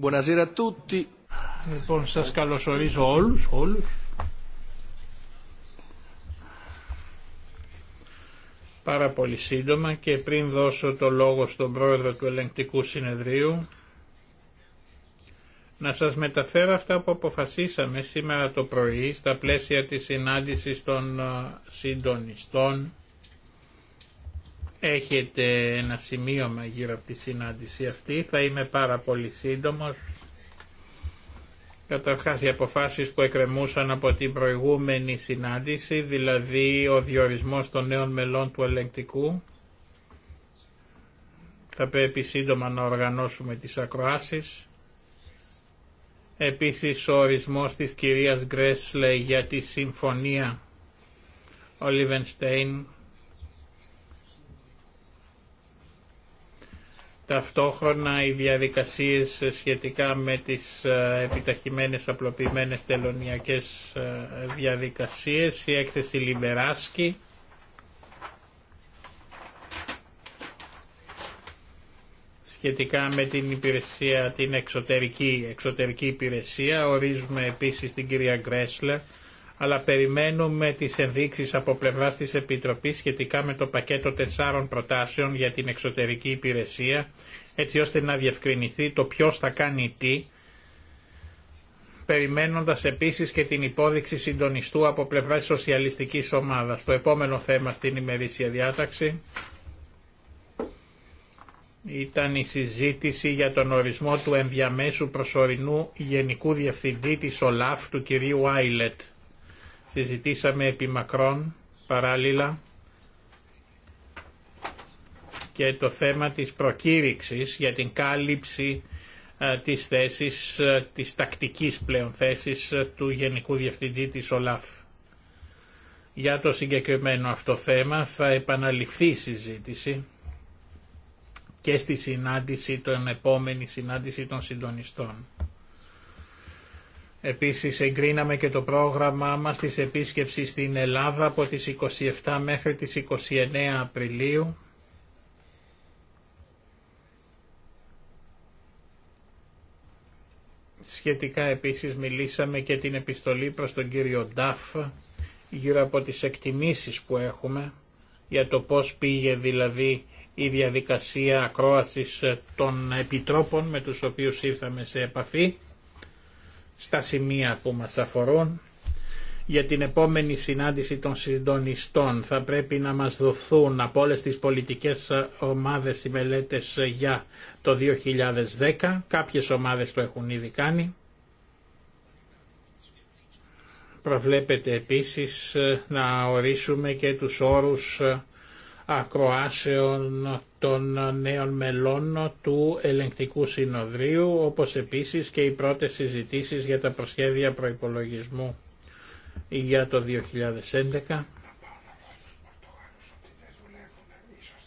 Buonasera a tutti. Λοιπόν, σας καλωσορίζω όλους, όλους. Πάρα πολύ σύντομα και πριν δώσω το λόγο στον πρόεδρο του ελεγκτικού συνεδρίου, να σας μεταφέρω αυτά που αποφασίσαμε σήμερα το πρωί στα πλαίσια της συνάντησης των ε, συντονιστών Έχετε ένα σημείωμα γύρω από τη συνάντηση αυτή, θα είμαι πάρα πολύ σύντομος. Καταρχάς οι αποφάσεις που εκκρεμούσαν από την προηγούμενη συνάντηση, δηλαδή ο διορισμός των νέων μελών του ελεγκτικού, θα πρέπει σύντομα να οργανώσουμε τις ακροάσεις. Επίσης ο ορισμός της κυρίας Γκρέσλε για τη συμφωνία ο Ταυτόχρονα οι διαδικασίες σχετικά με τις ε, επιταχυμένες απλοποιημένες τελωνιακές ε, διαδικασίες, η έκθεση Λιμπεράσκη, σχετικά με την υπηρεσία, την εξωτερική, εξωτερική υπηρεσία. Ορίζουμε επίσης την κυρία Γκρέσλε αλλά περιμένουμε τις ενδείξεις από πλευράς της Επιτροπής σχετικά με το πακέτο τεσσάρων προτάσεων για την εξωτερική υπηρεσία, έτσι ώστε να διευκρινηθεί το ποιος θα κάνει τι, περιμένοντας επίσης και την υπόδειξη συντονιστού από πλευράς της σοσιαλιστικής ομάδας. Το επόμενο θέμα στην ημερήσια διάταξη ήταν η συζήτηση για τον ορισμό του ενδιαμέσου προσωρινού Γενικού Διευθυντή της ΟΛΑΦ του κυρίου Άιλετ. Συζητήσαμε επί μακρόν παράλληλα και το θέμα της προκήρυξης για την κάλυψη ε, της θέσης, ε, της τακτικής πλέον θέσης ε, του Γενικού Διευθυντή της ΟΛΑΦ. Για το συγκεκριμένο αυτό θέμα θα επαναληφθεί η συζήτηση και στη συνάντηση, την επόμενη συνάντηση των συντονιστών. Επίσης εγκρίναμε και το πρόγραμμά μας της επίσκεψης στην Ελλάδα από τις 27 μέχρι τις 29 Απριλίου. Σχετικά επίσης μιλήσαμε και την επιστολή προς τον κύριο Νταφ γύρω από τις εκτιμήσεις που έχουμε για το πώς πήγε δηλαδή η διαδικασία ακρόασης των επιτρόπων με τους οποίους ήρθαμε σε επαφή στα σημεία που μας αφορούν. Για την επόμενη συνάντηση των συντονιστών θα πρέπει να μας δοθούν από όλες τις πολιτικές ομάδες οι μελέτες για το 2010. Κάποιες ομάδες το έχουν ήδη κάνει. Προβλέπεται επίσης να ορίσουμε και τους όρους ακροάσεων των νέων μελών του ελεγκτικού συνοδρίου, όπως επίσης και οι πρώτες συζητήσεις για τα προσχέδια προϋπολογισμού για το 2011.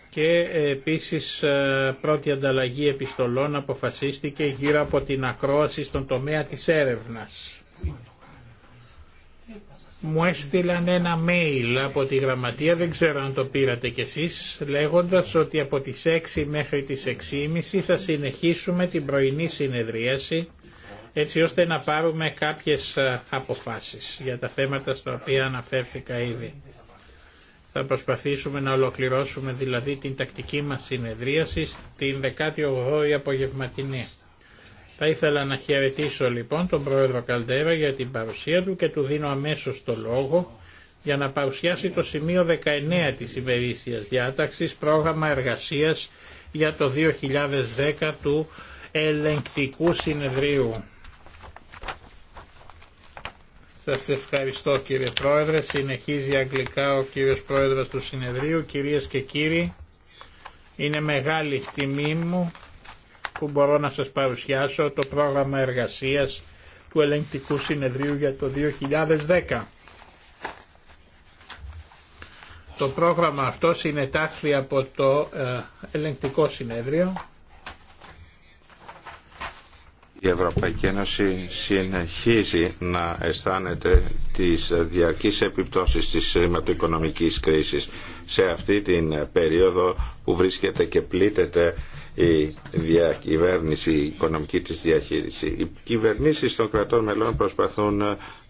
και επίσης ε, πρώτη ανταλλαγή επιστολών αποφασίστηκε γύρω από την ακρόαση στον τομέα της έρευνας μου έστειλαν ένα mail από τη γραμματεία, δεν ξέρω αν το πήρατε κι εσείς, λέγοντας ότι από τις 6 μέχρι τις 6.30 θα συνεχίσουμε την πρωινή συνεδρίαση, έτσι ώστε να πάρουμε κάποιες ε, αποφάσεις για τα θέματα στα οποία αναφέρθηκα ήδη. Θα προσπαθήσουμε να ολοκληρώσουμε δηλαδή την τακτική μας συνεδρίαση την 18η απογευματινή. Θα ήθελα να χαιρετήσω λοιπόν τον πρόεδρο Καλτέρα για την παρουσία του και του δίνω αμέσως το λόγο για να παρουσιάσει το σημείο 19 της ημερήσιας διάταξης πρόγραμμα εργασίας για το 2010 του ελεγκτικού συνεδρίου. Σας ευχαριστώ κύριε Πρόεδρε. Συνεχίζει αγγλικά ο κύριος Πρόεδρος του συνεδρίου. Κυρίες και κύριοι, είναι μεγάλη τιμή μου που μπορώ να σας παρουσιάσω το πρόγραμμα εργασίας του Ελεγκτικού Συνεδρίου για το 2010. Το πρόγραμμα αυτό συνετάχθη από το ε, Ελεγκτικό Συνέδριο. Η Ευρωπαϊκή Ένωση συνεχίζει να αισθάνεται τις διαρκείς επιπτώσεις της χρηματοοικονομικής κρίσης σε αυτή την περίοδο που βρίσκεται και πλήττεται η διακυβέρνηση, η οικονομική της διαχείριση. Οι κυβερνήσεις των κρατών μελών προσπαθούν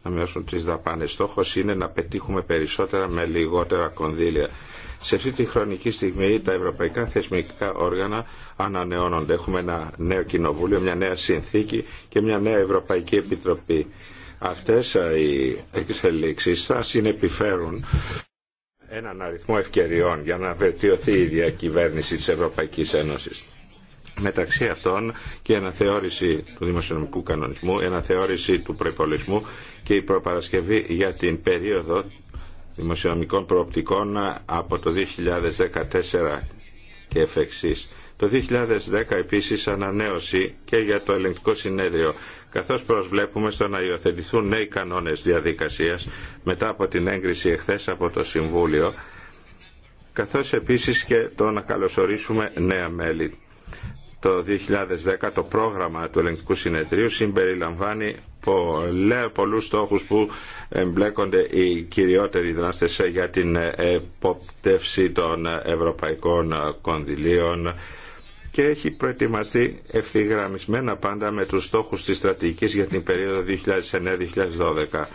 να μειώσουν τις δαπάνες. Στόχος είναι να πετύχουμε περισσότερα με λιγότερα κονδύλια. Σε αυτή τη χρονική στιγμή τα ευρωπαϊκά θεσμικά όργανα ανανεώνονται. Έχουμε ένα νέο κοινοβούλιο, μια νέα συνθήκη και μια νέα Ευρωπαϊκή Επιτροπή. Αυτές ε, οι εξελίξεις θα συνεπιφέρουν έναν αριθμό ευκαιριών για να βελτιωθεί η διακυβέρνηση της Ευρωπαϊκής Ένωσης μεταξύ αυτών και η αναθεώρηση του δημοσιονομικού κανονισμού, η αναθεώρηση του προπολογισμού και η προπαρασκευή για την περίοδο δημοσιονομικών προοπτικών από το 2014 και εφ' Το 2010 επίσης ανανέωση και για το ελεγκτικό συνέδριο, καθώς προσβλέπουμε στο να υιοθετηθούν νέοι κανόνες διαδικασίας μετά από την έγκριση εχθές από το Συμβούλιο, καθώς επίσης και το να καλωσορίσουμε νέα μέλη το 2010 το πρόγραμμα του ελεγκτικού συνεδρίου συμπεριλαμβάνει πολλούς στόχους που εμπλέκονται οι κυριότεροι δράστες για την εποπτεύση των ευρωπαϊκών κονδυλίων και έχει προετοιμαστεί ευθυγραμμισμένα πάντα με τους στόχους της στρατηγικής για την περίοδο 2009-2012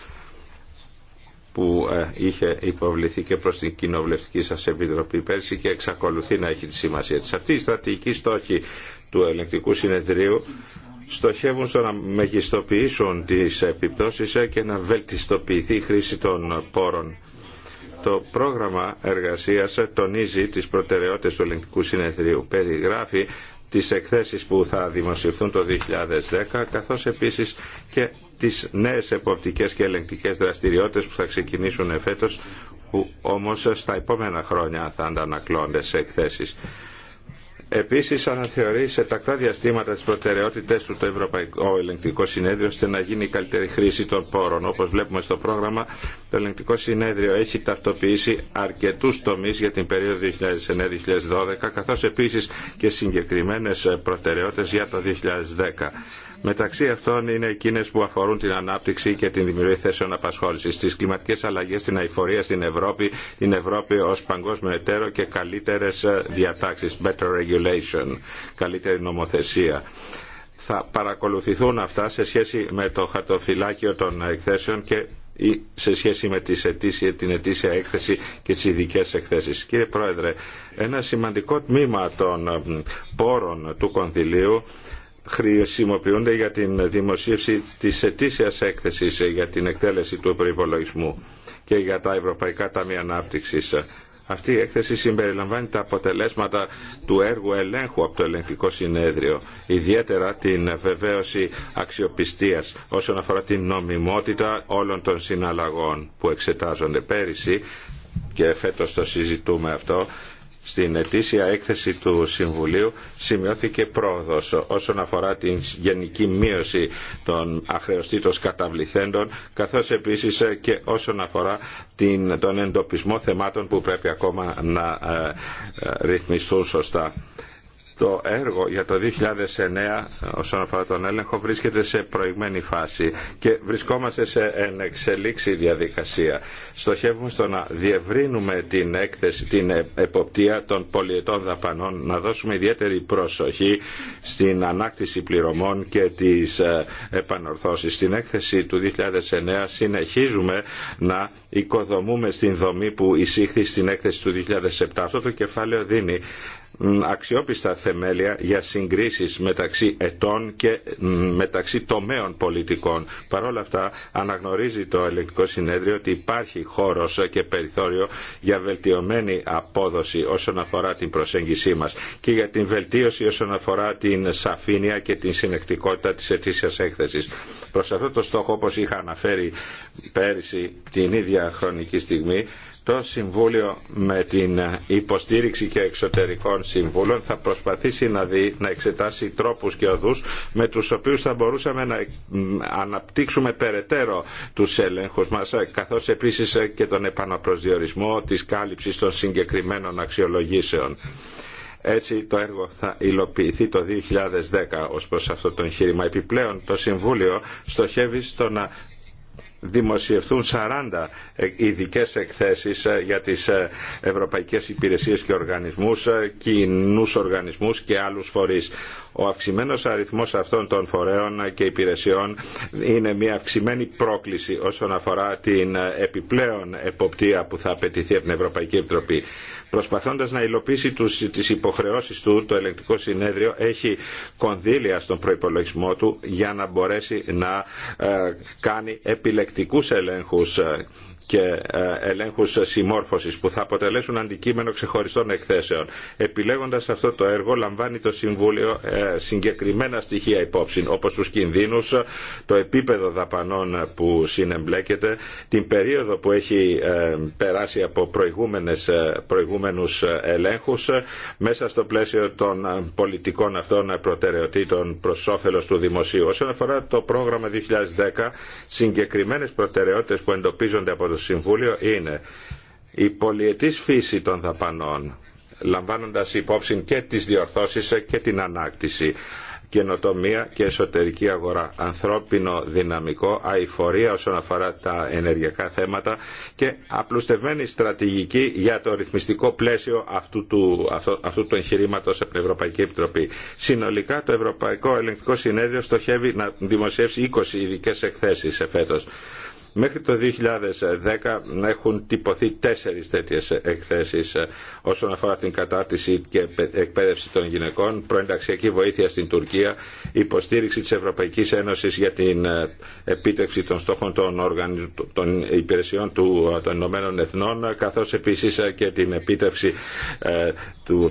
που ε, είχε υποβληθεί και προς την κοινοβουλευτική σας επιτροπή πέρσι και εξακολουθεί να έχει τη σημασία της. Αυτή η στρατηγική στόχη του ελεγκτικού συνεδρίου στοχεύουν στο να μεγιστοποιήσουν τις επιπτώσεις ε, και να βελτιστοποιηθεί η χρήση των πόρων. Το πρόγραμμα εργασίας τονίζει τις προτεραιότητες του ελεγκτικού συνεδρίου. Περιγράφει τις εκθέσεις που θα δημοσιευθούν το 2010, καθώς επίσης και τις νέες εποπτικές και ελεγκτικές δραστηριότητες που θα ξεκινήσουν φέτος, που όμως στα επόμενα χρόνια θα αντανακλώνται σε εκθέσεις. Επίσης αναθεωρεί σε τακτά διαστήματα τις προτεραιότητες του το Ευρωπαϊκό Ελεγκτικό Συνέδριο ώστε να γίνει η καλύτερη χρήση των πόρων. Όπως βλέπουμε στο πρόγραμμα, το Ελεγκτικό Συνέδριο έχει ταυτοποιήσει αρκετούς τομείς για την περίοδο 2009-2012 καθώς επίσης και συγκεκριμένες προτεραιότητες για το 2010 Μεταξύ αυτών είναι εκείνες που αφορούν την ανάπτυξη και την δημιουργία θέσεων απασχόλησης, τις κλιματικές αλλαγές, την αηφορία στην Ευρώπη, την Ευρώπη ως παγκόσμιο εταίρο και καλύτερες ε, διατάξεις, better regulation, καλύτερη νομοθεσία θα παρακολουθηθούν αυτά σε σχέση με το χαρτοφυλάκιο των εκθέσεων και σε σχέση με τις την ετήσια έκθεση και τις ειδικέ εκθέσεις. Κύριε Πρόεδρε, ένα σημαντικό τμήμα των πόρων του κονδυλίου χρησιμοποιούνται για την δημοσίευση της ετήσιας έκθεσης ε, για την εκτέλεση του προϋπολογισμού και για τα Ευρωπαϊκά Ταμεία Ανάπτυξης. Αυτή η έκθεση συμπεριλαμβάνει τα αποτελέσματα του έργου ελέγχου από το ελεγκτικό συνέδριο, ιδιαίτερα την βεβαίωση αξιοπιστίας όσον αφορά την νομιμότητα όλων των συναλλαγών που εξετάζονται πέρυσι και φέτος το συζητούμε αυτό, στην ετήσια έκθεση του Συμβουλίου σημειώθηκε πρόοδος όσον αφορά την γενική μείωση των αχρεωστήτων καταβληθέντων καθώς επίσης και όσον αφορά την, τον εντοπισμό θεμάτων που πρέπει ακόμα να ε, ε, ρυθμιστούν σωστά το έργο για το 2009 όσον αφορά τον έλεγχο βρίσκεται σε προηγμένη φάση και βρισκόμαστε σε ενεξελίξη διαδικασία. Στοχεύουμε στο να διευρύνουμε την έκθεση, την εποπτεία των πολιετών δαπανών, να δώσουμε ιδιαίτερη προσοχή στην ανάκτηση πληρωμών και τις ε, επανορθώσεις. Στην έκθεση του 2009 συνεχίζουμε να οικοδομούμε στην δομή που εισήχθη στην έκθεση του 2007. Αυτό το κεφάλαιο δίνει αξιόπιστα θεμέλια για συγκρίσεις μεταξύ ετών και μεταξύ τομέων πολιτικών. Παρ' όλα αυτά αναγνωρίζει το Ελεκτικό συνέδριο ότι υπάρχει χώρος και περιθώριο για βελτιωμένη απόδοση όσον αφορά την προσέγγισή μας και για την βελτίωση όσον αφορά την σαφήνεια και την συνεκτικότητα της ετήσιας έκθεσης. Προς αυτό το στόχο όπως είχα αναφέρει πέρυσι την ίδια χρονική στιγμή το Συμβούλιο με την υποστήριξη και εξωτερικών συμβούλων θα προσπαθήσει να, να εξετάσει τρόπους και οδούς με τους οποίους θα μπορούσαμε να αναπτύξουμε περαιτέρω τους έλεγχους μας καθώς επίσης και τον επαναπροσδιορισμό της κάλυψης των συγκεκριμένων αξιολογήσεων. Έτσι το έργο θα υλοποιηθεί το 2010 ως προς αυτό το εγχείρημα. Επιπλέον το Συμβούλιο στοχεύει στο να δημοσιευθούν 40 ε, ειδικέ εκθέσεις ε, για τις ε, ευρωπαϊκές υπηρεσίες και οργανισμούς, κοινού οργανισμούς και άλλους φορείς. Ο αυξημένο αριθμός αυτών των φορέων και υπηρεσιών είναι μια αυξημένη πρόκληση όσον αφορά την επιπλέον εποπτεία που θα απαιτηθεί από την Ευρωπαϊκή Επιτροπή. Προσπαθώντας να υλοποιήσει τους, τις υποχρεώσεις του, το ελεγκτικό συνέδριο έχει κονδύλια στον προϋπολογισμό του για να μπορέσει να ε, κάνει επιλεκτικούς ελέγχους και ε, ελέγχου συμμόρφωση που θα αποτελέσουν αντικείμενο ξεχωριστών εκθέσεων. Επιλέγοντα αυτό το έργο λαμβάνει το Συμβούλιο ε, συγκεκριμένα στοιχεία υπόψη όπω του κινδύνου, το επίπεδο δαπανών που συνεμπλέκεται, την περίοδο που έχει ε, περάσει από προηγούμενου ελέγχου μέσα στο πλαίσιο των πολιτικών αυτών προτεραιοτήτων προ όφελο του Δημοσίου. Όσον αφορά το πρόγραμμα 2010, συγκεκριμένε προτεραιότητε που εντοπίζονται από το Συμβούλιο είναι η πολιετής φύση των δαπανών, λαμβάνοντας υπόψη και τις διορθώσεις και την ανάκτηση καινοτομία και εσωτερική αγορά, ανθρώπινο δυναμικό, αηφορία όσον αφορά τα ενεργειακά θέματα και απλουστευμένη στρατηγική για το ρυθμιστικό πλαίσιο αυτού του, αυτού, του εγχειρήματος από την Ευρωπαϊκή Επιτροπή. Συνολικά το Ευρωπαϊκό Ελεγκτικό Συνέδριο στοχεύει να δημοσιεύσει 20 ειδικέ εκθέσεις εφέτος Μέχρι το 2010 έχουν τυπωθεί τέσσερις τέτοιες εκθέσεις ε, όσον αφορά την κατάρτιση και εκπαίδευση των γυναικών, προενταξιακή βοήθεια στην Τουρκία, υποστήριξη της Ευρωπαϊκής Ένωσης για την ε, επίτευξη των στόχων των, οργαν... των υπηρεσιών του... Ε, των Ηνωμένων Εθνών, καθώς επίσης και την επίτευξη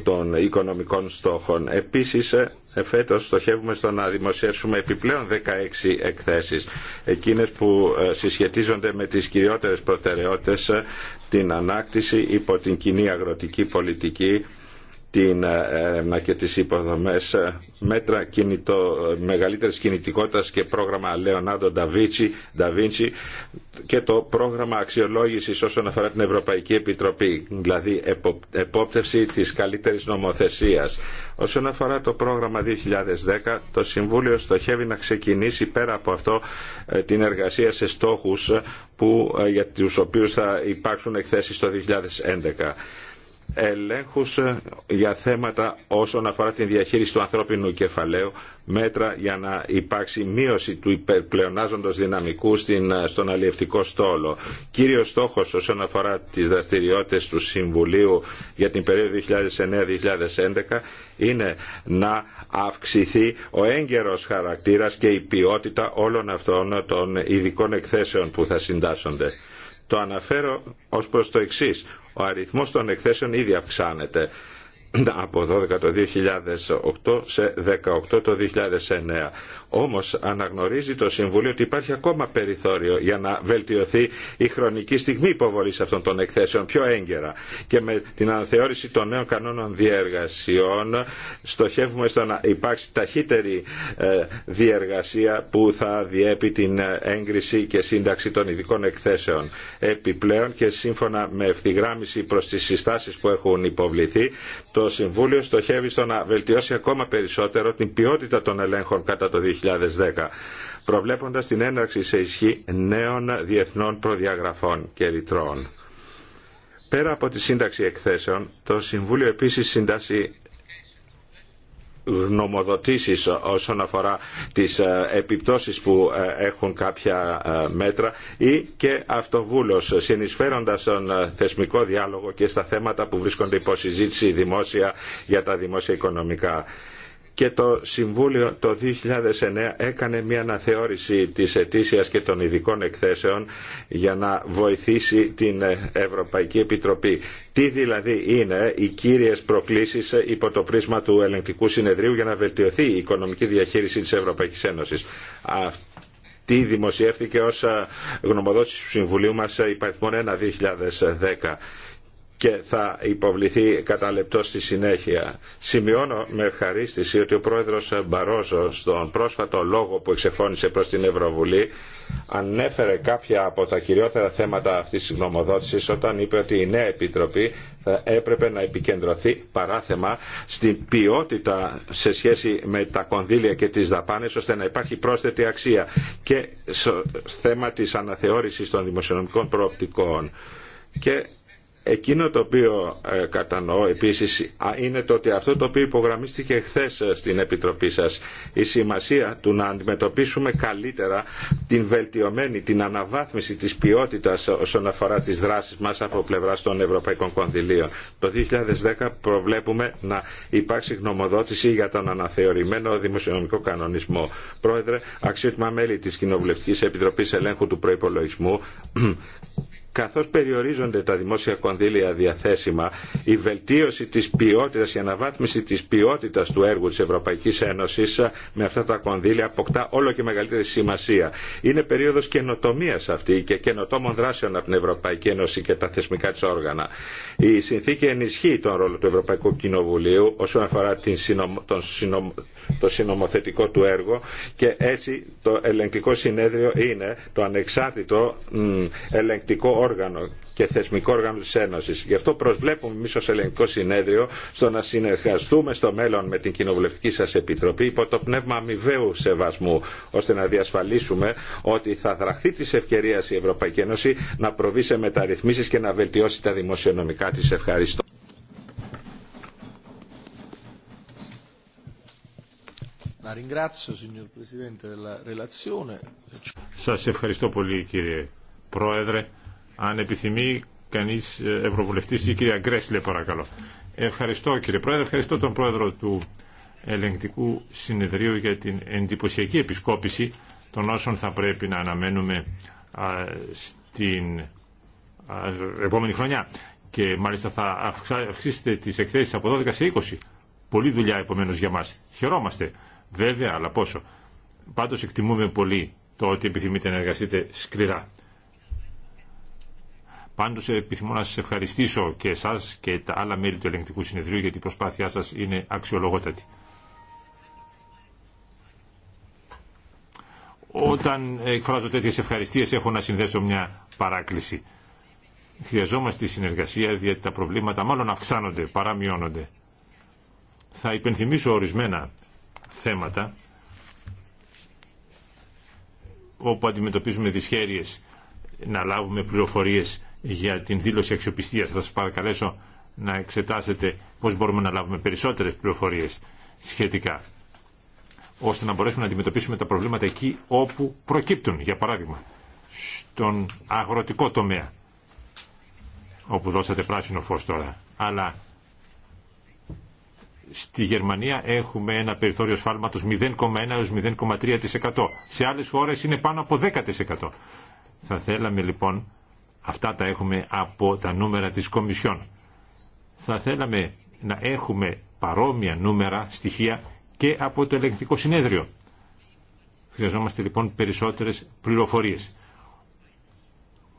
των οικονομικών στόχων. Επίσης Εφέτος στοχεύουμε στο να δημοσιεύσουμε επιπλέον 16 εκθέσεις, εκείνες που ε, συσχετίζονται με τις κυριότερες προτεραιότητες, ε, την ανάκτηση υπό την κοινή αγροτική πολιτική, την ε, έρευνα και τις υποδομές, ε, μέτρα κινητό, μεγαλύτερης κινητικότητας και πρόγραμμα Λεωνάντο Νταβίντσι και το πρόγραμμα αξιολόγησης όσον αφορά την Ευρωπαϊκή Επιτροπή, δηλαδή επόπτευση της καλύτερης νομοθεσίας. Όσον αφορά το πρόγραμμα 2010, το Συμβούλιο στοχεύει να ξεκινήσει πέρα από αυτό ε, την εργασία σε στόχους για τους οποίους θα υπάρξουν εκθέσεις το 2011 ελέγχους ε, για θέματα όσον αφορά την διαχείριση του ανθρώπινου κεφαλαίου, μέτρα για να υπάρξει μείωση του υπερπλεονάζοντος δυναμικού στην, ε, στον αλλιευτικό στόλο. Κύριος στόχος όσον αφορά τις δραστηριότητες του Συμβουλίου για την περίοδο 2009-2011 είναι να αυξηθεί ο έγκαιρος χαρακτήρας και η ποιότητα όλων αυτών των ειδικών εκθέσεων που θα συντάσσονται. Το αναφέρω ως προς το εξής ο αριθμός των εκθέσεων ήδη αυξάνεται από 12 το 2008 σε 18 το 2009. Όμως αναγνωρίζει το Συμβούλιο ότι υπάρχει ακόμα περιθώριο για να βελτιωθεί η χρονική στιγμή υποβολής αυτών των εκθέσεων πιο έγκαιρα. Και με την αναθεώρηση των νέων κανόνων διεργασιών στοχεύουμε στο να υπάρξει ταχύτερη ε, διεργασία που θα διέπει την έγκριση και σύνταξη των ειδικών εκθέσεων. Επιπλέον και σύμφωνα με ευθυγράμμιση προς τις συστάσεις που έχουν υποβληθεί, το Συμβούλιο στοχεύει στο να βελτιώσει ακόμα περισσότερο την ποιότητα των ελέγχων κατά το 2010 προβλέποντας την έναρξη σε ισχύ νέων διεθνών προδιαγραφών και ρητρών. Πέρα από τη σύνταξη εκθέσεων, το Συμβούλιο επίσης συντάσσει γνωμοδοτήσεις όσον αφορά τις ε, επιπτώσεις που ε, έχουν κάποια ε, μέτρα ή και αυτοβούλος συνεισφέροντας τον θεσμικό διάλογο και στα θέματα που βρίσκονται υπό συζήτηση δημόσια για τα δημόσια οικονομικά και το Συμβούλιο το 2009 έκανε μια αναθεώρηση της ετήσιας και των ειδικών εκθέσεων για να βοηθήσει την Ευρωπαϊκή Επιτροπή. Τι δηλαδή είναι οι κύριες προκλήσεις υπό το πρίσμα του ελεγκτικού συνεδρίου για να βελτιωθεί η οικονομική διαχείριση της Ευρωπαϊκής Ένωσης. Αυτή δημοσιεύθηκε ως γνωμοδότηση του Συμβουλίου μας υπαριθμών 1-2010 και θα υποβληθεί κατά λεπτό στη συνέχεια. Σημειώνω με ευχαρίστηση ότι ο πρόεδρος Μπαρόζο στον πρόσφατο λόγο που εξεφώνησε προς την Ευρωβουλή ανέφερε κάποια από τα κυριότερα θέματα αυτής της γνωμοδότησης όταν είπε ότι η νέα Επιτροπή θα έπρεπε να επικεντρωθεί παράθεμα στην ποιότητα σε σχέση με τα κονδύλια και τις δαπάνες ώστε να υπάρχει πρόσθετη αξία και στο θέμα της αναθεώρησης των δημοσιονομικών προοπτικών και Εκείνο το οποίο ε, κατανοώ επίσης είναι το ότι αυτό το οποίο υπογραμμίστηκε χθε ε, στην Επιτροπή σας, η σημασία του να αντιμετωπίσουμε καλύτερα την βελτιωμένη, την αναβάθμιση της ποιότητας ε, όσον αφορά τις δράσεις μας από πλευρά των Ευρωπαϊκών Κονδυλίων. Το 2010 προβλέπουμε να υπάρξει γνωμοδότηση για τον αναθεωρημένο δημοσιονομικό κανονισμό. Πρόεδρε, αξιότιμα μέλη της Κοινοβουλευτικής Επιτροπής Ελέγχου του Προϋπολογισμού, καθώς περιορίζονται τα δημόσια κονδύλια διαθέσιμα, η βελτίωση της ποιότητας, η αναβάθμιση της ποιότητας του έργου της Ευρωπαϊκής Ένωσης με αυτά τα κονδύλια αποκτά όλο και μεγαλύτερη σημασία. Είναι περίοδος καινοτομία αυτή και καινοτόμων δράσεων από την Ευρωπαϊκή Ένωση και τα θεσμικά της όργανα. Η συνθήκη ενισχύει τον ρόλο του Ευρωπαϊκού Κοινοβουλίου όσον αφορά την το συνομοθετικό του έργο και έτσι το ελεγκτικό συνέδριο είναι το ανεξάρτητο ελεγκτικό και θεσμικό όργανο της Ένωσης. Γι' αυτό προσβλέπουμε εμείς ως Ελληνικό Συνέδριο στο να συνεργαστούμε στο μέλλον με την Κοινοβουλευτική σας Επιτροπή υπό το πνεύμα αμοιβαίου σεβασμού, ώστε να διασφαλίσουμε ότι θα δραχθεί της ευκαιρίας η Ευρωπαϊκή Ένωση να προβεί σε μεταρρυθμίσεις και να βελτιώσει τα δημοσιονομικά της. Ευχαριστώ. Σας ευχαριστώ πολύ κύριε Πρόεδρε. Αν επιθυμεί κανεί ε, ευρωβουλευτή ή κυρία Γκρέσλε παρακαλώ. Ευχαριστώ κύριε Πρόεδρε, ευχαριστώ τον Πρόεδρο του Ελεγκτικού Συνεδρίου για την εντυπωσιακή επισκόπηση των όσων θα πρέπει να αναμένουμε στην επόμενη χρονιά. Και μάλιστα θα αυξήσετε τις εκθέσεις από 12 σε 20. Πολύ δουλειά επομένως για μας. Χαιρόμαστε. Βέβαια, αλλά πόσο. Πάντως εκτιμούμε πολύ το ότι επιθυμείτε να εργαστείτε σκληρά. Πάντως ε, επιθυμώ να σας ευχαριστήσω και εσάς και τα άλλα μέλη του Ελεγκτικού Συνεδρίου γιατί η προσπάθειά σας είναι αξιολογότατη. Όταν εκφράζω τέτοιες ευχαριστίες έχω να συνδέσω μια παράκληση. Χρειαζόμαστε συνεργασία γιατί τα προβλήματα μάλλον αυξάνονται παρά μειώνονται. Θα υπενθυμίσω ορισμένα θέματα όπου αντιμετωπίζουμε δυσχέρειες να λάβουμε πληροφορίες για την δήλωση αξιοπιστίας. Θα σας παρακαλέσω να εξετάσετε πώς μπορούμε να λάβουμε περισσότερες πληροφορίες σχετικά ώστε να μπορέσουμε να αντιμετωπίσουμε τα προβλήματα εκεί όπου προκύπτουν. Για παράδειγμα, στον αγροτικό τομέα, όπου δώσατε πράσινο φως τώρα. Αλλά στη Γερμανία έχουμε ένα περιθώριο σφάλματος 0,1 έως 0,3%. Σε άλλες χώρες είναι πάνω από 10%. Θα θέλαμε λοιπόν Αυτά τα έχουμε από τα νούμερα της Κομισιόν. Θα θέλαμε να έχουμε παρόμοια νούμερα, στοιχεία και από το ελεγκτικό συνέδριο. Χρειαζόμαστε λοιπόν περισσότερες πληροφορίες.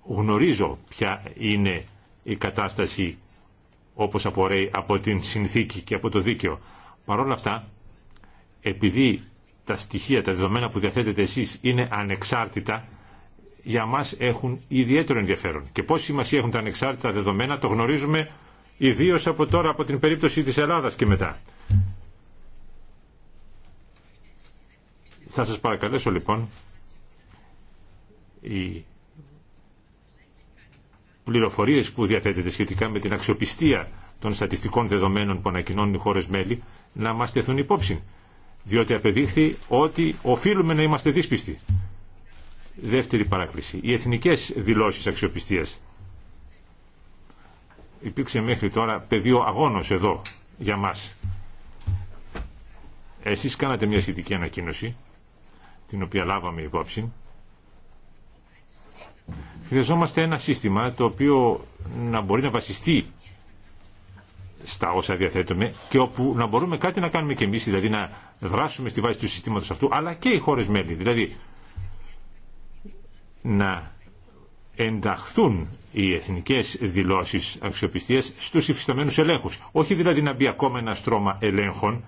Γνωρίζω ποια είναι η κατάσταση όπως απορρέει από την συνθήκη και από το δίκαιο. Παρ' όλα αυτά, επειδή τα στοιχεία, τα δεδομένα που διαθέτετε εσείς είναι ανεξάρτητα, για μας έχουν ιδιαίτερο ενδιαφέρον. Και πόση σημασία έχουν τα ανεξάρτητα δεδομένα το γνωρίζουμε ιδίω από τώρα, από την περίπτωση της Ελλάδας και μετά. Θα σας παρακαλέσω λοιπόν οι πληροφορίες που διαθέτεται σχετικά με την αξιοπιστία των στατιστικών δεδομένων που ανακοινώνουν οι χώρες μέλη να μας τεθούν υπόψη. Διότι απεδείχθη ότι οφείλουμε να είμαστε δύσπιστοι. Δεύτερη παράκληση. Οι εθνικές δηλώσεις αξιοπιστίας. Υπήρξε μέχρι τώρα πεδίο αγώνος εδώ για μας. Εσείς κάνατε μια σχετική ανακοίνωση, την οποία λάβαμε υπόψη. Χρειαζόμαστε ένα σύστημα το οποίο να μπορεί να βασιστεί στα όσα διαθέτουμε και όπου να μπορούμε κάτι να κάνουμε και εμείς, δηλαδή να δράσουμε στη βάση του συστήματος αυτού, αλλά και οι χώρες μέλη. Δηλαδή να ενταχθούν οι εθνικές δηλώσεις αξιοπιστίας στους υφισταμένους ελέγχους. Όχι δηλαδή να μπει ακόμα ένα στρώμα ελέγχων,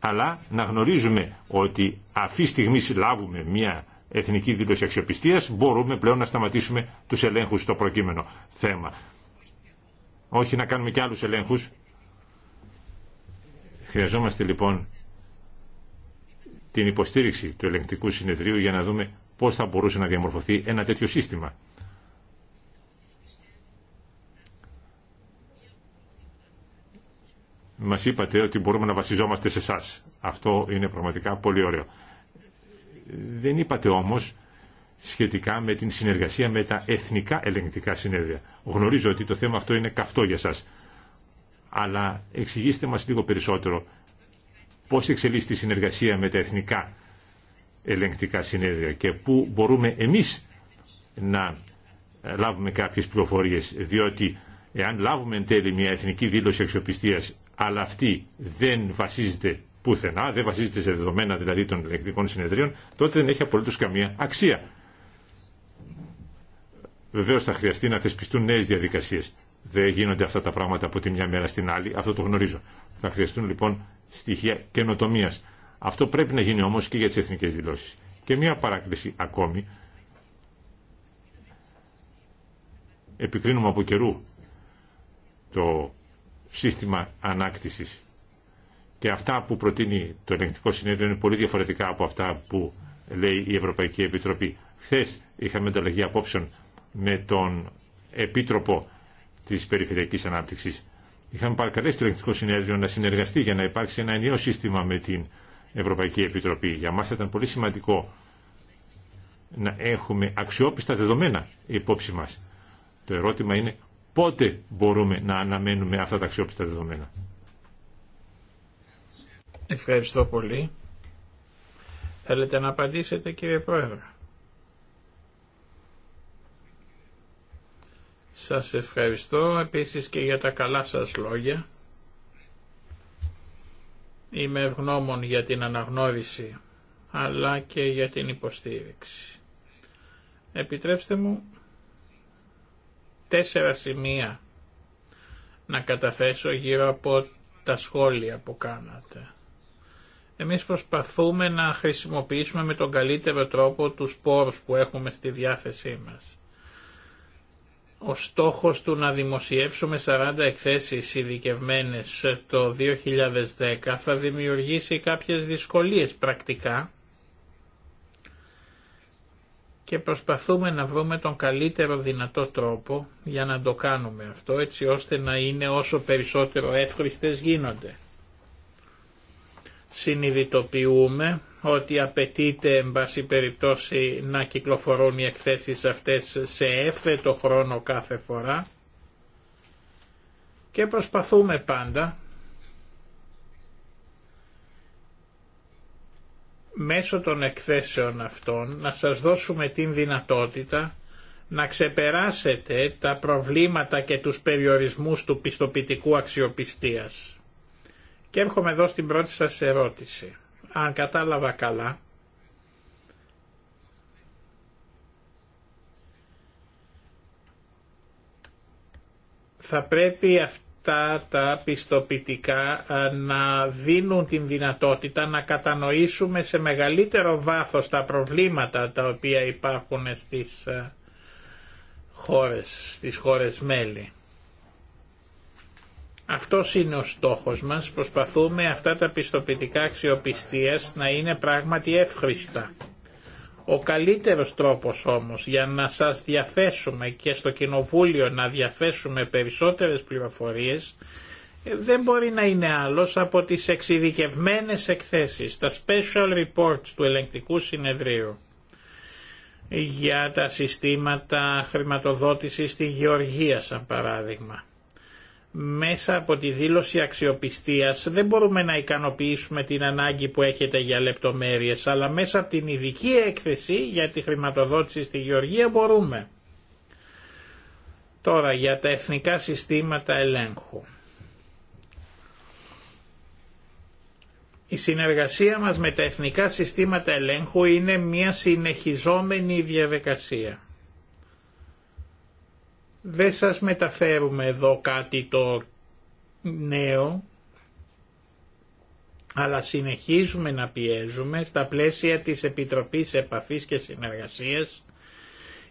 αλλά να γνωρίζουμε ότι αυτή στιγμή λάβουμε μια εθνική δήλωση αξιοπιστίας, μπορούμε πλέον να σταματήσουμε τους ελέγχους στο προκείμενο θέμα. Όχι να κάνουμε και άλλους ελέγχους. Χρειαζόμαστε λοιπόν την υποστήριξη του ελεγκτικού συνεδρίου για να δούμε πώς θα μπορούσε να διαμορφωθεί ένα τέτοιο σύστημα. Μας είπατε ότι μπορούμε να βασιζόμαστε σε εσά. Αυτό είναι πραγματικά πολύ ωραίο. Δεν είπατε όμως σχετικά με την συνεργασία με τα εθνικά ελεγκτικά συνέδρια. Γνωρίζω ότι το θέμα αυτό είναι καυτό για σας. Αλλά εξηγήστε μας λίγο περισσότερο πώς εξελίσσεται η συνεργασία με τα εθνικά ελεγκτικά συνέδρια και πού μπορούμε εμείς να ε, λάβουμε κάποιες πληροφορίες, διότι εάν λάβουμε εν τέλει μια εθνική δήλωση αξιοπιστίας, αλλά αυτή δεν βασίζεται πουθενά, δεν βασίζεται σε δεδομένα δηλαδή των ελεγκτικών συνεδρίων, τότε δεν έχει απολύτως καμία αξία. Βεβαίως θα χρειαστεί να θεσπιστούν νέες διαδικασίες. Δεν γίνονται αυτά τα πράγματα από τη μια μέρα στην άλλη, αυτό το γνωρίζω. Θα χρειαστούν λοιπόν στοιχεία καινοτομία. Αυτό πρέπει να γίνει όμως και για τι εθνικέ δηλώσει. Και μια παράκληση ακόμη. Επικρίνουμε από καιρού το σύστημα ανάκτηση. και αυτά που προτείνει το ελεγκτικό συνέδριο είναι πολύ διαφορετικά από αυτά που λέει η Ευρωπαϊκή Επιτροπή. Χθε είχαμε ανταλλαγή απόψεων με τον Επίτροπο της Περιφερειακής Ανάπτυξης Είχαμε παρακαλέσει το Ελεκτικό Συνέδριο να συνεργαστεί για να υπάρξει ένα ενιαίο σύστημα με την Ευρωπαϊκή Επιτροπή. Για μας ήταν πολύ σημαντικό να έχουμε αξιόπιστα δεδομένα υπόψη μας. Το ερώτημα είναι πότε μπορούμε να αναμένουμε αυτά τα αξιόπιστα δεδομένα. Ευχαριστώ πολύ. Θέλετε να απαντήσετε κύριε Πρόεδρε. Σας ευχαριστώ επίσης και για τα καλά σας λόγια. Είμαι ευγνώμων για την αναγνώριση αλλά και για την υποστήριξη. Επιτρέψτε μου τέσσερα σημεία να καταθέσω γύρω από τα σχόλια που κάνατε. Εμείς προσπαθούμε να χρησιμοποιήσουμε με τον καλύτερο τρόπο τους πόρους που έχουμε στη διάθεσή μας ο στόχος του να δημοσιεύσουμε 40 εκθέσεις ειδικευμένε το 2010 θα δημιουργήσει κάποιες δυσκολίες πρακτικά και προσπαθούμε να βρούμε τον καλύτερο δυνατό τρόπο για να το κάνουμε αυτό έτσι ώστε να είναι όσο περισσότερο εύχριστες γίνονται συνειδητοποιούμε ότι απαιτείται εν πάση περιπτώσει να κυκλοφορούν οι εκθέσεις αυτές σε έφετο χρόνο κάθε φορά και προσπαθούμε πάντα μέσω των εκθέσεων αυτών να σας δώσουμε την δυνατότητα να ξεπεράσετε τα προβλήματα και τους περιορισμούς του πιστοποιητικού αξιοπιστίας. Και έρχομαι εδώ στην πρώτη σας ερώτηση. Αν κατάλαβα καλά, θα πρέπει αυτά τα πιστοποιητικά να δίνουν την δυνατότητα να κατανοήσουμε σε μεγαλύτερο βάθος τα προβλήματα τα οποία υπάρχουν στις χώρες, στις χώρες μέλη. Αυτός είναι ο στόχος μας. Προσπαθούμε αυτά τα πιστοποιητικά αξιοπιστίας να είναι πράγματι εύχριστα. Ο καλύτερος τρόπος όμως για να σας διαθέσουμε και στο Κοινοβούλιο να διαθέσουμε περισσότερες πληροφορίες ε, δεν μπορεί να είναι άλλος από τις εξειδικευμένες εκθέσεις, τα special reports του ελεγκτικού συνεδρίου για τα συστήματα χρηματοδότησης στη Γεωργία σαν παράδειγμα μέσα από τη δήλωση αξιοπιστίας δεν μπορούμε να ικανοποιήσουμε την ανάγκη που έχετε για λεπτομέρειες, αλλά μέσα από την ειδική έκθεση για τη χρηματοδότηση στη Γεωργία μπορούμε. Τώρα για τα εθνικά συστήματα ελέγχου. Η συνεργασία μας με τα εθνικά συστήματα ελέγχου είναι μια συνεχιζόμενη διαδικασία. Δεν σας μεταφέρουμε εδώ κάτι το νέο, αλλά συνεχίζουμε να πιέζουμε στα πλαίσια της Επιτροπής Επαφής και Συνεργασίας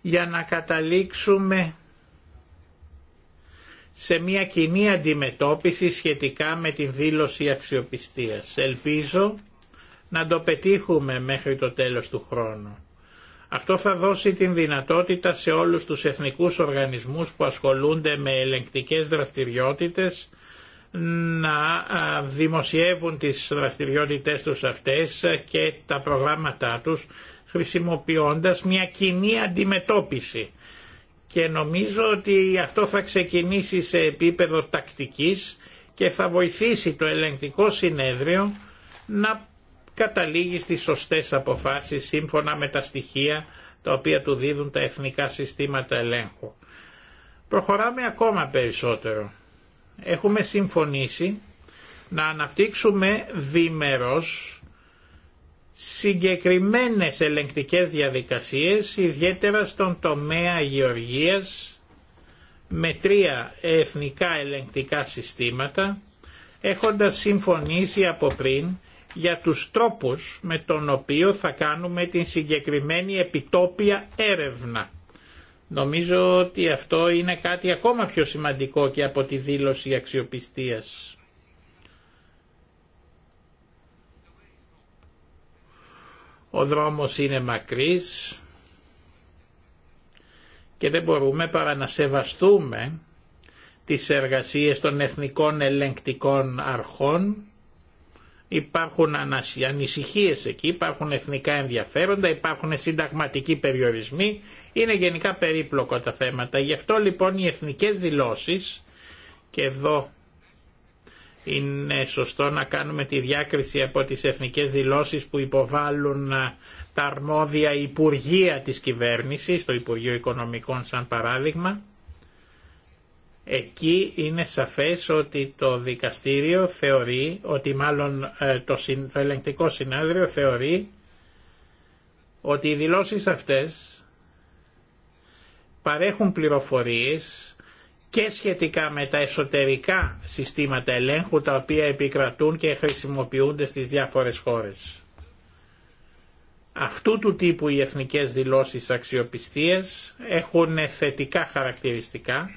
για να καταλήξουμε σε μια κοινή αντιμετώπιση σχετικά με την δήλωση αξιοπιστίας. Ελπίζω να το πετύχουμε μέχρι το τέλος του χρόνου. Αυτό θα δώσει την δυνατότητα σε όλους τους εθνικούς οργανισμούς που ασχολούνται με ελεγκτικές δραστηριότητες να δημοσιεύουν τις δραστηριότητες τους αυτές και τα προγράμματά τους χρησιμοποιώντας μια κοινή αντιμετώπιση. Και νομίζω ότι αυτό θα ξεκινήσει σε επίπεδο τακτικής και θα βοηθήσει το ελεγκτικό συνέδριο να καταλήγει στις σωστές αποφάσεις σύμφωνα με τα στοιχεία τα οποία του δίδουν τα εθνικά συστήματα ελέγχου. Προχωράμε ακόμα περισσότερο. Έχουμε συμφωνήσει να αναπτύξουμε διμερός συγκεκριμένες ελεγκτικές διαδικασίες, ιδιαίτερα στον τομέα γεωργίας, με τρία εθνικά ελεγκτικά συστήματα, έχοντας συμφωνήσει από πριν για τους τρόπους με τον οποίο θα κάνουμε την συγκεκριμένη επιτόπια έρευνα. Νομίζω ότι αυτό είναι κάτι ακόμα πιο σημαντικό και από τη δήλωση αξιοπιστίας. Ο δρόμος είναι μακρύς και δεν μπορούμε παρά να σεβαστούμε τις εργασίες των εθνικών ελεγκτικών αρχών υπάρχουν ανησυχίε εκεί, υπάρχουν εθνικά ενδιαφέροντα, υπάρχουν συνταγματικοί περιορισμοί, είναι γενικά περίπλοκο τα θέματα. Γι' αυτό λοιπόν οι εθνικές δηλώσεις, και εδώ είναι σωστό να κάνουμε τη διάκριση από τις εθνικές δηλώσεις που υποβάλλουν ε, τα αρμόδια υπουργεία της κυβέρνησης, το Υπουργείο Οικονομικών σαν παράδειγμα, Εκεί είναι σαφές ότι το δικαστήριο θεωρεί, ότι μάλλον ε, το ελεγκτικό Συνέδριο θεωρεί ότι οι δηλώσεις αυτές παρέχουν πληροφορίες και σχετικά με τα εσωτερικά συστήματα ελέγχου τα οποία επικρατούν και χρησιμοποιούνται στις διάφορες χώρες. Αυτού του τύπου οι εθνικές δηλώσεις αξιοπιστίας έχουν θετικά χαρακτηριστικά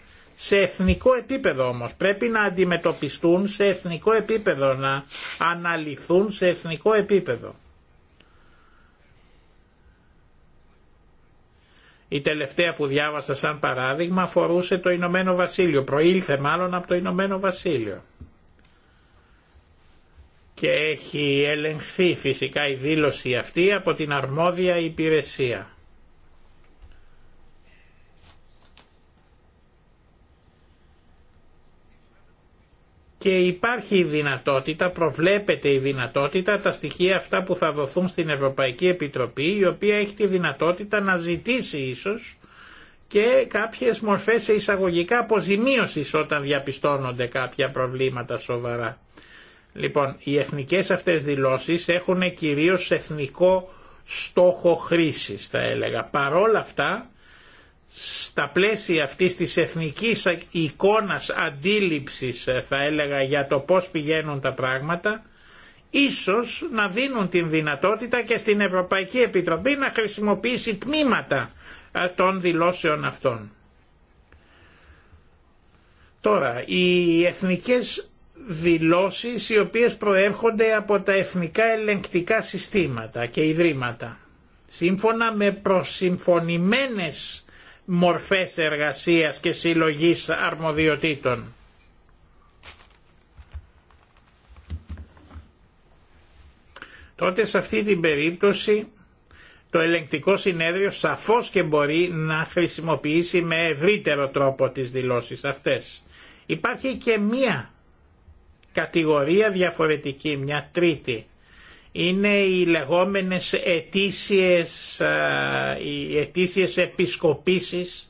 σε εθνικό επίπεδο όμως. Πρέπει να αντιμετωπιστούν σε εθνικό επίπεδο, να αναλυθούν σε εθνικό επίπεδο. Η τελευταία που διάβασα σαν παράδειγμα αφορούσε το Ηνωμένο Βασίλειο, προήλθε μάλλον από το Ηνωμένο Βασίλειο. Και έχει ελεγχθεί φυσικά η δήλωση αυτή από την αρμόδια υπηρεσία. και υπάρχει η δυνατότητα, προβλέπεται η δυνατότητα τα στοιχεία αυτά που θα δοθούν στην Ευρωπαϊκή Επιτροπή η οποία έχει τη δυνατότητα να ζητήσει ίσως και κάποιες μορφές σε εισαγωγικά αποζημίωσης όταν διαπιστώνονται κάποια προβλήματα σοβαρά. Λοιπόν, οι εθνικές αυτές δηλώσεις έχουν κυρίως εθνικό στόχο χρήσης θα έλεγα. Παρόλα αυτά στα πλαίσια αυτής της εθνικής εικόνας αντίληψης ε, θα έλεγα για το πώς πηγαίνουν τα πράγματα ίσως να δίνουν την δυνατότητα και στην Ευρωπαϊκή Επιτροπή να χρησιμοποιήσει τμήματα ε, των δηλώσεων αυτών. Τώρα, οι εθνικές δηλώσεις οι οποίες προέρχονται από τα εθνικά ελεγκτικά συστήματα και ιδρύματα σύμφωνα με προσυμφωνημένες μορφές εργασίας και συλλογής αρμοδιοτήτων. Τότε σε αυτή την περίπτωση το ελεγκτικό συνέδριο σαφώς και μπορεί να χρησιμοποιήσει με ευρύτερο τρόπο τις δηλώσεις αυτές. Υπάρχει και μία κατηγορία διαφορετική, μια τρίτη είναι οι λεγόμενες ετήσιες, ε, οι ετήσιες επισκοπήσεις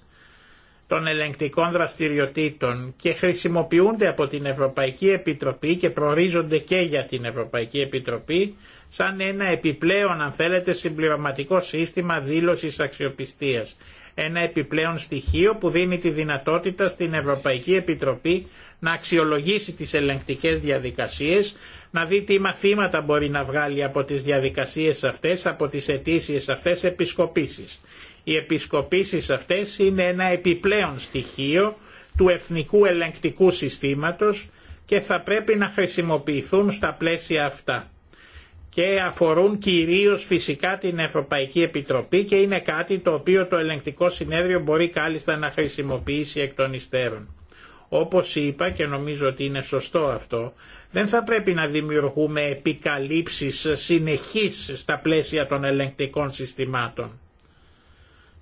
των ελεγκτικών δραστηριοτήτων και χρησιμοποιούνται από την Ευρωπαϊκή Επιτροπή και προορίζονται και για την Ευρωπαϊκή Επιτροπή σαν ένα επιπλέον αν θέλετε συμπληρωματικό σύστημα δήλωσης αξιοπιστίας ένα επιπλέον στοιχείο που δίνει τη δυνατότητα στην Ευρωπαϊκή Επιτροπή να αξιολογήσει τις ελεγκτικές διαδικασίες, να δει τι μαθήματα μπορεί να βγάλει από τις διαδικασίες αυτές, από τις αιτήσιες αυτές επισκοπήσεις. Οι επισκοπήσεις αυτές είναι ένα επιπλέον στοιχείο του εθνικού ελεγκτικού συστήματος και θα πρέπει να χρησιμοποιηθούν στα πλαίσια αυτά και αφορούν κυρίως φυσικά την Ευρωπαϊκή Επιτροπή και είναι κάτι το οποίο το ελεγκτικό συνέδριο μπορεί κάλλιστα να χρησιμοποιήσει εκ των υστέρων. Όπως είπα και νομίζω ότι είναι σωστό αυτό, δεν θα πρέπει να δημιουργούμε επικαλύψεις συνεχής στα πλαίσια των ελεγκτικών συστημάτων.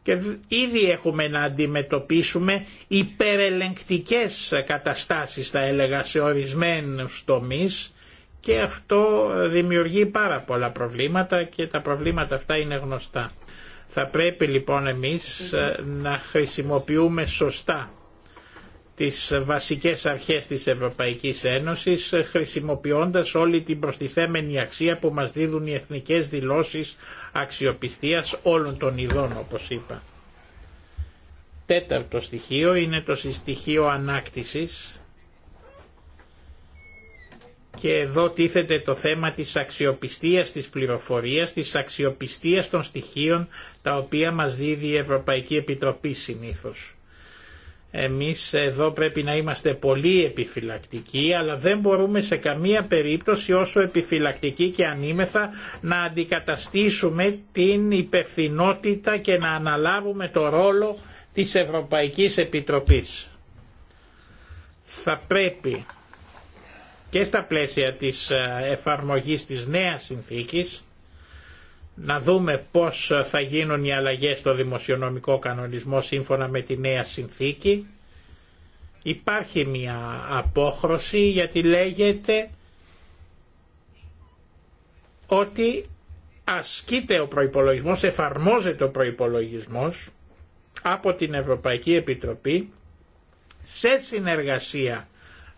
Και ήδη έχουμε να αντιμετωπίσουμε υπερελεγκτικές καταστάσεις θα έλεγα σε ορισμένους τομείς και αυτό δημιουργεί πάρα πολλά προβλήματα και τα προβλήματα αυτά είναι γνωστά. Θα πρέπει λοιπόν εμείς ε, να χρησιμοποιούμε σωστά τις βασικές αρχές της Ευρωπαϊκής Ένωσης ε, χρησιμοποιώντας όλη την προστιθέμενη αξία που μας δίδουν οι εθνικές δηλώσεις αξιοπιστίας όλων των ειδών όπως είπα. Τέταρτο στοιχείο είναι το στοιχείο ανάκτησης και εδώ τίθεται το θέμα της αξιοπιστίας της πληροφορίας, της αξιοπιστίας των στοιχείων τα οποία μας δίδει η Ευρωπαϊκή Επιτροπή συνήθως. Εμείς εδώ πρέπει να είμαστε πολύ επιφυλακτικοί, αλλά δεν μπορούμε σε καμία περίπτωση όσο επιφυλακτικοί και ανήμεθα να αντικαταστήσουμε την υπευθυνότητα και να αναλάβουμε το ρόλο της Ευρωπαϊκής Επιτροπής. Θα πρέπει και στα πλαίσια της ε, εφαρμογής της νέας συνθήκης να δούμε πώς ε, θα γίνουν οι αλλαγές στο δημοσιονομικό κανονισμό σύμφωνα με τη νέα συνθήκη. Υπάρχει μια απόχρωση γιατί λέγεται ότι ασκείται ο προϋπολογισμός, εφαρμόζεται ο προϋπολογισμός από την Ευρωπαϊκή Επιτροπή σε συνεργασία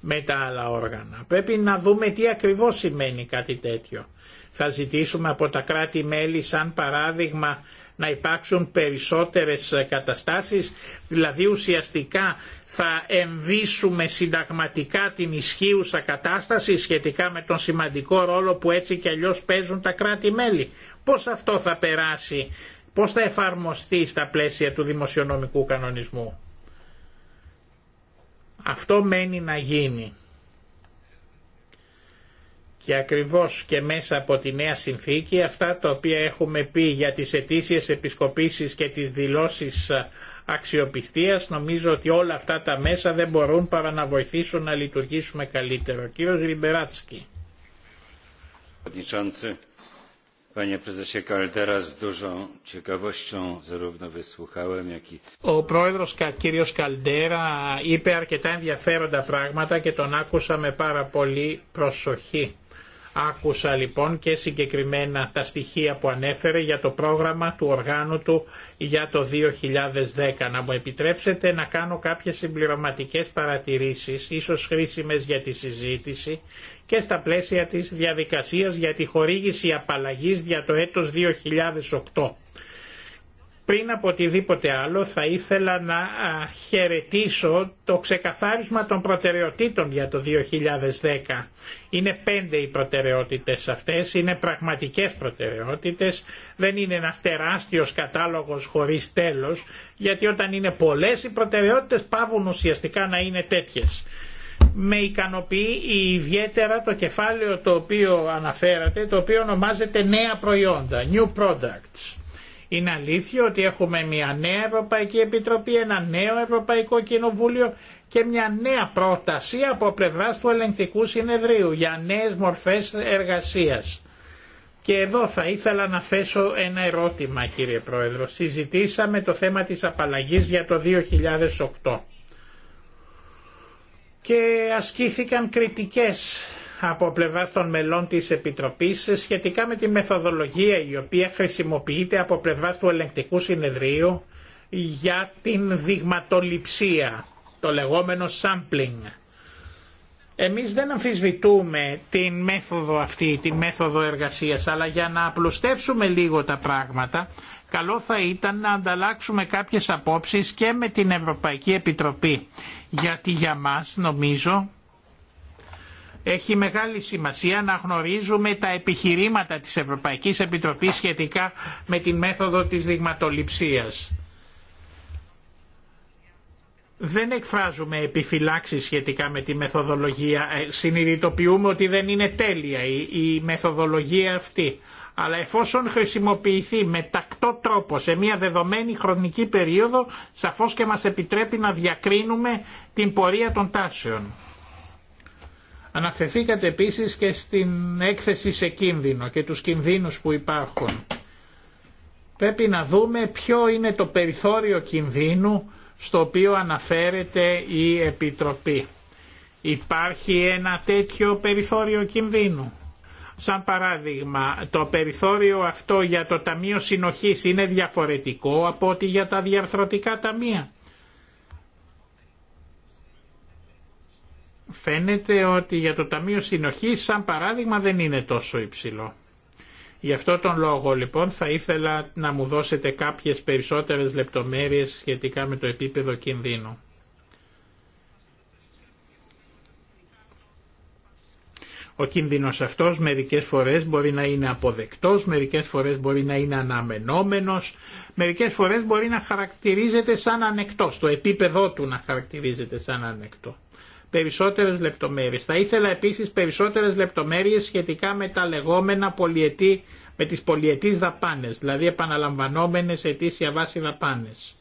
με τα άλλα όργανα. Πρέπει να δούμε τι ακριβώς σημαίνει κάτι τέτοιο. Θα ζητήσουμε από τα κράτη-μέλη σαν παράδειγμα να υπάρξουν περισσότερες καταστάσεις, δηλαδή ουσιαστικά θα εμβήσουμε συνταγματικά την ισχύουσα κατάσταση σχετικά με τον σημαντικό ρόλο που έτσι και αλλιώς παίζουν τα κράτη-μέλη. Πώς αυτό θα περάσει, πώς θα εφαρμοστεί στα πλαίσια του δημοσιονομικού κανονισμού. Αυτό μένει να γίνει. Και ακριβώς και μέσα από τη Νέα Συνθήκη αυτά τα οποία έχουμε πει για τις ετήσιες επισκοπήσεις και τις δηλώσεις αξιοπιστίας νομίζω ότι όλα αυτά τα μέσα δεν μπορούν παρά να βοηθήσουν να λειτουργήσουμε καλύτερο. Κύριος Ριμπεράτσκι. Ο πρόεδρος κύριος Καλντέρα είπε αρκετά ενδιαφέροντα πράγματα και τον άκουσα με πάρα πολύ προσοχή. Άκουσα λοιπόν και συγκεκριμένα τα στοιχεία που ανέφερε για το πρόγραμμα του οργάνου του για το 2010. Να μου επιτρέψετε να κάνω κάποιες συμπληρωματικές παρατηρήσεις, ίσως χρήσιμες για τη συζήτηση και στα πλαίσια της διαδικασίας για τη χορήγηση απαλλαγής για το έτος 2008. Πριν από οτιδήποτε άλλο θα ήθελα να χαιρετήσω το ξεκαθάρισμα των προτεραιοτήτων για το 2010. Είναι πέντε οι προτεραιότητες αυτές, είναι πραγματικές προτεραιότητες, δεν είναι ένας τεράστιος κατάλογος χωρίς τέλος, γιατί όταν είναι πολλές οι προτεραιότητες πάβουν ουσιαστικά να είναι τέτοιες. Με ικανοποιεί ιδιαίτερα το κεφάλαιο το οποίο αναφέρατε, το οποίο ονομάζεται νέα προϊόντα, new products είναι αλήθεια ότι έχουμε μια νέα Ευρωπαϊκή Επιτροπή, ένα νέο Ευρωπαϊκό Κοινοβούλιο και μια νέα πρόταση από πλευρά του ελεγκτικού συνεδρίου για νέες μορφές εργασίας. Και εδώ θα ήθελα να θέσω ένα ερώτημα κύριε Πρόεδρο. Συζητήσαμε το θέμα της απαλλαγής για το 2008 και ασκήθηκαν κριτικές από πλευρά των μελών της Επιτροπής σχετικά με τη μεθοδολογία η οποία χρησιμοποιείται από πλευρά του ελεγκτικού συνεδρίου για την δειγματοληψία, το λεγόμενο sampling. Εμείς δεν αμφισβητούμε την μέθοδο αυτή, την μέθοδο εργασίας, αλλά για να απλουστεύσουμε λίγο τα πράγματα, καλό θα ήταν να ανταλλάξουμε κάποιες απόψεις και με την Ευρωπαϊκή Επιτροπή. Γιατί για μας, νομίζω, έχει μεγάλη σημασία να γνωρίζουμε τα επιχειρήματα της Ευρωπαϊκής Επιτροπής σχετικά με τη μέθοδο της δειγματοληψίας. Δεν εκφράζουμε επιφυλάξεις σχετικά με τη μεθοδολογία. Ε, συνειδητοποιούμε ότι δεν είναι τέλεια η μεθοδολογία αυτή. Αλλά εφόσον χρησιμοποιηθεί με τακτό τρόπο σε μια δεδομένη χρονική περίοδο, σαφώς και μας επιτρέπει να διακρίνουμε την πορεία των τάσεων. Αναφερθήκατε επίσης και στην έκθεση σε κίνδυνο και τους κινδύνους που υπάρχουν. Πρέπει να δούμε ποιο είναι το περιθώριο κινδύνου στο οποίο αναφέρεται η Επιτροπή. Υπάρχει ένα τέτοιο περιθώριο κινδύνου. Σαν παράδειγμα, το περιθώριο αυτό για το Ταμείο Συνοχής είναι διαφορετικό από ότι για τα διαρθρωτικά ταμεία. Φαίνεται ότι για το Ταμείο Συνοχής σαν παράδειγμα δεν είναι τόσο υψηλό. Γι' αυτό τον λόγο λοιπόν θα ήθελα να μου δώσετε κάποιες περισσότερες λεπτομέρειες σχετικά με το επίπεδο κινδύνου. Ο κίνδυνος αυτός μερικές φορές μπορεί να είναι αποδεκτός, μερικές φορές μπορεί να είναι αναμενόμενος, μερικές φορές μπορεί να χαρακτηρίζεται σαν ανεκτός, το επίπεδό του να χαρακτηρίζεται σαν ανεκτό περισσότερες λεπτομέρειες. Θα ήθελα επίσης περισσότερες λεπτομέρειες σχετικά με τα λεγόμενα πολιετή, με τις πολιετής δαπάνες, δηλαδή επαναλαμβανόμενες ετήσια βάση δαπάνες.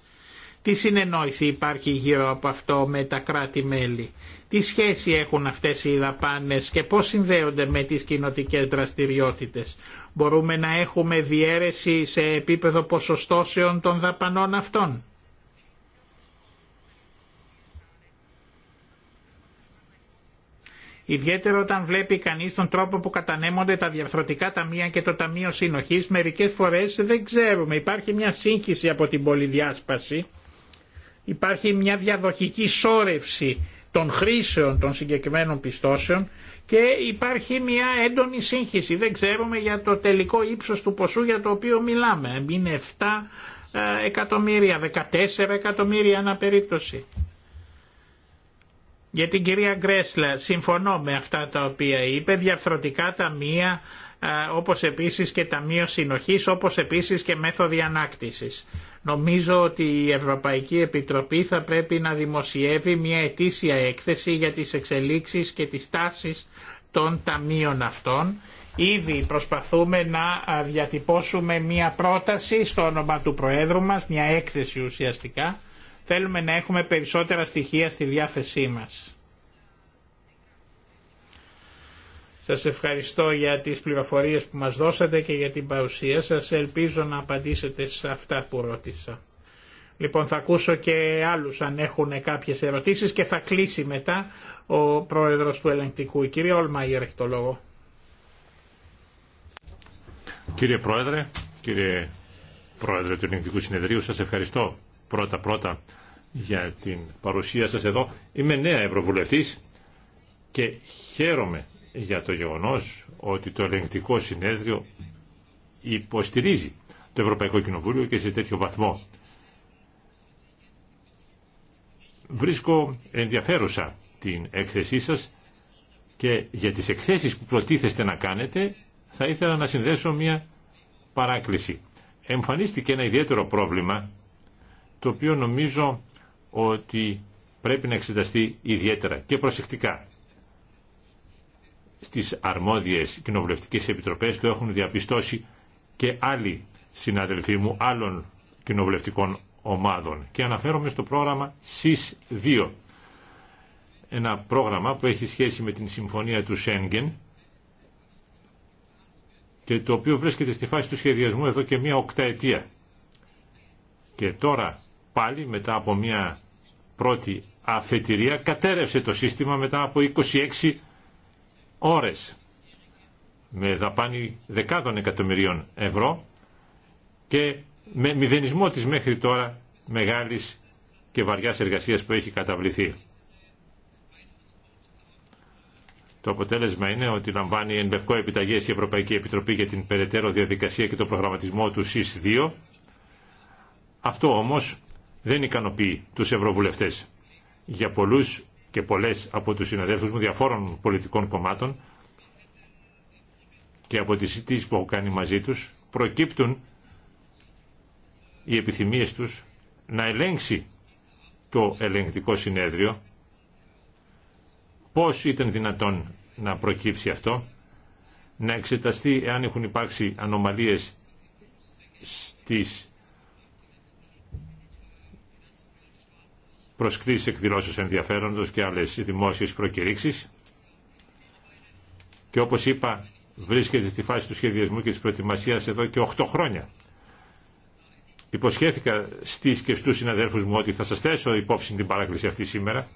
Τι συνεννόηση υπάρχει γύρω από αυτό με τα κράτη-μέλη. Τι σχέση έχουν αυτές οι δαπάνες και πώς συνδέονται με τις κοινοτικές δραστηριότητες. Μπορούμε να έχουμε διαίρεση σε επίπεδο ποσοστώσεων των δαπανών αυτών. Ιδιαίτερα όταν βλέπει κανείς τον τρόπο που κατανέμονται τα διαφθορτικά ταμεία και το Ταμείο Συνοχής, μερικές φορές δεν ξέρουμε. Υπάρχει μια σύγχυση από την πολυδιάσπαση, υπάρχει μια διαδοχική σώρευση των χρήσεων των συγκεκριμένων πιστώσεων και υπάρχει μια έντονη σύγχυση. Δεν ξέρουμε για το τελικό ύψος του ποσού για το οποίο μιλάμε. Είναι 7 ε, εκατομμύρια, 14 εκατομμύρια ανά περίπτωση. Για την κυρία Γκρέσλα, συμφωνώ με αυτά τα οποία είπε, διαφθρωτικά ταμεία, όπως επίσης και ταμείο συνοχής, όπως επίσης και μέθοδοι ανάκτησης. Νομίζω ότι η Ευρωπαϊκή Επιτροπή θα πρέπει να δημοσιεύει μια ετήσια έκθεση για τις εξελίξεις και τις τάσεις των ταμείων αυτών. Ήδη προσπαθούμε να διατυπώσουμε μια πρόταση στο όνομα του Προέδρου μας, μια έκθεση ουσιαστικά, Θέλουμε να έχουμε περισσότερα στοιχεία στη διάθεσή μας. Σας ευχαριστώ για τις πληροφορίες που μας δώσατε και για την παρουσία σας. Ελπίζω να απαντήσετε σε αυτά που ρώτησα. Λοιπόν, θα ακούσω και άλλους αν έχουν κάποιες ερωτήσεις και θα κλείσει μετά ο πρόεδρος του ελεγκτικού. Η κυρία Ολμαγερ έχει το λόγο. Κύριε Πρόεδρε, κύριε Πρόεδρε του Ελεγκτικού Συνεδρίου, σας ευχαριστώ πρώτα-πρώτα για την παρουσία σας εδώ. Είμαι νέα Ευρωβουλευτής και χαίρομαι για το γεγονός ότι το ελεγκτικό συνέδριο υποστηρίζει το Ευρωπαϊκό Κοινοβούλιο και σε τέτοιο βαθμό. Βρίσκω ενδιαφέρουσα την έκθεσή σας και για τις εκθέσεις που προτίθεστε να κάνετε θα ήθελα να συνδέσω μια παράκληση. Εμφανίστηκε ένα ιδιαίτερο πρόβλημα το οποίο νομίζω ότι πρέπει να εξεταστεί ιδιαίτερα και προσεκτικά. Στις αρμόδιες κοινοβουλευτικές επιτροπές το έχουν διαπιστώσει και άλλοι συναδελφοί μου άλλων κοινοβουλευτικών ομάδων και αναφέρομαι στο πρόγραμμα ΣΥΣ 2 ένα πρόγραμμα που έχει σχέση με την συμφωνία του Σέγγεν και το οποίο βρίσκεται στη φάση του σχεδιασμού εδώ και μία οκταετία. Και τώρα πάλι μετά από μια πρώτη αφετηρία κατέρευσε το σύστημα μετά από 26 ώρες με δαπάνη δεκάδων εκατομμυρίων ευρώ και με μηδενισμό της μέχρι τώρα μεγάλης και βαριάς εργασίας που έχει καταβληθεί. Το αποτέλεσμα είναι ότι λαμβάνει εν λευκό επιταγές η Ευρωπαϊκή Επιτροπή για την περαιτέρω διαδικασία και το προγραμματισμό του ΣΥΣ 2. Αυτό όμως δεν ικανοποιεί τους ευρωβουλευτές. Για πολλούς και πολλέ από τους συναδέλφους μου διαφόρων πολιτικών κομμάτων και από τις συζητήσει που έχω κάνει μαζί τους προκύπτουν οι επιθυμίε τους να ελέγξει το ελεγκτικό συνέδριο πώς ήταν δυνατόν να προκύψει αυτό να εξεταστεί εάν έχουν υπάρξει ανομαλίες στις προσκλήσει εκδηλώσεις ενδιαφέροντος και άλλες δημόσιες προκηρύξεις και όπως είπα βρίσκεται στη φάση του σχεδιασμού και της προετοιμασίας εδώ και 8 χρόνια. Υποσχέθηκα στις και στους συναδέλφους μου ότι θα σας θέσω υπόψη την παράκληση αυτή σήμερα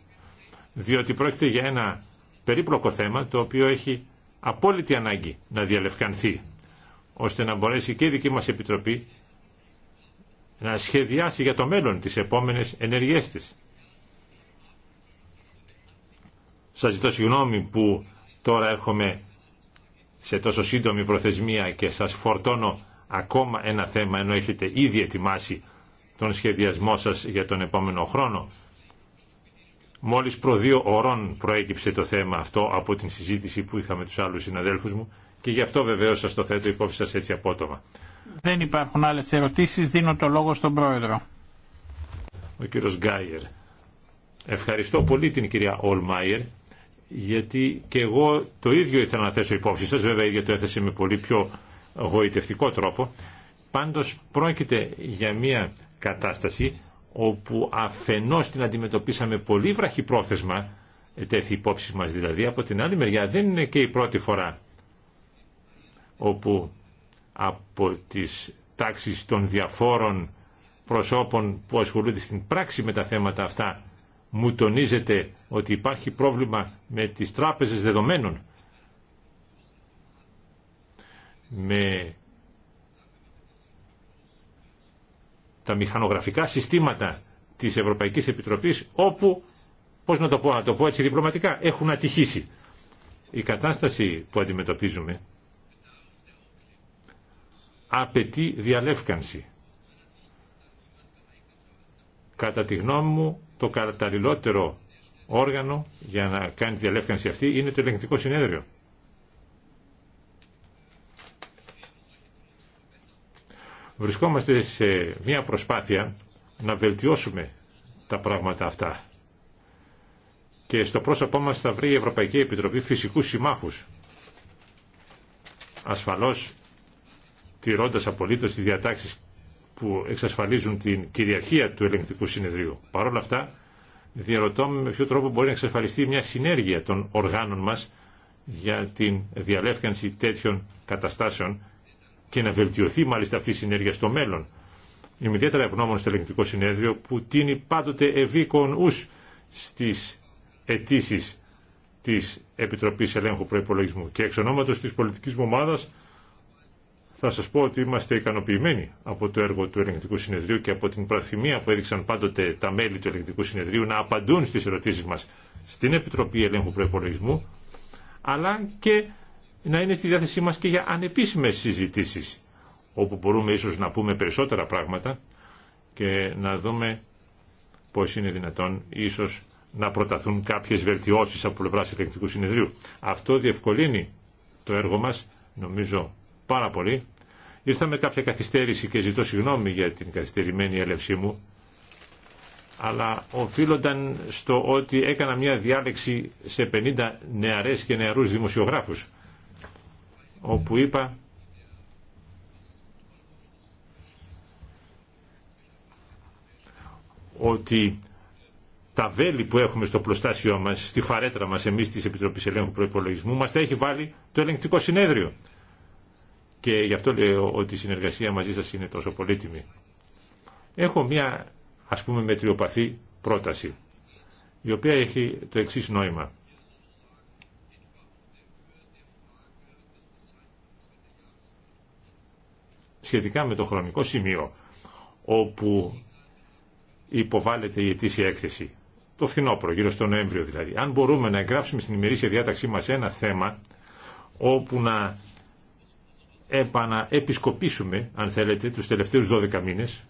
διότι πρόκειται για ένα περίπλοκο θέμα το οποίο έχει απόλυτη ανάγκη να διαλευκανθεί ώστε να μπορέσει και η δική μας Επιτροπή να σχεδιάσει για το μέλλον τις επόμενες ενεργές της. Σας ζητώ συγγνώμη που τώρα έρχομαι σε τόσο σύντομη προθεσμία και σας φορτώνω ακόμα ένα θέμα ενώ έχετε ήδη ετοιμάσει τον σχεδιασμό σας για τον επόμενο χρόνο. Μόλις προ δύο ωρών προέκυψε το θέμα αυτό από την συζήτηση που είχαμε τους άλλους συναδέλφους μου και γι' αυτό βεβαίως σας το θέτω υπόψη σας έτσι απότομα. Δεν υπάρχουν άλλες ερωτήσεις, δίνω το λόγο στον Πρόεδρο. Ο κύριος Γκάιερ. Ευχαριστώ πολύ την κυρία Ολμάιερ γιατί και εγώ το ίδιο ήθελα να θέσω υπόψη σας, βέβαια ίδια το έθεσε με πολύ πιο γοητευτικό τρόπο, πάντως πρόκειται για μια κατάσταση όπου αφενός την αντιμετωπίσαμε πολύ βραχυπρόθεσμα, τέθη υπόψη μας δηλαδή, από την άλλη μεριά δεν είναι και η πρώτη φορά όπου από τις τάξεις των διαφόρων προσώπων που ασχολούνται στην πράξη με τα θέματα αυτά μου τονίζετε ότι υπάρχει πρόβλημα με τις τράπεζες δεδομένων, με τα μηχανογραφικά συστήματα της Ευρωπαϊκής Επιτροπής, όπου, πώς να το πω, να το πω έτσι διπλωματικά, έχουν ατυχήσει. Η κατάσταση που αντιμετωπίζουμε απαιτεί διαλεύκανση. Κατά τη γνώμη μου το καταλληλότερο όργανο για να κάνει τη διαλεύκανση αυτή είναι το ελεγκτικό συνέδριο. Βρισκόμαστε σε μια προσπάθεια να βελτιώσουμε τα πράγματα αυτά. Και στο πρόσωπό μας θα βρει η Ευρωπαϊκή Επιτροπή φυσικούς συμμάχους. Ασφαλώς τηρώντας απολύτως τις διατάξεις που εξασφαλίζουν την κυριαρχία του ελεγκτικού συνεδρίου. Παρ' όλα αυτά, διαρωτώ με ποιο τρόπο μπορεί να εξασφαλιστεί μια συνέργεια των οργάνων μας για την διαλεύκανση τέτοιων καταστάσεων και να βελτιωθεί μάλιστα αυτή η συνέργεια στο μέλλον. Είμαι ιδιαίτερα ευγνώμων στο ελεγκτικό συνέδριο που τίνει πάντοτε ευήκον ους στις αιτήσει της Επιτροπής Ελέγχου Προϋπολογισμού και εξ ονόματος της πολιτικής μου ομάδας θα σας πω ότι είμαστε ικανοποιημένοι από το έργο του Ελεγκτικού Συνεδρίου και από την προθυμία που έδειξαν πάντοτε τα μέλη του Ελεγκτικού Συνεδρίου να απαντούν στις ερωτήσεις μας στην Επιτροπή Ελέγχου Προεπολογισμού, αλλά και να είναι στη διάθεσή μας και για ανεπίσημες συζητήσεις, όπου μπορούμε ίσως να πούμε περισσότερα πράγματα και να δούμε πώς είναι δυνατόν ίσως να προταθούν κάποιες βελτιώσεις από πλευράς Ελεγκτικού Συνεδρίου. Αυτό διευκολύνει το έργο μας, νομίζω πάρα πολύ Ήρθα με κάποια καθυστέρηση και ζητώ συγγνώμη για την καθυστερημένη έλευσή μου, αλλά οφείλονταν στο ότι έκανα μια διάλεξη σε 50 νεαρές και νεαρούς δημοσιογράφους, όπου είπα ότι τα βέλη που έχουμε στο πλωστάσιο μας, στη φαρέτρα μας εμείς της Επιτροπής Ελέγχου Προϋπολογισμού, μας τα έχει βάλει το ελεγκτικό συνέδριο και γι' αυτό λέω ότι η συνεργασία μαζί σας είναι τόσο πολύτιμη. Έχω μια ας πούμε μετριοπαθή πρόταση, η οποία έχει το εξή νόημα. Σχετικά με το χρονικό σημείο όπου υποβάλλεται η ετήσια έκθεση, το φθινόπωρο, γύρω στο Νοέμβριο δηλαδή, αν μπορούμε να εγγράψουμε στην ημερήσια διάταξή μας ένα θέμα όπου να επαναεπισκοπήσουμε, αν θέλετε, τους τελευταίους 12 μήνες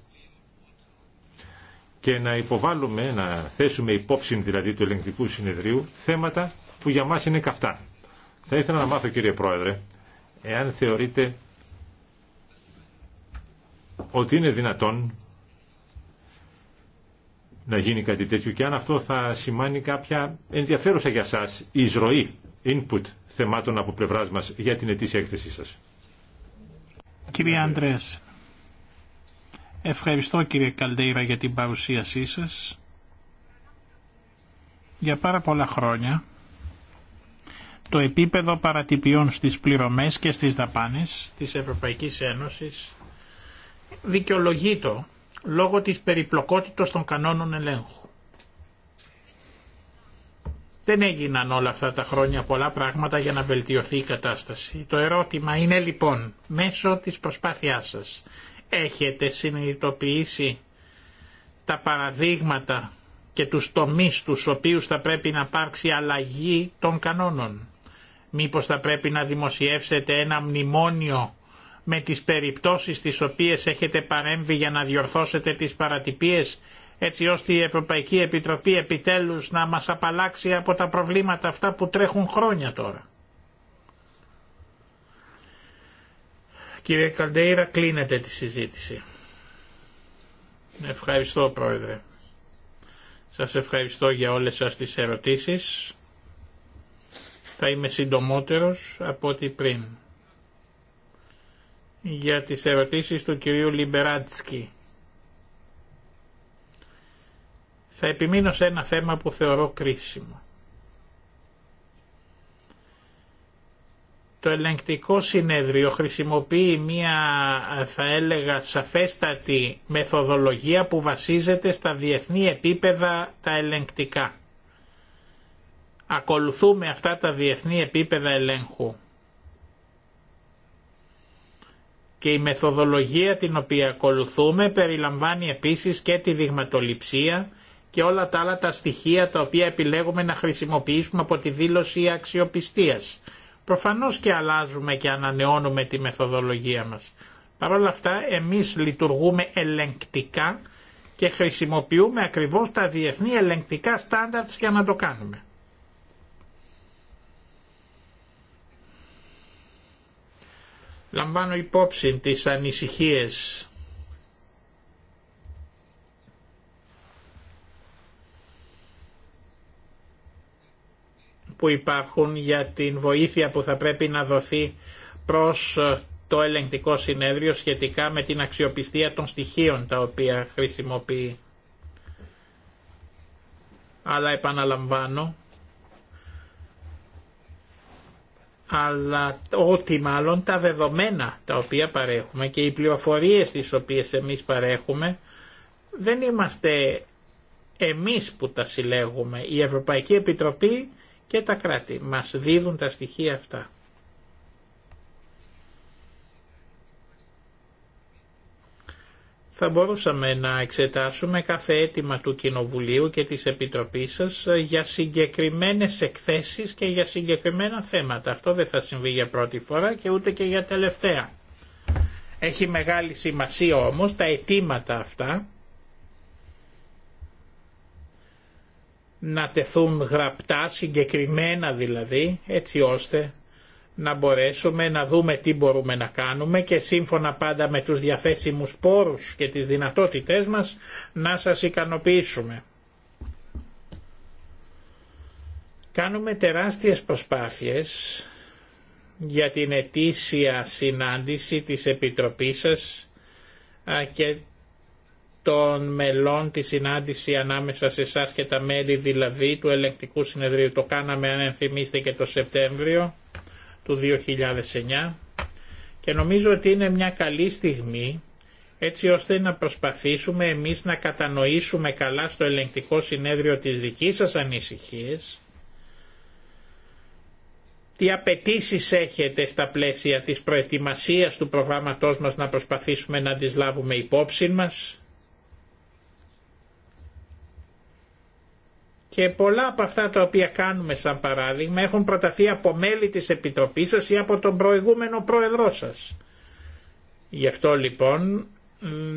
και να υποβάλουμε, να θέσουμε υπόψη δηλαδή του ελεγκτικού συνεδρίου θέματα που για μας είναι καυτά. Θα ήθελα να μάθω κύριε Πρόεδρε, εάν θεωρείτε ότι είναι δυνατόν να γίνει κάτι τέτοιο και αν αυτό θα σημάνει κάποια ενδιαφέρουσα για σας εισρωή, input θεμάτων από πλευράς μας για την ετήσια έκθεσή σας. Κύριε Αντρέας, ευχαριστώ κύριε Καλδείρα για την παρουσίασή σας. Για πάρα πολλά χρόνια το επίπεδο παρατυπιών στις πληρωμές και στις δαπάνες της Ευρωπαϊκής Ένωσής δικαιολογεί λόγω της περιπλοκότητας των κανόνων ελέγχου. Δεν έγιναν όλα αυτά τα χρόνια πολλά πράγματα για να βελτιωθεί η κατάσταση. Το ερώτημα είναι λοιπόν, μέσω της προσπάθειάς σας, έχετε συνειδητοποιήσει τα παραδείγματα και τους τομείς τους οποίους θα πρέπει να υπάρξει αλλαγή των κανόνων. Μήπως θα πρέπει να δημοσιεύσετε ένα μνημόνιο με τις περιπτώσεις τις οποίες έχετε παρέμβει για να διορθώσετε τις παρατυπίες έτσι ώστε η Ευρωπαϊκή Επιτροπή επιτέλους να μας απαλλάξει από τα προβλήματα αυτά που τρέχουν χρόνια τώρα. Κύριε Καλντέιρα, κλείνετε τη συζήτηση. Ευχαριστώ, Πρόεδρε. Σας ευχαριστώ για όλες σας τις ερωτήσεις. Θα είμαι συντομότερος από ό,τι πριν. Για τις ερωτήσεις του κυρίου Λιμπεράτσκι Θα επιμείνω σε ένα θέμα που θεωρώ κρίσιμο. Το ελεγκτικό συνέδριο χρησιμοποιεί μία θα έλεγα σαφέστατη μεθοδολογία που βασίζεται στα διεθνή επίπεδα τα ελεγκτικά. Ακολουθούμε αυτά τα διεθνή επίπεδα ελέγχου. Και η μεθοδολογία την οποία ακολουθούμε περιλαμβάνει επίσης και τη δειγματοληψία και όλα τα άλλα τα στοιχεία τα οποία επιλέγουμε να χρησιμοποιήσουμε από τη δήλωση αξιοπιστίας. Προφανώς και αλλάζουμε και ανανεώνουμε τη μεθοδολογία μας. Παρ' όλα αυτά εμείς λειτουργούμε ελεγκτικά και χρησιμοποιούμε ακριβώς τα διεθνή ελεγκτικά στάνταρτς για να το κάνουμε. Λαμβάνω υπόψη τις ανησυχίες που υπάρχουν για την βοήθεια που θα πρέπει να δοθεί προς ε, το ελεγκτικό συνέδριο σχετικά με την αξιοπιστία των στοιχείων τα οποία χρησιμοποιεί. Αλλά επαναλαμβάνω, αλλά ότι μάλλον τα δεδομένα τα οποία παρέχουμε και οι πληροφορίες τις οποίες εμείς παρέχουμε δεν είμαστε εμείς που τα συλλέγουμε. Η Ευρωπαϊκή Επιτροπή και τα κράτη μας δίδουν τα στοιχεία αυτά. Θα μπορούσαμε να εξετάσουμε κάθε αίτημα του Κοινοβουλίου και της Επιτροπής σας για συγκεκριμένες εκθέσεις και για συγκεκριμένα θέματα. Αυτό δεν θα συμβεί για πρώτη φορά και ούτε και για τελευταία. Έχει μεγάλη σημασία όμως τα αιτήματα αυτά να τεθούν γραπτά, συγκεκριμένα δηλαδή, έτσι ώστε να μπορέσουμε να δούμε τι μπορούμε να κάνουμε και σύμφωνα πάντα με τους διαθέσιμους πόρους και τις δυνατότητές μας να σας ικανοποιήσουμε. Κάνουμε τεράστιες προσπάθειες για την ετήσια συνάντηση της Επιτροπής σας και των μελών τη συνάντηση ανάμεσα σε εσά και τα μέλη δηλαδή του ελεκτικού συνεδρίου. Το κάναμε αν θυμίστε και το Σεπτέμβριο του 2009 και νομίζω ότι είναι μια καλή στιγμή έτσι ώστε να προσπαθήσουμε εμείς να κατανοήσουμε καλά στο ελεγκτικό συνέδριο της δικής σας ανησυχίες, τι απαιτήσει έχετε στα πλαίσια της προετοιμασίας του προγράμματός μας να προσπαθήσουμε να τις λάβουμε υπόψη μας, και πολλά από αυτά τα οποία κάνουμε σαν παράδειγμα έχουν προταθεί από μέλη της Επιτροπής σας ή από τον προηγούμενο πρόεδρό σας. Γι' αυτό λοιπόν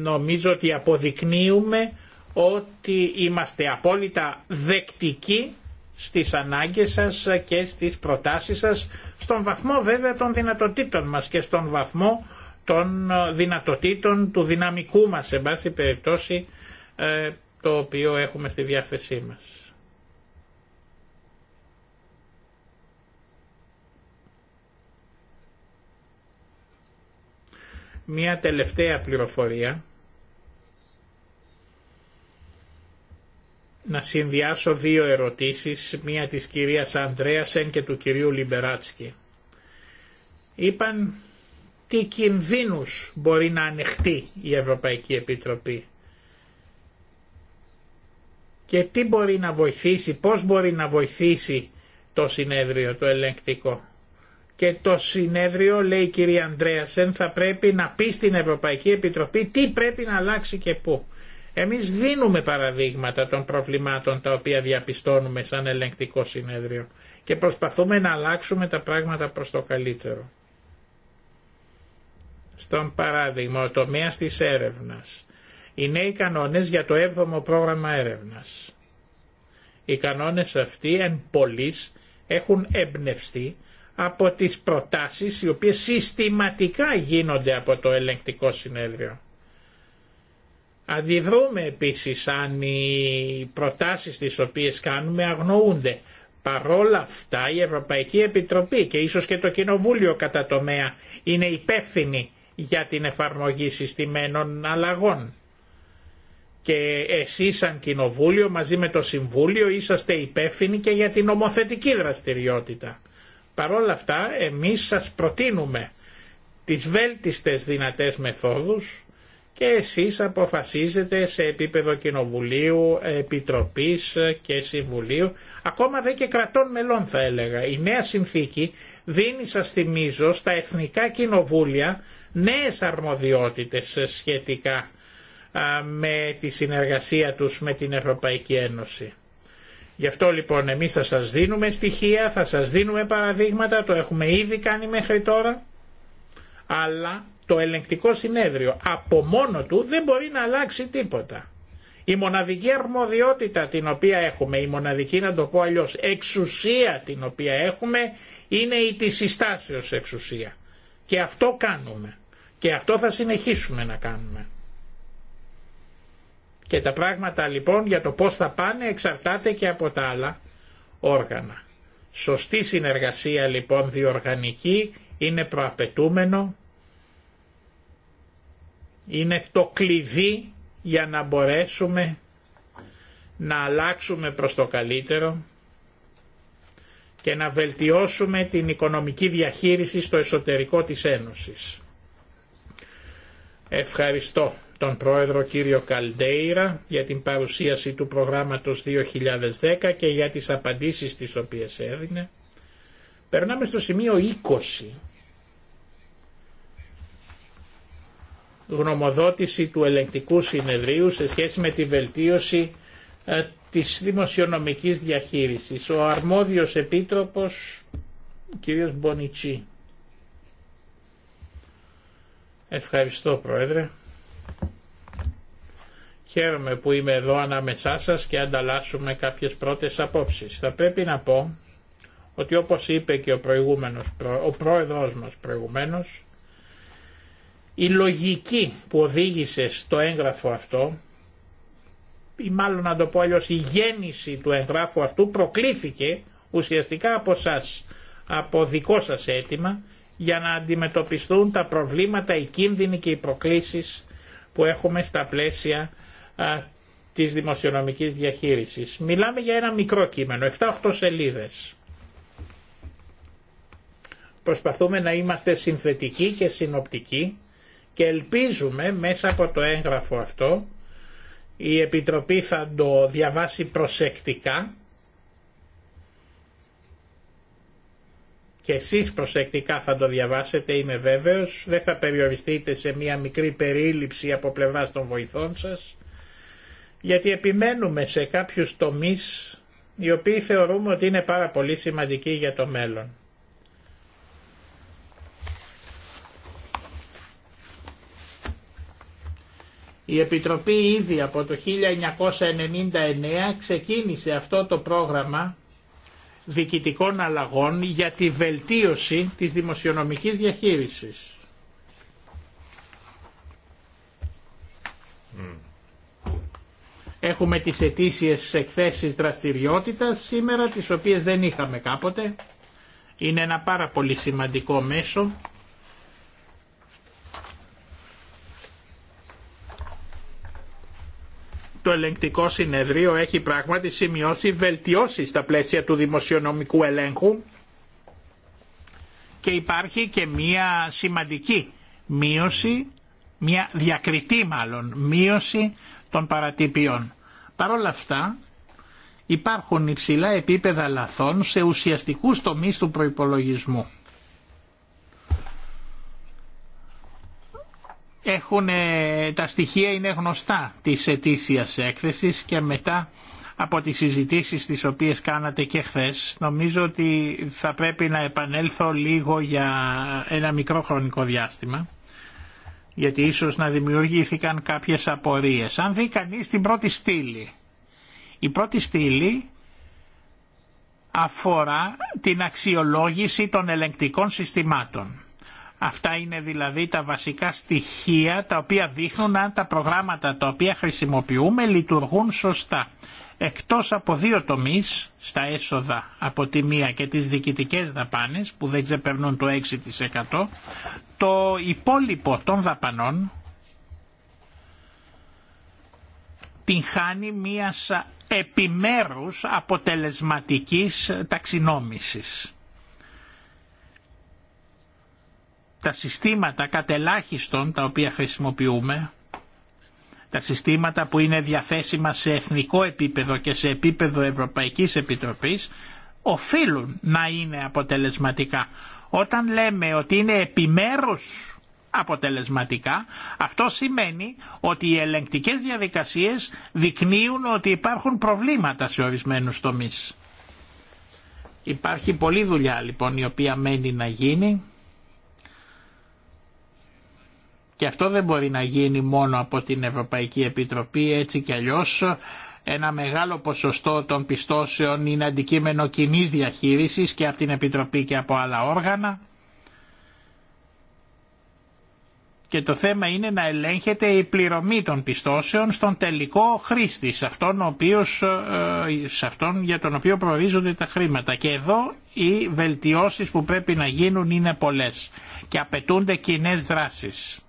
νομίζω ότι αποδεικνύουμε ότι είμαστε απόλυτα δεκτικοί στις ανάγκες σας και στις προτάσεις σας, στον βαθμό βέβαια των δυνατοτήτων μας και στον βαθμό των δυνατοτήτων του δυναμικού μας, σε βάση περιπτώσει, ε, το οποίο έχουμε στη διάθεσή μας. Μία τελευταία πληροφορία. Να συνδυάσω δύο ερωτήσεις, μία της κυρίας Ανδρέασεν και του κυρίου Λιμπεράτσκι. Είπαν τι κινδύνους μπορεί να ανεχτεί η Ευρωπαϊκή Επιτροπή και τι μπορεί να βοηθήσει, πώς μπορεί να βοηθήσει το συνέδριο, το ελεγκτικό και το συνέδριο, λέει η κυρία Ανδρέασεν, θα πρέπει να πει στην Ευρωπαϊκή Επιτροπή τι πρέπει να αλλάξει και πού. Εμείς δίνουμε παραδείγματα των προβλημάτων τα οποία διαπιστώνουμε σαν ελεγκτικό συνέδριο και προσπαθούμε να αλλάξουμε τα πράγματα προς το καλύτερο. Στον παράδειγμα, ο τομέα της έρευνας. Οι νέοι κανόνες για το 7ο πρόγραμμα έρευνας. Οι κανόνες αυτοί εν πολλής έχουν εμπνευστεί από τις προτάσεις οι οποίες συστηματικά γίνονται από το ελεγκτικό συνέδριο. Αντιδρούμε επίσης αν οι προτάσεις τις οποίες κάνουμε αγνοούνται. Παρόλα αυτά η Ευρωπαϊκή Επιτροπή και ίσως και το Κοινοβούλιο κατά τομέα είναι υπεύθυνοι για την εφαρμογή συστημένων αλλαγών. Και εσείς σαν Κοινοβούλιο μαζί με το Συμβούλιο είσαστε υπεύθυνοι και για την ομοθετική δραστηριότητα. Παρόλα αυτά εμείς σας προτείνουμε τις βέλτιστες δυνατές μεθόδους και εσείς αποφασίζετε σε επίπεδο κοινοβουλίου, επιτροπής και συμβουλίου, ακόμα δε και κρατών μελών θα έλεγα. Η νέα συνθήκη δίνει σας θυμίζω στα εθνικά κοινοβούλια νέες αρμοδιότητες σχετικά με τη συνεργασία τους με την Ευρωπαϊκή Ένωση. Γι' αυτό λοιπόν εμείς θα σας δίνουμε στοιχεία, θα σας δίνουμε παραδείγματα, το έχουμε ήδη κάνει μέχρι τώρα, αλλά το ελεγκτικό συνέδριο από μόνο του δεν μπορεί να αλλάξει τίποτα. Η μοναδική αρμοδιότητα την οποία έχουμε, η μοναδική να το πω αλλιώ εξουσία την οποία έχουμε είναι η της συστάσεως εξουσία. Και αυτό κάνουμε. Και αυτό θα συνεχίσουμε να κάνουμε. Και τα πράγματα λοιπόν για το πώς θα πάνε εξαρτάται και από τα άλλα όργανα. Σωστή συνεργασία λοιπόν διοργανική είναι προαπαιτούμενο, είναι το κλειδί για να μπορέσουμε να αλλάξουμε προς το καλύτερο και να βελτιώσουμε την οικονομική διαχείριση στο εσωτερικό της Ένωσης. Ευχαριστώ τον πρόεδρο κύριο Καλντέιρα για την παρουσίαση του προγράμματος 2010 και για τις απαντήσεις τις οποίες έδινε. Περνάμε στο σημείο 20. Γνωμοδότηση του ελεγκτικού συνεδρίου σε σχέση με τη βελτίωση ε, της δημοσιονομικής διαχείρισης. Ο αρμόδιος επίτροπος, κύριος Μπονιτσί. Ευχαριστώ, Πρόεδρε. Χαίρομαι που είμαι εδώ ανάμεσά σας και ανταλλάσσουμε κάποιες πρώτες απόψεις. Θα πρέπει να πω ότι όπως είπε και ο, προηγούμενος, ο πρόεδρος μας προηγουμένως, η λογική που οδήγησε στο έγγραφο αυτό, ή μάλλον να το πω αλλιώς η γέννηση του εγγράφου αυτού προκλήθηκε ουσιαστικά από σας από δικό σας αίτημα, για να αντιμετωπιστούν τα προβλήματα, οι κίνδυνοι και οι προκλήσεις που έχουμε στα πλαίσια της δημοσιονομικής διαχείρισης. Μιλάμε για ένα μικρό κείμενο, 7-8 σελίδες. Προσπαθούμε να είμαστε συνθετικοί και συνοπτικοί και ελπίζουμε μέσα από το έγγραφο αυτό η Επιτροπή θα το διαβάσει προσεκτικά και εσείς προσεκτικά θα το διαβάσετε είμαι βέβαιος, δεν θα περιοριστείτε σε μια μικρή περίληψη από πλευράς των βοηθών σας, γιατί επιμένουμε σε κάποιους τομείς οι οποίοι θεωρούμε ότι είναι πάρα πολύ σημαντικοί για το μέλλον. Η Επιτροπή ήδη από το 1999 ξεκίνησε αυτό το πρόγραμμα διοικητικών αλλαγών για τη βελτίωση της δημοσιονομικής διαχείρισης. Mm. Έχουμε τις ετήσιες εκθέσεις δραστηριότητας σήμερα, τις οποίες δεν είχαμε κάποτε. Είναι ένα πάρα πολύ σημαντικό μέσο το ελεγκτικό συνεδρίο έχει πράγματι σημειώσει βελτιώσεις στα πλαίσια του δημοσιονομικού ελέγχου και υπάρχει και μία σημαντική μείωση, μία διακριτή μάλλον μείωση των παρατυπιών. Παρ' όλα αυτά υπάρχουν υψηλά επίπεδα λαθών σε ουσιαστικούς τομείς του προϋπολογισμού. έχουν, ε, τα στοιχεία είναι γνωστά της ετήσιας έκθεσης και μετά από τις συζητήσεις τις οποίες κάνατε και χθε, νομίζω ότι θα πρέπει να επανέλθω λίγο για ένα μικρό χρονικό διάστημα γιατί ίσως να δημιουργήθηκαν κάποιες απορίες. Αν δει κανεί την πρώτη στήλη, η πρώτη στήλη αφορά την αξιολόγηση των ελεγκτικών συστημάτων. Αυτά είναι δηλαδή τα βασικά στοιχεία τα οποία δείχνουν αν τα προγράμματα τα οποία χρησιμοποιούμε λειτουργούν σωστά. Εκτός από δύο τομείς, στα έσοδα από τη μία και τις διοικητικές δαπάνες που δεν ξεπερνούν το 6%, το υπόλοιπο των δαπανών την χάνει μίας επιμέρους αποτελεσματικής ταξινόμησης. τα συστήματα κατελάχιστον τα οποία χρησιμοποιούμε, τα συστήματα που είναι διαθέσιμα σε εθνικό επίπεδο και σε επίπεδο Ευρωπαϊκής Επιτροπής, οφείλουν να είναι αποτελεσματικά. Όταν λέμε ότι είναι επιμέρους αποτελεσματικά, αυτό σημαίνει ότι οι ελεγκτικές διαδικασίες δεικνύουν ότι υπάρχουν προβλήματα σε ορισμένους τομείς. Υπάρχει πολλή δουλειά λοιπόν η οποία μένει να γίνει και αυτό δεν μπορεί να γίνει μόνο από την Ευρωπαϊκή Επιτροπή, έτσι κι αλλιώς ένα μεγάλο ποσοστό των πιστώσεων είναι αντικείμενο κοινή διαχείρισης και από την Επιτροπή και από άλλα όργανα. Και το θέμα είναι να ελέγχεται η πληρωμή των πιστώσεων στον τελικό χρήστη, σε αυτόν, ο οποίος, ε, σε αυτόν για τον οποίο προορίζονται τα χρήματα. Και εδώ οι βελτιώσεις που πρέπει να γίνουν είναι πολλές και απαιτούνται κοινέ δράσεις.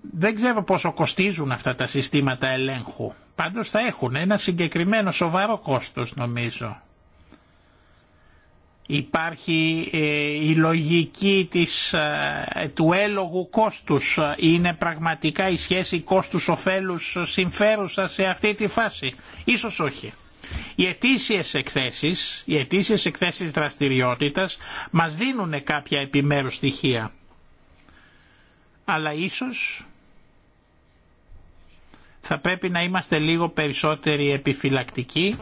Δεν ξέρω πόσο κοστίζουν αυτά τα συστήματα ελέγχου. Πάντως θα έχουν ένα συγκεκριμένο σοβαρό κόστος νομίζω. Υπάρχει ε, η λογική της, ε, του έλογου κόστους. Είναι πραγματικά η σχέση κόστους-οφέλους συμφέρουσα σε αυτή τη φάση. Ίσως όχι. Οι ετήσιες εκθέσεις, οι ετήσιες εκθέσεις δραστηριότητας μας δίνουν κάποια επιμέρους στοιχεία αλλά ίσως θα πρέπει να είμαστε λίγο περισσότεροι επιφυλακτικοί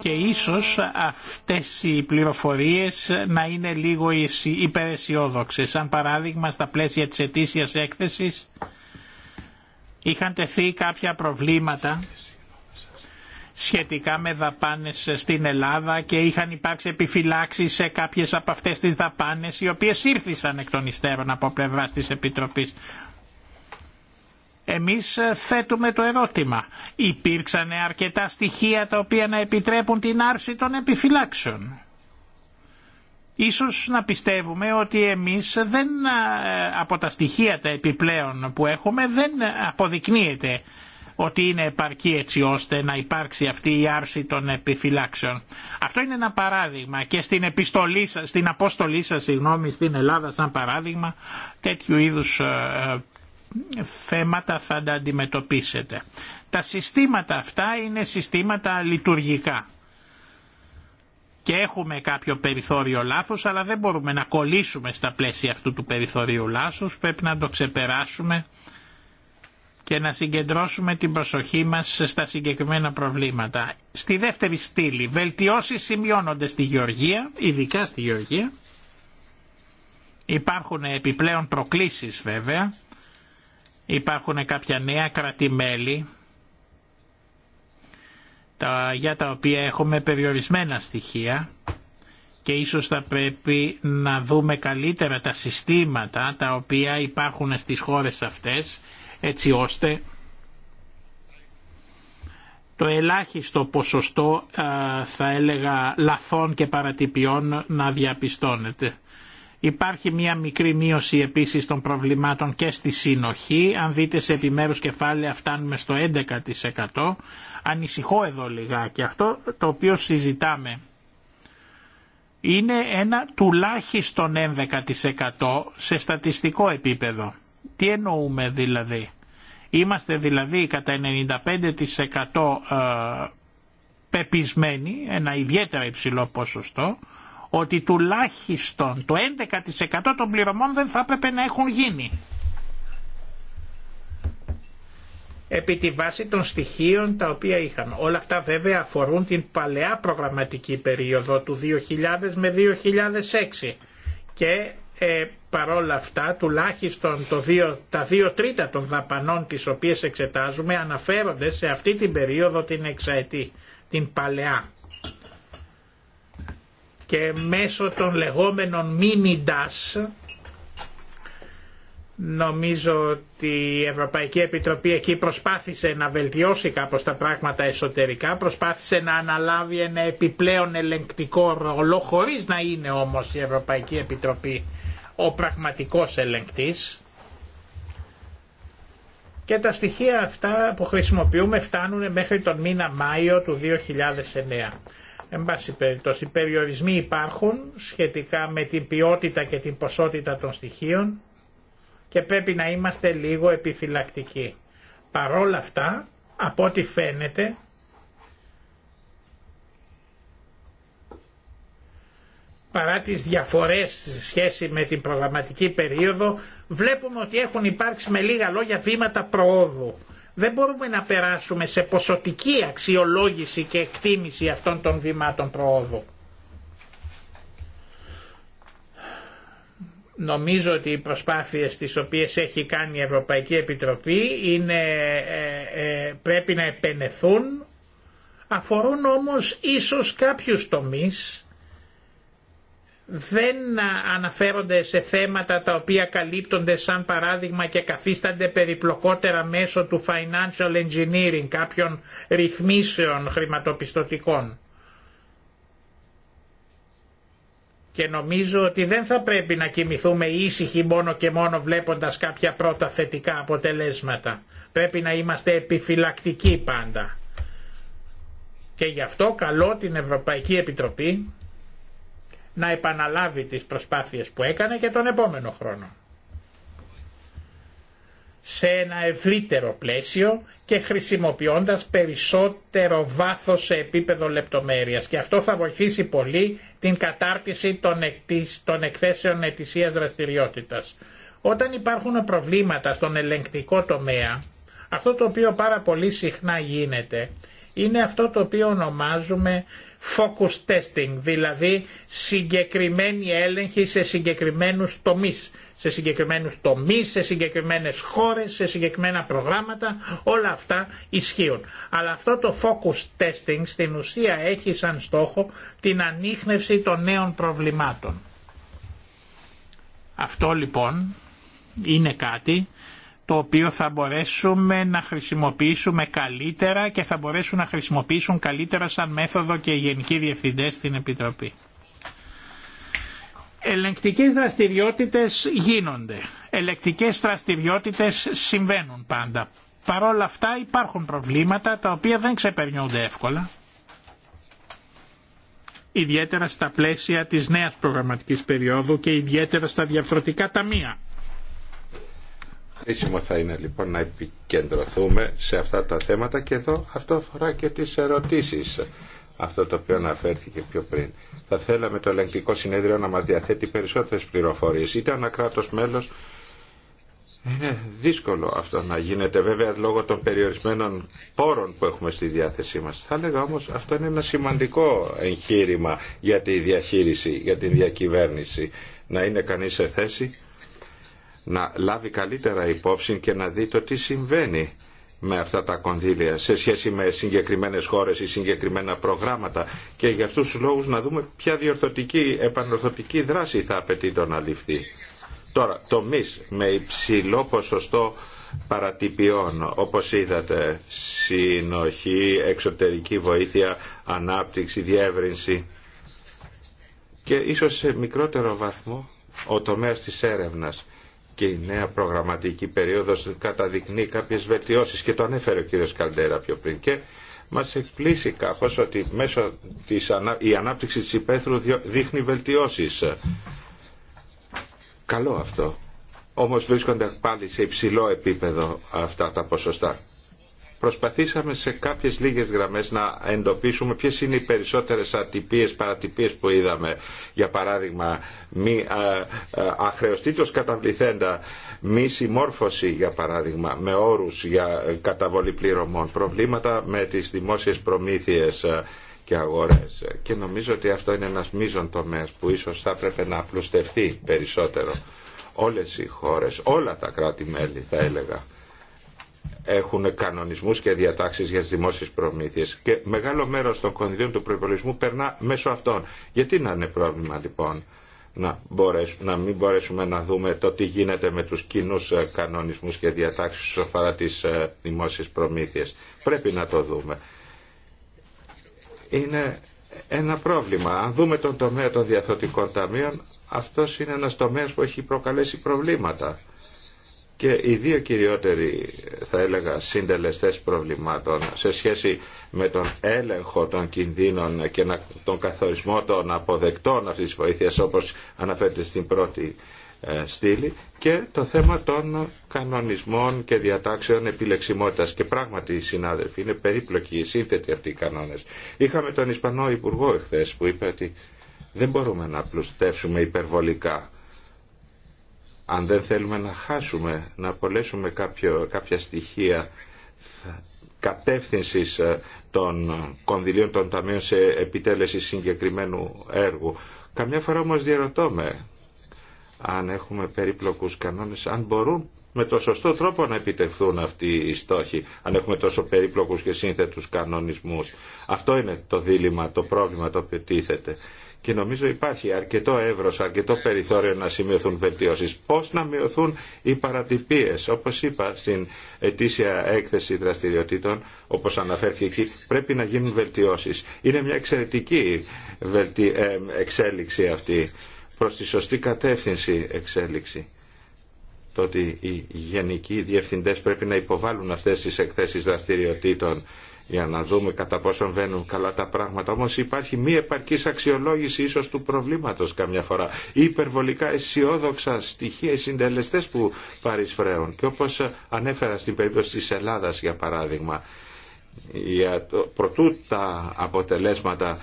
και ίσως αυτές οι πληροφορίες να είναι λίγο υπεραισιόδοξες. Σαν παράδειγμα στα πλαίσια της ετήσιας έκθεσης είχαν τεθεί κάποια προβλήματα σχετικά με δαπάνες στην Ελλάδα και είχαν υπάρξει επιφυλάξεις σε κάποιες από αυτές τις δαπάνες οι οποίες ήρθησαν εκ των υστέρων από πλευρά της Επιτροπής. Εμείς θέτουμε το ερώτημα. Υπήρξαν αρκετά στοιχεία τα οποία να επιτρέπουν την άρση των επιφυλάξεων. Ίσως να πιστεύουμε ότι εμείς δεν, ε, από τα στοιχεία τα επιπλέον που έχουμε δεν αποδεικνύεται ότι είναι επαρκή έτσι ώστε να υπάρξει αυτή η άρση των επιφυλάξεων. Αυτό είναι ένα παράδειγμα και στην, επιστολή σας, στην αποστολή σας συγγνώμη, στην Ελλάδα σαν παράδειγμα τέτοιου είδους ε, ε, θέματα θα τα αντιμετωπίσετε. Τα συστήματα αυτά είναι συστήματα λειτουργικά και έχουμε κάποιο περιθώριο λάθος αλλά δεν μπορούμε να κολλήσουμε στα πλαίσια αυτού του περιθωρίου λάθος πρέπει να το ξεπεράσουμε και να συγκεντρώσουμε την προσοχή μας στα συγκεκριμένα προβλήματα. Στη δεύτερη στήλη, βελτιώσεις σημειώνονται στη Γεωργία, ειδικά στη Γεωργία. Υπάρχουν επιπλέον προκλήσεις βέβαια. Υπάρχουν κάποια νέα κρατημέλη τα, για τα οποία έχουμε περιορισμένα στοιχεία και ίσως θα πρέπει να δούμε καλύτερα τα συστήματα τα οποία υπάρχουν στις χώρες αυτές έτσι ώστε το ελάχιστο ποσοστό θα έλεγα λαθών και παρατυπιών να διαπιστώνεται. Υπάρχει μια μικρή μείωση επίσης των προβλημάτων και στη συνοχή. Αν δείτε σε επιμέρους κεφάλαια φτάνουμε στο 11%. Ανησυχώ εδώ λιγάκι. Αυτό το οποίο συζητάμε είναι ένα τουλάχιστον 11% σε στατιστικό επίπεδο. Τι εννοούμε δηλαδή. Είμαστε δηλαδή κατά 95% ε, πεπισμένοι, ένα ιδιαίτερα υψηλό ποσοστό, ότι τουλάχιστον το 11% των πληρωμών δεν θα έπρεπε να έχουν γίνει. Επί τη βάση των στοιχείων τα οποία είχαμε. Όλα αυτά βέβαια αφορούν την παλαιά προγραμματική περίοδο του 2000 με 2006 και ε, παρόλα αυτά τουλάχιστον το δύο, τα δύο τρίτα των δαπανών τις οποίες εξετάζουμε αναφέρονται σε αυτή την περίοδο την εξαετή, την παλαιά. Και μέσω των λεγόμενων μήνυντας νομίζω ότι η Ευρωπαϊκή Επιτροπή εκεί προσπάθησε να βελτιώσει κάπως τα πράγματα εσωτερικά, προσπάθησε να αναλάβει ένα επιπλέον ελεγκτικό ρόλο χωρίς να είναι όμως η Ευρωπαϊκή Επιτροπή ο πραγματικός ελεγκτής και τα στοιχεία αυτά που χρησιμοποιούμε φτάνουν μέχρι τον μήνα Μάιο του 2009. Εν πάση περιπτώσει, περιορισμοί υπάρχουν σχετικά με την ποιότητα και την ποσότητα των στοιχείων και πρέπει να είμαστε λίγο επιφυλακτικοί. Παρόλα αυτά, από ό,τι φαίνεται, παρά τις διαφορές σε σχέση με την προγραμματική περίοδο, βλέπουμε ότι έχουν υπάρξει με λίγα λόγια βήματα προόδου. Δεν μπορούμε να περάσουμε σε ποσοτική αξιολόγηση και εκτίμηση αυτών των βημάτων προόδου. Νομίζω ότι οι προσπάθειες τις οποίες έχει κάνει η Ευρωπαϊκή Επιτροπή είναι, ε, ε, πρέπει να επενεθούν, αφορούν όμως ίσως κάποιους τομείς δεν αναφέρονται σε θέματα τα οποία καλύπτονται σαν παράδειγμα και καθίστανται περιπλοκότερα μέσω του financial engineering κάποιων ρυθμίσεων χρηματοπιστωτικών. Και νομίζω ότι δεν θα πρέπει να κοιμηθούμε ήσυχοι μόνο και μόνο βλέποντας κάποια πρώτα θετικά αποτελέσματα. Πρέπει να είμαστε επιφυλακτικοί πάντα. Και γι' αυτό καλό την Ευρωπαϊκή Επιτροπή να επαναλάβει τις προσπάθειες που έκανε και τον επόμενο χρόνο. Σε ένα ευρύτερο πλαίσιο και χρησιμοποιώντας περισσότερο βάθος σε επίπεδο λεπτομέρειας και αυτό θα βοηθήσει πολύ την κατάρτιση των εκθέσεων ετησία δραστηριότητας. Όταν υπάρχουν προβλήματα στον ελεγκτικό τομέα, αυτό το οποίο πάρα πολύ συχνά γίνεται είναι αυτό το οποίο ονομάζουμε focus testing, δηλαδή συγκεκριμένη έλεγχη σε συγκεκριμένους τομείς. Σε συγκεκριμένους τομείς, σε συγκεκριμένες χώρες, σε συγκεκριμένα προγράμματα, όλα αυτά ισχύουν. Αλλά αυτό το focus testing στην ουσία έχει σαν στόχο την ανείχνευση των νέων προβλημάτων. Αυτό λοιπόν είναι κάτι το οποίο θα μπορέσουμε να χρησιμοποιήσουμε καλύτερα και θα μπορέσουν να χρησιμοποιήσουν καλύτερα σαν μέθοδο και οι γενικοί διευθυντές στην Επιτροπή. Ελεκτικές δραστηριότητες γίνονται. Ελεκτικές δραστηριότητες συμβαίνουν πάντα. Παρ' όλα αυτά υπάρχουν προβλήματα τα οποία δεν ξεπερνιούνται εύκολα. Ιδιαίτερα στα πλαίσια της νέας προγραμματικής περίοδου και ιδιαίτερα στα διαφορετικά ταμεία. Χρήσιμο θα είναι λοιπόν να επικεντρωθούμε σε αυτά τα θέματα και εδώ αυτό αφορά και τις ερωτήσεις αυτό το οποίο αναφέρθηκε πιο πριν. Θα θέλαμε το ελεγκτικό συνέδριο να μας διαθέτει περισσότερες πληροφορίες. Είτε ένα κράτος μέλος είναι δύσκολο αυτό να γίνεται βέβαια λόγω των περιορισμένων πόρων που έχουμε στη διάθεσή μας. Θα έλεγα όμως αυτό είναι ένα σημαντικό εγχείρημα για τη διαχείριση, για την διακυβέρνηση. Να είναι κανείς σε θέση να λάβει καλύτερα υπόψη και να δει το τι συμβαίνει με αυτά τα κονδύλια σε σχέση με συγκεκριμένες χώρες ή συγκεκριμένα προγράμματα και για αυτούς τους λόγους να δούμε ποια διορθωτική, επανορθωτική δράση θα απαιτεί το να ληφθεί. Τώρα, το με υψηλό ποσοστό παρατυπιών, όπως είδατε, συνοχή, εξωτερική βοήθεια, ανάπτυξη, διεύρυνση και ίσως σε μικρότερο βαθμό ο τομέας της έρευνας και η νέα προγραμματική περίοδος καταδεικνύει κάποιες βελτιώσεις και το ανέφερε ο κύριος Καλντέρα πιο πριν και μας εκπλήσει κάπως ότι μέσω της, η ανάπτυξη της υπαίθρου δείχνει βελτιώσεις. Καλό αυτό. Όμως βρίσκονται πάλι σε υψηλό επίπεδο αυτά τα ποσοστά προσπαθήσαμε σε κάποιες λίγες γραμμές να εντοπίσουμε ποιες είναι οι περισσότερες ατυπίες, παρατυπίες που είδαμε. Για παράδειγμα, μη, αχρεωστήτως καταβληθέντα, μη συμμόρφωση, για παράδειγμα, με όρους για καταβολή πληρωμών, προβλήματα με τις δημόσιες προμήθειες, και αγορές. Και νομίζω ότι αυτό είναι ένας μείζον τομέας που ίσως θα έπρεπε να απλουστευτεί περισσότερο. Όλες οι χώρες, όλα τα κράτη-μέλη θα έλεγα έχουν κανονισμούς και διατάξεις για τις δημόσιες προμήθειες και μεγάλο μέρος των κονδυλίων του προϋπολογισμού περνά μέσω αυτών. Γιατί να είναι πρόβλημα λοιπόν να, μπορέσουμε, να μην μπορέσουμε να δούμε το τι γίνεται με τους κοινού ε, κανονισμούς και διατάξεις όσον αφορά τις ε, δημόσιες προμήθειες. Πρέπει να το δούμε. Είναι ένα πρόβλημα. Αν δούμε τον τομέα των διαθωτικών ταμείων, αυτός είναι ένας τομέας που έχει προκαλέσει προβλήματα και οι δύο κυριότεροι, θα έλεγα, συντελεστές προβλημάτων σε σχέση με τον έλεγχο των κινδύνων και τον καθορισμό των αποδεκτών αυτής της βοήθειας, όπως αναφέρεται στην πρώτη ε, στήλη, και το θέμα των κανονισμών και διατάξεων επιλεξιμότητας. Και πράγματι, οι συνάδελφοι, είναι περίπλοκοι, σύνθετοι αυτοί οι κανόνες. Είχαμε τον Ισπανό Υπουργό εχθές που είπε ότι δεν μπορούμε να πλουστεύσουμε υπερβολικά αν δεν θέλουμε να χάσουμε, να απολέσουμε κάποια στοιχεία κατεύθυνσης ε, των κονδυλίων των ταμείων σε επιτέλεση συγκεκριμένου έργου. Καμιά φορά όμως διαρωτώμε αν έχουμε περίπλοκους κανόνες, αν μπορούν με το σωστό τρόπο να επιτευχθούν αυτοί οι στόχοι, αν έχουμε τόσο περίπλοκους και σύνθετους κανονισμούς. Αυτό είναι το δίλημα, το πρόβλημα το οποίο τίθεται και νομίζω υπάρχει αρκετό εύρος, αρκετό περιθώριο να σημειωθούν βελτιώσεις. Πώς να μειωθούν οι παρατυπίες. Όπως είπα στην ετήσια έκθεση δραστηριοτήτων, όπως αναφέρθηκε εκεί, πρέπει να γίνουν βελτιώσεις. Είναι μια εξαιρετική ε, εξέλιξη αυτή, προς τη σωστή κατεύθυνση εξέλιξη το ότι οι γενικοί διευθυντές πρέπει να υποβάλουν αυτές τις εκθέσεις δραστηριοτήτων για να δούμε κατά πόσο βαίνουν καλά τα πράγματα. Όμως υπάρχει μη επαρκής αξιολόγηση ίσως του προβλήματος καμιά φορά. υπερβολικά αισιόδοξα στοιχεία, οι συντελεστές που παρισφρέουν. Και όπως ανέφερα στην περίπτωση της Ελλάδας για παράδειγμα, για το, προτού τα αποτελέσματα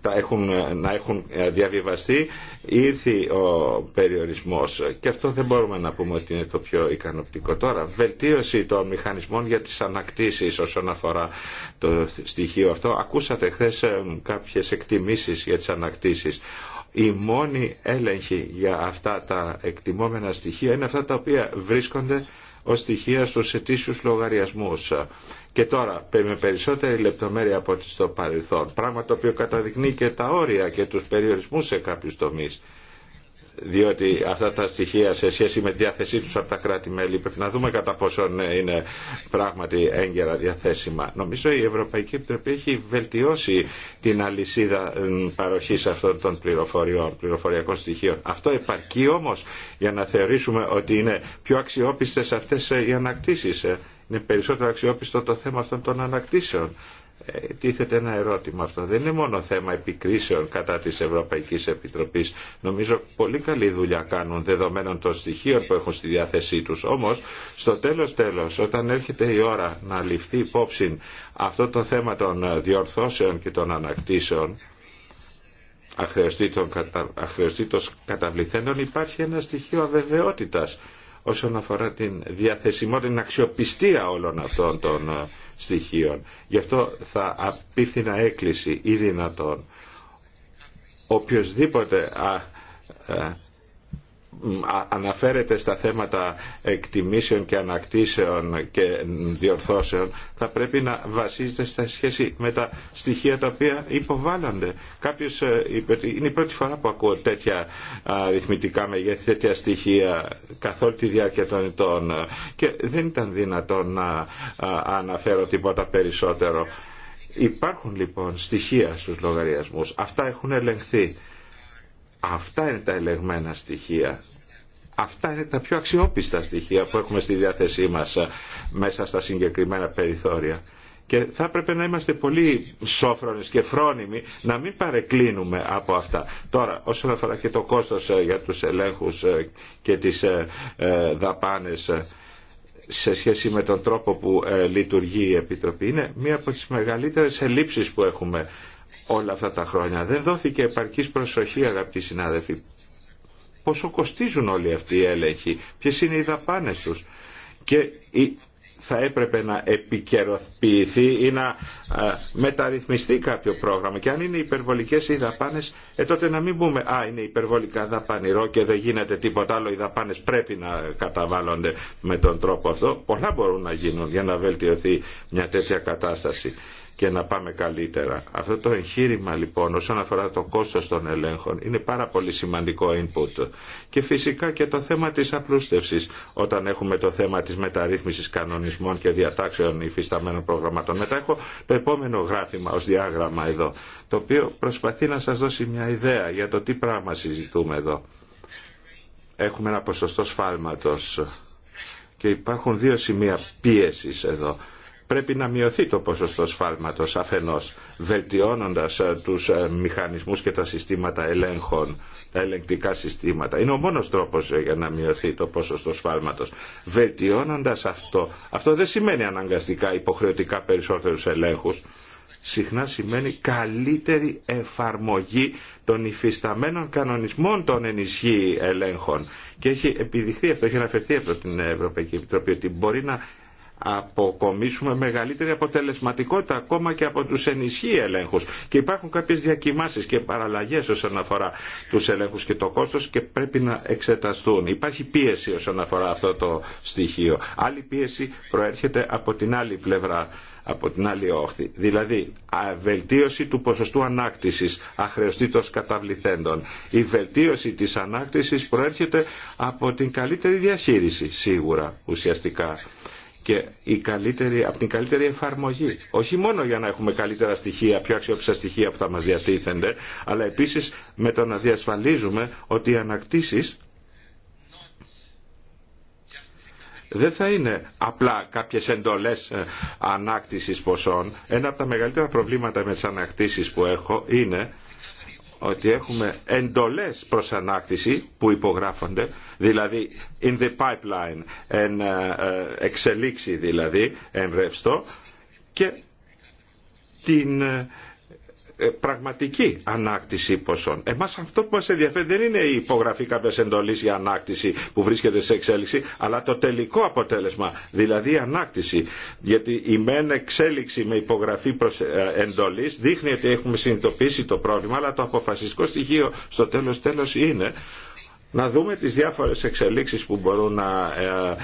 τα έχουν, να έχουν ε, διαβιβαστεί ήρθε ο περιορισμός και αυτό δεν μπορούμε να πούμε ότι είναι το πιο ικανοπτικό τώρα βελτίωση των μηχανισμών για τις ανακτήσεις όσον αφορά το στοιχείο αυτό ακούσατε χθε ε, κάποιες εκτιμήσεις για τις ανακτήσεις η μόνη έλεγχη για αυτά τα εκτιμόμενα στοιχεία είναι αυτά τα οποία βρίσκονται ως στοιχεία στους ετήσιους λογαριασμούς. Και τώρα, με περισσότερη λεπτομέρεια από ό,τι στο παρελθόν, πράγμα το οποίο καταδεικνύει και τα όρια και τους περιορισμούς σε κάποιους τομείς διότι αυτά τα στοιχεία σε σχέση με τη διάθεσή τους από τα κράτη-μέλη πρέπει να δούμε κατά πόσον είναι πράγματι έγκαιρα διαθέσιμα. Νομίζω η Ευρωπαϊκή Επιτροπή έχει βελτιώσει την αλυσίδα παροχής αυτών των πληροφοριών, πληροφοριακών στοιχείων. Αυτό επαρκεί όμως για να θεωρήσουμε ότι είναι πιο αξιόπιστες αυτές ε, οι ανακτήσεις. Ε. Είναι περισσότερο αξιόπιστο το θέμα αυτών των ανακτήσεων. Ε, τίθεται ένα ερώτημα αυτό. Δεν είναι μόνο θέμα επικρίσεων κατά της Ευρωπαϊκής Επιτροπής. Νομίζω πολύ καλή δουλειά κάνουν δεδομένων των στοιχείων που έχουν στη διάθεσή τους. Όμως, στο τέλος τέλος, όταν έρχεται η ώρα να ληφθεί υπόψη αυτό το θέμα των διορθώσεων και των ανακτήσεων, αχρεωστήτων, αχρεωστήτως καταβληθέντων, υπάρχει ένα στοιχείο αβεβαιότητας όσον αφορά την διαθεσιμότητα, την αξιοπιστία όλων αυτών των στοιχείων. Γι' αυτό θα απίθυνα έκκληση ή δυνατόν α ε, αναφέρεται στα θέματα εκτιμήσεων και ανακτήσεων και διορθώσεων θα πρέπει να βασίζεται στα σχέση με τα στοιχεία τα οποία υποβάλλονται. Κάποιος, ε, είναι η πρώτη φορά που ακούω τέτοια αριθμητικά μεγέθη, τέτοια στοιχεία καθ' όλη τη διάρκεια των ετών και δεν ήταν δυνατόν να αναφέρω τίποτα περισσότερο. Υπάρχουν λοιπόν στοιχεία στους λογαριασμούς. Αυτά έχουν ελεγχθεί. Αυτά είναι τα ελεγμένα στοιχεία Αυτά είναι τα πιο αξιόπιστα στοιχεία που έχουμε στη διάθεσή μας ε, μέσα στα συγκεκριμένα περιθώρια. Και θα έπρεπε να είμαστε πολύ σόφρονες και φρόνιμοι να μην παρεκκλίνουμε από αυτά. Τώρα, όσον αφορά και το κόστος ε, για τους ελέγχους ε, και τις δαπάνες σε σχέση με τον τρόπο που λειτουργεί η Επιτροπή, είναι μία από τις μεγαλύτερες ελλείψεις που έχουμε όλα αυτά τα χρόνια. Δεν δόθηκε επαρκής προσοχή, αγαπητοί συνάδελφοι, πόσο κοστίζουν όλοι αυτοί οι έλεγχοι, ποιες είναι οι δαπάνες τους. Και θα έπρεπε να επικαιροποιηθεί ή να μεταρρυθμιστεί κάποιο πρόγραμμα. Και αν είναι υπερβολικές οι δαπάνες, ε, τότε να μην πούμε «Α, είναι υπερβολικά δαπανηρό και δεν γίνεται τίποτα άλλο, οι δαπάνες πρέπει να καταβάλλονται με τον τρόπο αυτό». Πολλά μπορούν να γίνουν για να βελτιωθεί μια τέτοια κατάσταση και να πάμε καλύτερα. Αυτό το εγχείρημα λοιπόν όσον αφορά το κόστος των ελέγχων είναι πάρα πολύ σημαντικό input. Και φυσικά και το θέμα της απλούστευσης όταν έχουμε το θέμα της μεταρρύθμισης κανονισμών και διατάξεων υφισταμένων προγραμμάτων. Μετά έχω το επόμενο γράφημα ως διάγραμμα εδώ, το οποίο προσπαθεί να σας δώσει μια ιδέα για το τι πράγμα συζητούμε εδώ. Έχουμε ένα ποσοστό σφάλματος και υπάρχουν δύο σημεία πίεσης εδώ πρέπει να μειωθεί το ποσοστό σφάλματος αφενός βελτιώνοντας ε, τους ε, μηχανισμούς και τα συστήματα ελέγχων τα ελεγκτικά συστήματα. Είναι ο μόνος τρόπος ε, για να μειωθεί το ποσοστό σφάλματος. Βελτιώνοντας αυτό, αυτό δεν σημαίνει αναγκαστικά υποχρεωτικά περισσότερους ελέγχους. Συχνά σημαίνει καλύτερη εφαρμογή των υφισταμένων κανονισμών των ενισχύ ελέγχων. Και έχει επιδειχθεί αυτό, έχει αναφερθεί από την Ευρωπαϊκή Επιτροπή ότι μπορεί να αποκομίσουμε μεγαλύτερη αποτελεσματικότητα ακόμα και από τους ενισχύ ελέγχους. Και υπάρχουν κάποιες διακοιμάσεις και παραλλαγές όσον αφορά τους ελέγχους και το κόστος και πρέπει να εξεταστούν. Υπάρχει πίεση όσον αφορά αυτό το στοιχείο. Άλλη πίεση προέρχεται από την άλλη πλευρά από την άλλη όχθη. Δηλαδή, βελτίωση του ποσοστού ανάκτησης αχρεωστήτως καταβληθέντων. Η βελτίωση της ανάκτησης προέρχεται από την καλύτερη διαχείριση, σίγουρα, ουσιαστικά και η καλύτερη, από την καλύτερη εφαρμογή. Όχι μόνο για να έχουμε καλύτερα στοιχεία, πιο αξιόπιστα στοιχεία που θα μας διατίθενται, αλλά επίσης με το να διασφαλίζουμε ότι οι ανακτήσεις δεν θα είναι απλά κάποιες εντολές ε, ανάκτησης ποσών. Ένα από τα μεγαλύτερα προβλήματα με τις ανακτήσεις που έχω είναι ότι έχουμε εντολές προς ανάκτηση που υπογράφονται, δηλαδή in the pipeline, εν ε, ε, εξελίξη δηλαδή, εν ρευστό, και την ε, ε, πραγματική ανάκτηση ποσών. Εμά αυτό που μα ενδιαφέρει δεν είναι η υπογραφή κάποια το τελικό αποτέλεσμα, δηλαδή ανάκτηση. Γιατί για ανάκτηση που βρίσκεται σε εξέλιξη, αλλά το τελικό αποτέλεσμα, δηλαδή η ανάκτηση. Γιατί η μεν εξέλιξη με υπογραφή προς ε, εντολής δείχνει ότι έχουμε συνειδητοποιήσει το πρόβλημα, αλλά το αποφασιστικό στοιχείο στο τέλο τέλο είναι να δούμε τις διάφορες εξελίξεις που μπορούν να ε,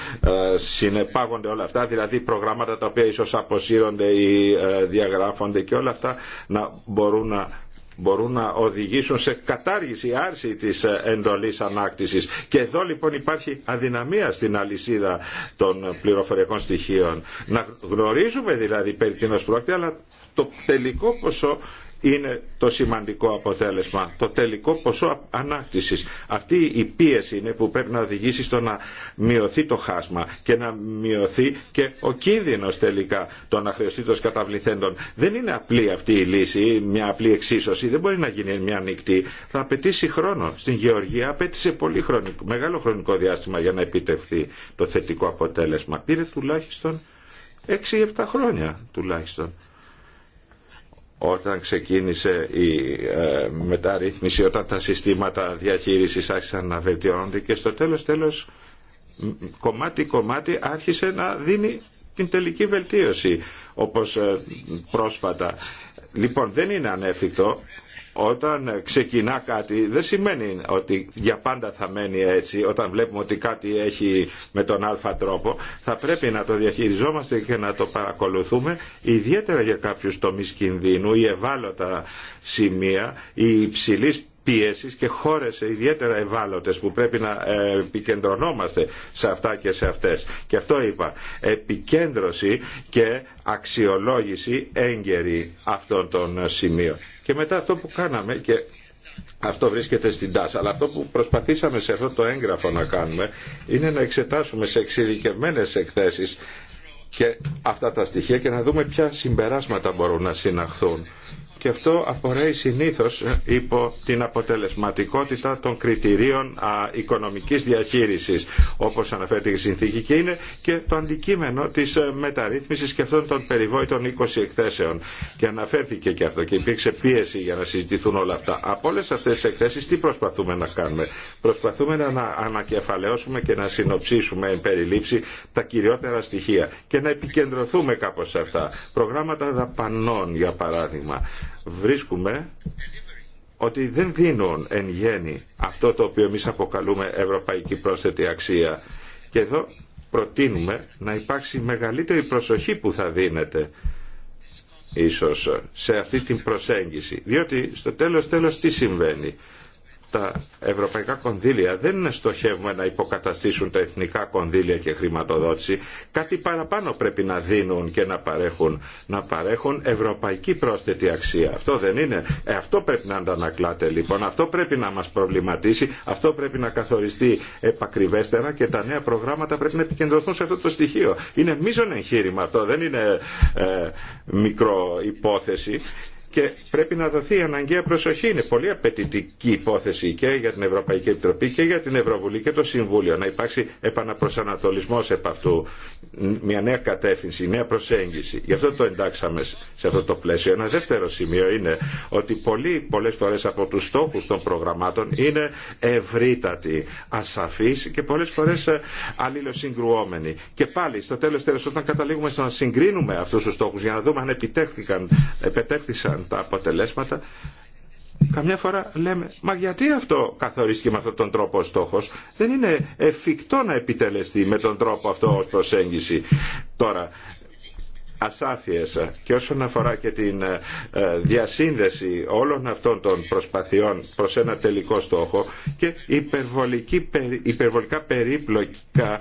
ε, συνεπάγονται όλα αυτά, δηλαδή προγράμματα τα οποία ίσως αποσύρονται ή ε, διαγράφονται και όλα αυτά να μπορούν να μπορούν να οδηγήσουν σε κατάργηση, άρση της εντολής ανάκτησης. Και εδώ λοιπόν υπάρχει αδυναμία στην αλυσίδα των πληροφοριακών στοιχείων. Να γνωρίζουμε δηλαδή περί τίνος πρόκειται, αλλά το τελικό ποσό είναι το σημαντικό αποτέλεσμα, το τελικό ποσό ανάκτησης. Αυτή η πίεση είναι που πρέπει να οδηγήσει στο να μειωθεί το χάσμα και να μειωθεί και ο κίνδυνος τελικά των αχρεωστήτων καταβληθέντων. Δεν είναι απλή αυτή η λύση, μια απλή εξίσωση, δεν μπορεί να γίνει μια νυχτή. Θα απαιτήσει χρόνο. Στην Γεωργία απέτησε πολύ χρονικό, μεγάλο χρονικό διάστημα για να επιτευχθεί το θετικό αποτέλεσμα. Πήρε τουλάχιστον 6-7 χρόνια τουλάχιστον όταν ξεκίνησε η ε, μεταρρύθμιση, όταν τα συστήματα διαχείρισης άρχισαν να βελτιώνονται και στο τέλος τέλος κομμάτι-κομμάτι άρχισε να δίνει την τελική βελτίωση όπως ε, πρόσφατα. Λοιπόν δεν είναι ανέφικτο όταν ξεκινά κάτι δεν σημαίνει ότι για πάντα θα μένει έτσι όταν βλέπουμε ότι κάτι έχει με τον Α τρόπο θα πρέπει να το διαχειριζόμαστε και να το παρακολουθούμε ιδιαίτερα για κάποιους τομείς κινδύνου ή ευάλωτα σημεία ή υψηλή πίεσης και χώρες ιδιαίτερα ευάλωτες που πρέπει να ε, επικεντρωνόμαστε σε αυτά και σε αυτές. Και αυτό είπα, επικέντρωση και αξιολόγηση έγκαιρη αυτών των σημείων. Και μετά αυτό που κάναμε και αυτό βρίσκεται στην τάση, Αλλά αυτό που προσπαθήσαμε σε αυτό το έγγραφο να κάνουμε είναι να εξετάσουμε σε εξειδικευμένες εκθέσεις και αυτά τα στοιχεία και να δούμε ποια συμπεράσματα μπορούν να συναχθούν και αυτό απορρέει συνήθως υπό την αποτελεσματικότητα των κριτηρίων οικονομικής διαχείρισης όπως αναφέρεται η συνθήκη και είναι και το αντικείμενο της ε, μεταρρύθμισης και αυτών των περιβόητων 20 εκθέσεων και αναφέρθηκε και αυτό και υπήρξε πίεση για να συζητηθούν όλα αυτά. Από όλε αυτές τις εκθέσεις τι προσπαθούμε να κάνουμε. Προσπαθούμε να ανακεφαλαιώσουμε και να συνοψίσουμε εν περιλήψη τα κυριότερα στοιχεία και να επικεντρωθούμε κάπως σε αυτά. Προγράμματα δαπανών για παράδειγμα βρίσκουμε ότι δεν δίνουν εν γέννη αυτό το οποίο εμείς αποκαλούμε ευρωπαϊκή πρόσθετη αξία. Και εδώ προτείνουμε να υπάρξει μεγαλύτερη προσοχή που θα δίνεται ίσως σε αυτή την προσέγγιση. Διότι στο τέλος τέλος τι συμβαίνει τα ευρωπαϊκά κονδύλια δεν είναι στοχεύουμε να υποκαταστήσουν τα εθνικά κονδύλια και χρηματοδότηση. Κάτι παραπάνω πρέπει να δίνουν και να παρέχουν. Να παρέχουν ευρωπαϊκή πρόσθετη αξία. Αυτό δεν είναι. Ε, αυτό πρέπει να αντανακλάται λοιπόν. Αυτό πρέπει να μας προβληματίσει. Αυτό πρέπει να καθοριστεί επακριβέστερα και τα νέα προγράμματα πρέπει να επικεντρωθούν σε αυτό το στοιχείο. Είναι μείζον εγχείρημα αυτό. Δεν είναι ε, μικρό υπόθεση και πρέπει να δοθεί αναγκαία προσοχή. Είναι πολύ απαιτητική υπόθεση και για την Ευρωπαϊκή Επιτροπή και για την Ευρωβουλή και το Συμβούλιο να υπάρξει επαναπροσανατολισμό επ' αυτού, μια νέα κατεύθυνση, νέα προσέγγιση. Γι' αυτό το εντάξαμε σε αυτό το πλαίσιο. Ένα δεύτερο σημείο είναι ότι πολλέ πολλές φορές από του στόχου των προγραμμάτων είναι ευρύτατοι, ασαφεί και πολλές φορές ε, αλληλοσυγκρουόμενοι. Και πάλι στο τέλο τέλο, όταν καταλήγουμε στο να συγκρίνουμε αυτού του στόχου για να δούμε αν επιτέχθηκαν, επιτέχθησαν τα αποτελέσματα. Καμιά φορά λέμε, μα γιατί αυτό καθορίστηκε με αυτόν τον τρόπο ο στόχος. Δεν είναι εφικτό να επιτελεστεί με τον τρόπο αυτό ως προσέγγιση. Τώρα, και όσον αφορά και την ε, διασύνδεση όλων αυτών των προσπαθειών προς ένα τελικό στόχο και υπερβολική, υπερβολικά περίπλοκα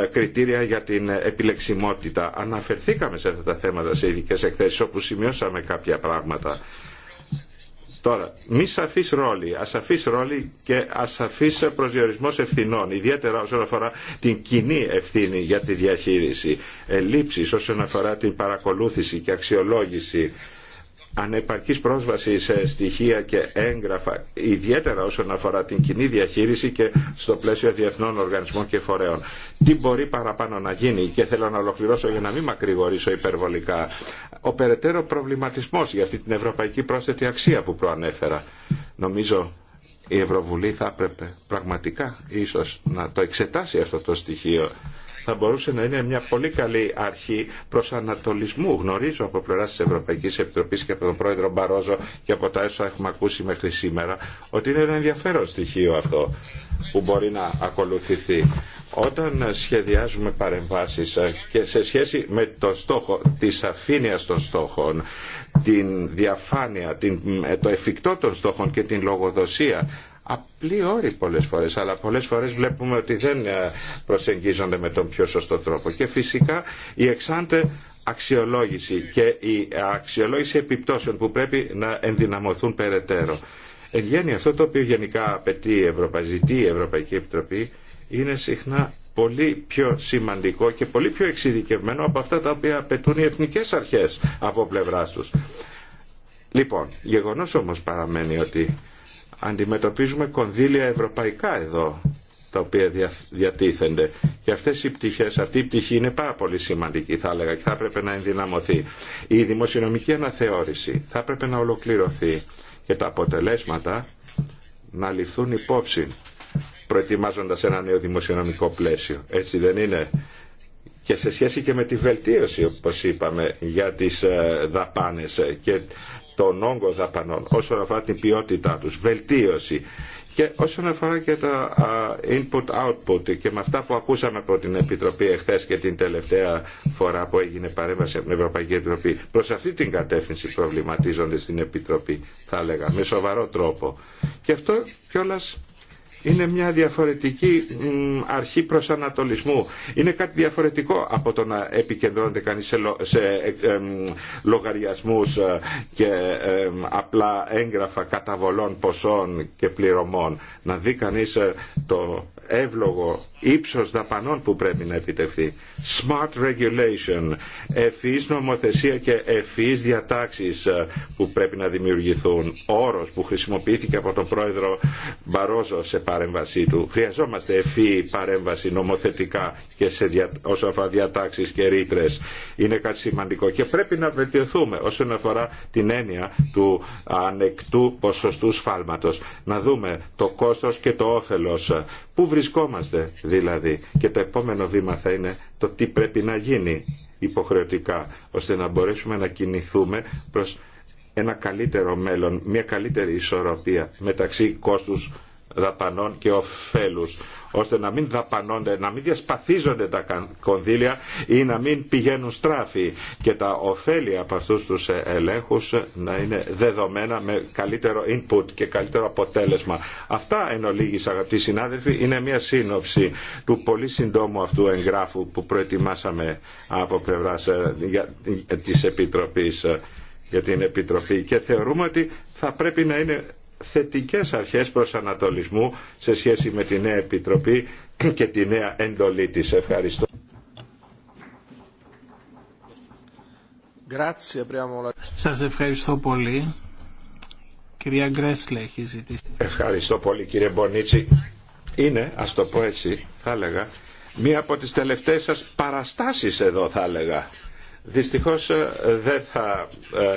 ε, κριτήρια για την επιλεξιμότητα. Αναφερθήκαμε σε αυτά τα θέματα σε ειδικέ εκθέσεις όπου σημειώσαμε κάποια πράγματα. Τώρα, μη σαφή ρόλοι, ασαφή ρόλη και ασαφή προσδιορισμός ευθυνών, ιδιαίτερα όσον αφορά την κοινή ευθύνη για τη διαχείριση, ελλείψει όσον αφορά την παρακολούθηση και αξιολόγηση ανεπαρκής πρόσβαση σε στοιχεία και έγγραφα, ιδιαίτερα όσον αφορά την κοινή διαχείριση και στο πλαίσιο διεθνών οργανισμών και φορέων. Τι μπορεί παραπάνω να γίνει και θέλω να ολοκληρώσω για να μην μακρηγορήσω υπερβολικά. Ο περαιτέρω προβληματισμός για αυτή την ευρωπαϊκή πρόσθετη αξία που προανέφερα. Νομίζω η Ευρωβουλή θα έπρεπε πραγματικά ίσως να το εξετάσει αυτό το στοιχείο θα μπορούσε να είναι μια πολύ καλή αρχή προς ανατολισμού. Γνωρίζω από πλευρά τη Ευρωπαϊκής Επιτροπής και από τον πρόεδρο Μπαρόζο και από τα έσω έχουμε ακούσει μέχρι σήμερα ότι είναι ένα ενδιαφέρον στοιχείο αυτό που μπορεί να ακολουθηθεί όταν σχεδιάζουμε παρεμβάσεις ε, και σε σχέση με το στόχο της αφήνεια των στόχων, την διαφάνεια, την, ε, το εφικτό των στόχων και την λογοδοσία απλή όρη πολλές φορές, αλλά πολλές φορές βλέπουμε ότι δεν ε, προσεγγίζονται με τον πιο σωστό τρόπο. Και φυσικά η εξάντε αξιολόγηση και η αξιολόγηση επιπτώσεων που πρέπει να ενδυναμωθούν περαιτέρω. Εν γέννη αυτό το οποίο γενικά απαιτεί η Ευρωπαϊκή, η Ευρωπαϊκή Επιτροπή είναι συχνά πολύ πιο σημαντικό και πολύ πιο εξειδικευμένο από αυτά τα οποία απαιτούν οι εθνικές αρχές από πλευράς τους. Λοιπόν, γεγονός όμως παραμένει ότι αντιμετωπίζουμε κονδύλια ευρωπαϊκά εδώ τα οποία διατίθενται. Και αυτές οι πτυχές, αυτή η πτυχή είναι πάρα πολύ σημαντική θα έλεγα και θα έπρεπε να ενδυναμωθεί. Η δημοσιονομική αναθεώρηση θα έπρεπε να ολοκληρωθεί και τα αποτελέσματα να ληφθούν υπόψη προετοιμάζοντας ένα νέο δημοσιονομικό πλαίσιο. Έτσι δεν είναι. Και σε σχέση και με τη βελτίωση, όπως είπαμε, για τις ε, δαπάνες ε, και τον όγκο δαπανών, όσον αφορά την ποιότητά τους, βελτίωση. Και όσον αφορά και τα input-output και με αυτά που ακούσαμε από την Επιτροπή εχθές και την τελευταία φορά που έγινε παρέμβαση από την Ευρωπαϊκή Επιτροπή, προς αυτή την κατεύθυνση προβληματίζονται στην Επιτροπή, θα έλεγα, με σοβαρό τρόπο. Και αυτό κιόλας είναι μια διαφορετική αρχή προσανατολισμού. Είναι κάτι διαφορετικό από το να επικεντρώνεται κανείς σε ε, ε, λογαριασμούς ε, και απλά έγγραφα καταβολών ποσών και πληρωμών. Να δει κανείς το εύλογο ύψος δαπανών που πρέπει να επιτευχθεί. Smart regulation, ευφυής νομοθεσία και ευφυής διατάξεις που πρέπει να δημιουργηθούν. Όρος που χρησιμοποιήθηκε από τον πρόεδρο Μπαρόζο σε παρέμβασή του. Χρειαζόμαστε ευφύ παρέμβαση νομοθετικά και σε δια... αφορά διατάξεις και ρήτρε. Είναι κάτι σημαντικό και πρέπει να βελτιωθούμε όσον αφορά την έννοια του ανεκτού ποσοστού σφάλματος. Να δούμε το κόστος και το όφελος. Πού βρισκόμαστε δηλαδή και το επόμενο βήμα θα είναι το τι πρέπει να γίνει υποχρεωτικά ώστε να μπορέσουμε να κινηθούμε προς ένα καλύτερο μέλλον, μια καλύτερη ισορροπία μεταξύ κόστους δαπανών και ωφέλου, ώστε να μην δαπανώνται, να μην διασπαθίζονται τα κονδύλια ή να μην πηγαίνουν στράφοι και τα ωφέλη από αυτούς τους ε, ελέγχους ε, να είναι δεδομένα με καλύτερο input και καλύτερο αποτέλεσμα. Αυτά εν αγαπητοί συνάδελφοι είναι μια σύνοψη του πολύ συντόμου αυτού εγγράφου που προετοιμάσαμε από πλευρά ε, της Επιτροπής για την Επιτροπή και θεωρούμε ότι θα πρέπει να είναι θετικές αρχές ανατολισμού σε σχέση με τη νέα Επιτροπή και τη νέα εντολή της. Ευχαριστώ. Σας ευχαριστώ πολύ. Κυρία Γκρέσλε έχει ζητήσει. Ευχαριστώ πολύ κύριε Μπονίτσι. Είναι, ας το πω έτσι, θα έλεγα, μία από τις τελευταίες σας παραστάσεις εδώ θα έλεγα. Δυστυχώς ε, δεν θα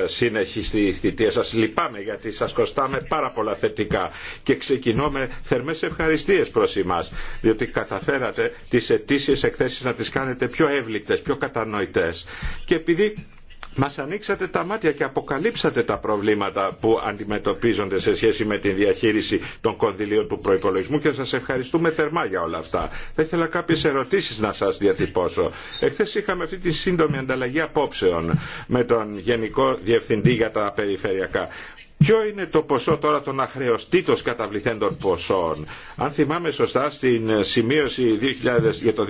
ε, συνεχίσει η θητεία σας. Λυπάμαι γιατί σας κοστάμε πάρα πολλά θετικά και ξεκινώ με θερμές ευχαριστίες προς εμάς, διότι καταφέρατε τις αιτήσει εκθέσεις να τις κάνετε πιο εύληκτες, πιο κατανοητές. Και επειδή μας ανοίξατε τα μάτια και αποκαλύψατε τα προβλήματα που αντιμετωπίζονται σε σχέση με τη διαχείριση των κονδυλίων του προϋπολογισμού και σας ευχαριστούμε θερμά για όλα αυτά. Θα ήθελα κάποιες ερωτήσεις να σας διατυπώσω. Εχθές είχαμε αυτή τη σύντομη ανταλλαγή απόψεων με τον Γενικό Διευθυντή για τα Περιφερειακά. Ποιο είναι το ποσό τώρα των αχρεωστήτως καταβληθέντων ποσών. Αν θυμάμαι σωστά στην σημείωση 2000, για το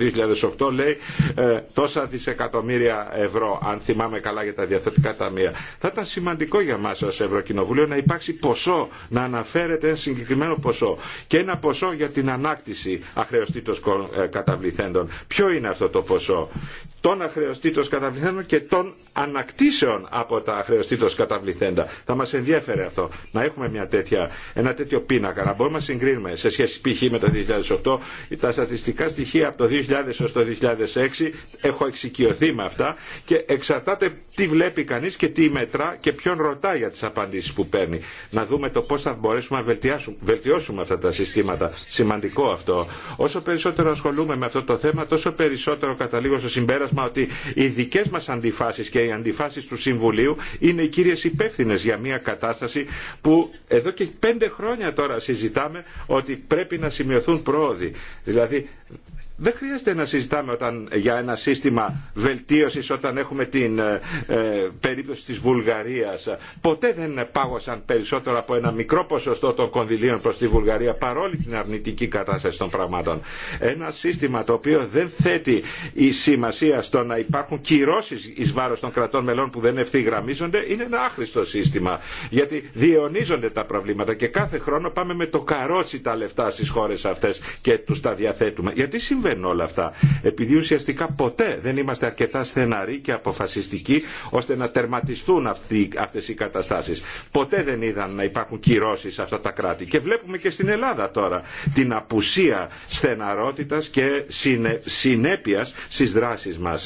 2008 λέει ε, τόσα δισεκατομμύρια ευρώ αν θυμάμαι καλά για τα διαθετικά ταμεία. Θα ήταν σημαντικό για μας ως Ευρωκοινοβούλιο να υπάρξει ποσό, να αναφέρεται ένα συγκεκριμένο ποσό και ένα ποσό για την ανάκτηση αχρεωστήτως ε, καταβληθέντων. Ποιο είναι αυτό το ποσό των αχρεωστήτως καταβληθέντων και των ανακτήσεων από τα αχρεωστήτων καταβληθέντα. Θα μας ενδιαφέρει αυτό. Να έχουμε μια τέτοια, ένα τέτοιο πίνακα, να μπορούμε να συγκρίνουμε σε σχέση π.χ. με το 2008. Τα στατιστικά στοιχεία από το 2000 έως το 2006 έχω εξοικειωθεί με αυτά και εξαρτάται τι βλέπει κανεί και τι μετρά και ποιον ρωτά για τι απαντήσει που παίρνει. Να δούμε το πώ θα μπορέσουμε να βελτιώσουμε αυτά τα συστήματα. Σημαντικό αυτό. Όσο περισσότερο ασχολούμαι με αυτό το θέμα, τόσο περισσότερο καταλήγω στο συμπέρασμα ότι οι δικέ μα αντιφάσει και οι αντιφάσει του Συμβουλίου είναι οι κύριε υπεύθυνε για μια κατάσταση που εδώ και πέντε χρόνια τώρα συζητάμε ότι πρέπει να σημειωθούν πρόοδοι. Δηλαδή δεν χρειάζεται να συζητάμε όταν, για ένα σύστημα βελτίωσης όταν έχουμε την ε, ε, περίπτωση της Βουλγαρίας. Ποτέ δεν πάγωσαν περισσότερο από ένα μικρό ποσοστό των κονδυλίων προς τη Βουλγαρία παρόλη την αρνητική κατάσταση των πραγμάτων. Ένα σύστημα το οποίο δεν θέτει η σημασία στο να υπάρχουν κυρώσεις εις βάρος των κρατών μελών που δεν ευθυγραμμίζονται είναι ένα άχρηστο σύστημα. Γιατί διαιωνίζονται τα προβλήματα και κάθε χρόνο πάμε με το καρότσι τα λεφτά στις χώρες αυτές και τους τα διαθέτουμε. Γιατί συμβαίνουν όλα αυτά. Επειδή ουσιαστικά ποτέ δεν είμαστε αρκετά στεναροί και αποφασιστικοί ώστε να τερματιστούν αυτέ οι καταστάσει. Ποτέ δεν είδαν να υπάρχουν κυρώσει σε αυτά τα κράτη. Και βλέπουμε και στην Ελλάδα τώρα την απουσία στεναρότητα και συνέπεια στι δράσει μα.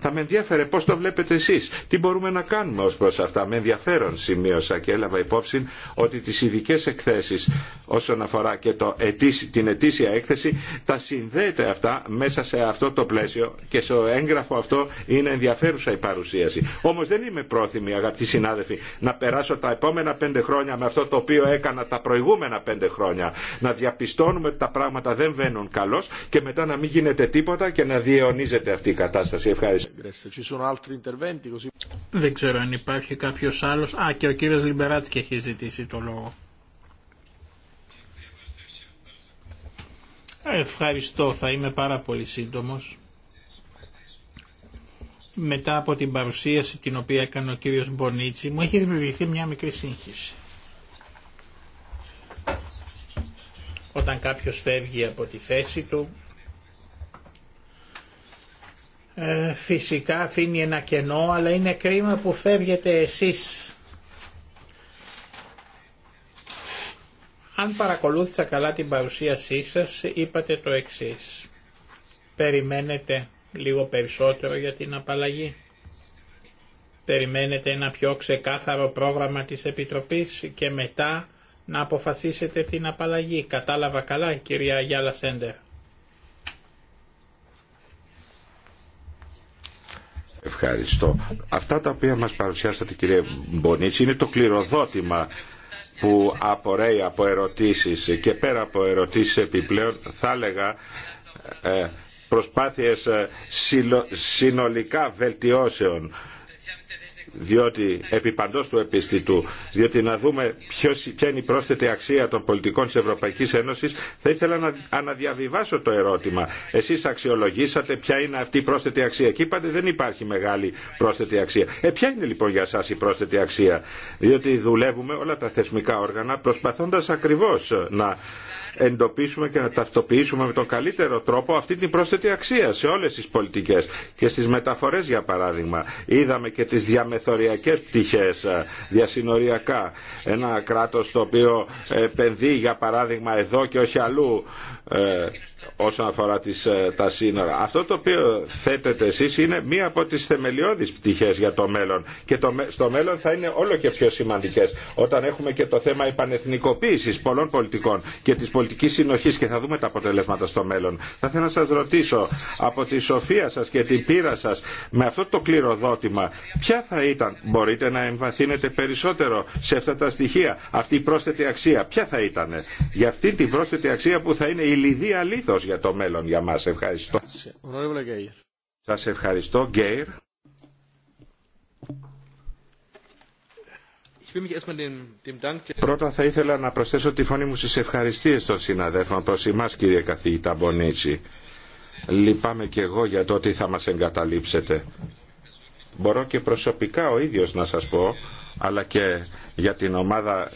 Θα με ενδιαφέρε πώ το βλέπετε εσεί. Τι μπορούμε να κάνουμε ω προ αυτά. Με ενδιαφέρον σημείωσα και έλαβα υπόψη ότι τι ειδικέ εκθέσει όσον αφορά και το, την ετήσια έκθεση τα συνδέεται αυτά μέσα σε αυτό το πλαίσιο και στο έγγραφο αυτό είναι ενδιαφέρουσα η παρουσίαση. Όμως δεν είμαι πρόθυμη αγαπητοί συνάδελφοι να περάσω τα επόμενα πέντε χρόνια με αυτό το οποίο έκανα τα προηγούμενα πέντε χρόνια. Να διαπιστώνουμε ότι τα πράγματα δεν βαίνουν καλώς και μετά να μην γίνεται τίποτα και να διαιωνίζεται αυτή η κατάσταση. Ευχαριστώ. Δεν ξέρω αν υπάρχει κάποιος άλλος. Α, και ο κύριος Λιμπεράτσκι έχει ζητήσει το λόγο. Ε, ευχαριστώ, θα είμαι πάρα πολύ σύντομος. Μετά από την παρουσίαση την οποία έκανε ο κύριος Μπονίτσι, μου έχει δημιουργηθεί μια μικρή σύγχυση. Όταν κάποιος φεύγει από τη θέση του, ε, φυσικά αφήνει ένα κενό, αλλά είναι κρίμα που φεύγετε εσείς Αν παρακολούθησα καλά την παρουσίασή σας, είπατε το εξής. Περιμένετε λίγο περισσότερο για την απαλλαγή. Περιμένετε ένα πιο ξεκάθαρο πρόγραμμα της Επιτροπής και μετά να αποφασίσετε την απαλλαγή. Κατάλαβα καλά, κυρία Γιάλα Σέντερ. Ευχαριστώ. Αυτά τα οποία μας παρουσιάσατε κύριε Μπονίτση είναι το κληροδότημα που απορρέει από ερωτήσεις και πέρα από ερωτήσεις επιπλέον θα έλεγα ε, προσπάθειες ε, συνολικά βελτιώσεων διότι επί παντός του επιστητού, διότι να δούμε ποια είναι η πρόσθετη αξία των πολιτικών της Ευρωπαϊκής Ένωσης, θα ήθελα να αναδιαβιβάσω το ερώτημα. Εσείς αξιολογήσατε ποια είναι αυτή η πρόσθετη αξία και είπατε δεν υπάρχει μεγάλη πρόσθετη αξία. Ε, ποια είναι λοιπόν για σας η πρόσθετη αξία, διότι δουλεύουμε όλα τα θεσμικά όργανα προσπαθώντας ακριβώς να εντοπίσουμε και να ταυτοποιήσουμε με τον καλύτερο τρόπο αυτή την πρόσθετη αξία σε όλες τις πολιτικές και στις μεταφορές για παράδειγμα. Είδαμε και τις διαμεθοριακές πτυχές διασυνοριακά. Ένα κράτος το οποίο επενδύει για παράδειγμα εδώ και όχι αλλού ε, όσον αφορά τις, ε, τα σύνορα. Αυτό το οποίο θέτετε εσείς είναι μία από τις θεμελιώδεις πτυχές για το μέλλον και το, στο μέλλον θα είναι όλο και πιο σημαντικές όταν έχουμε και το θέμα επανεθνικοποίησης πολλών πολιτικών και της πολιτικής συνοχής και θα δούμε τα αποτελέσματα στο μέλλον. Θα ήθελα να σας ρωτήσω από τη σοφία σας και την πείρα σας με αυτό το κληροδότημα ποια θα ήταν, μπορείτε να εμβαθύνετε περισσότερο σε αυτά τα στοιχεία αυτή η πρόσθετη αξία, ποια θα ήταν για αυτή την πρόσθετη αξία που θα είναι η λιδία λίθος για το μέλλον για μας. Ευχαριστώ. Σας ευχαριστώ, Γκέιρ. Πρώτα θα ήθελα να προσθέσω τη φωνή μου στις ευχαριστίες των συναδέλφων προς εμάς κύριε καθηγητά Μπονίτσι. Λυπάμαι και εγώ για το ότι θα μας εγκαταλείψετε. Μπορώ και προσωπικά ο ίδιος να σας πω, αλλά και για την ομάδα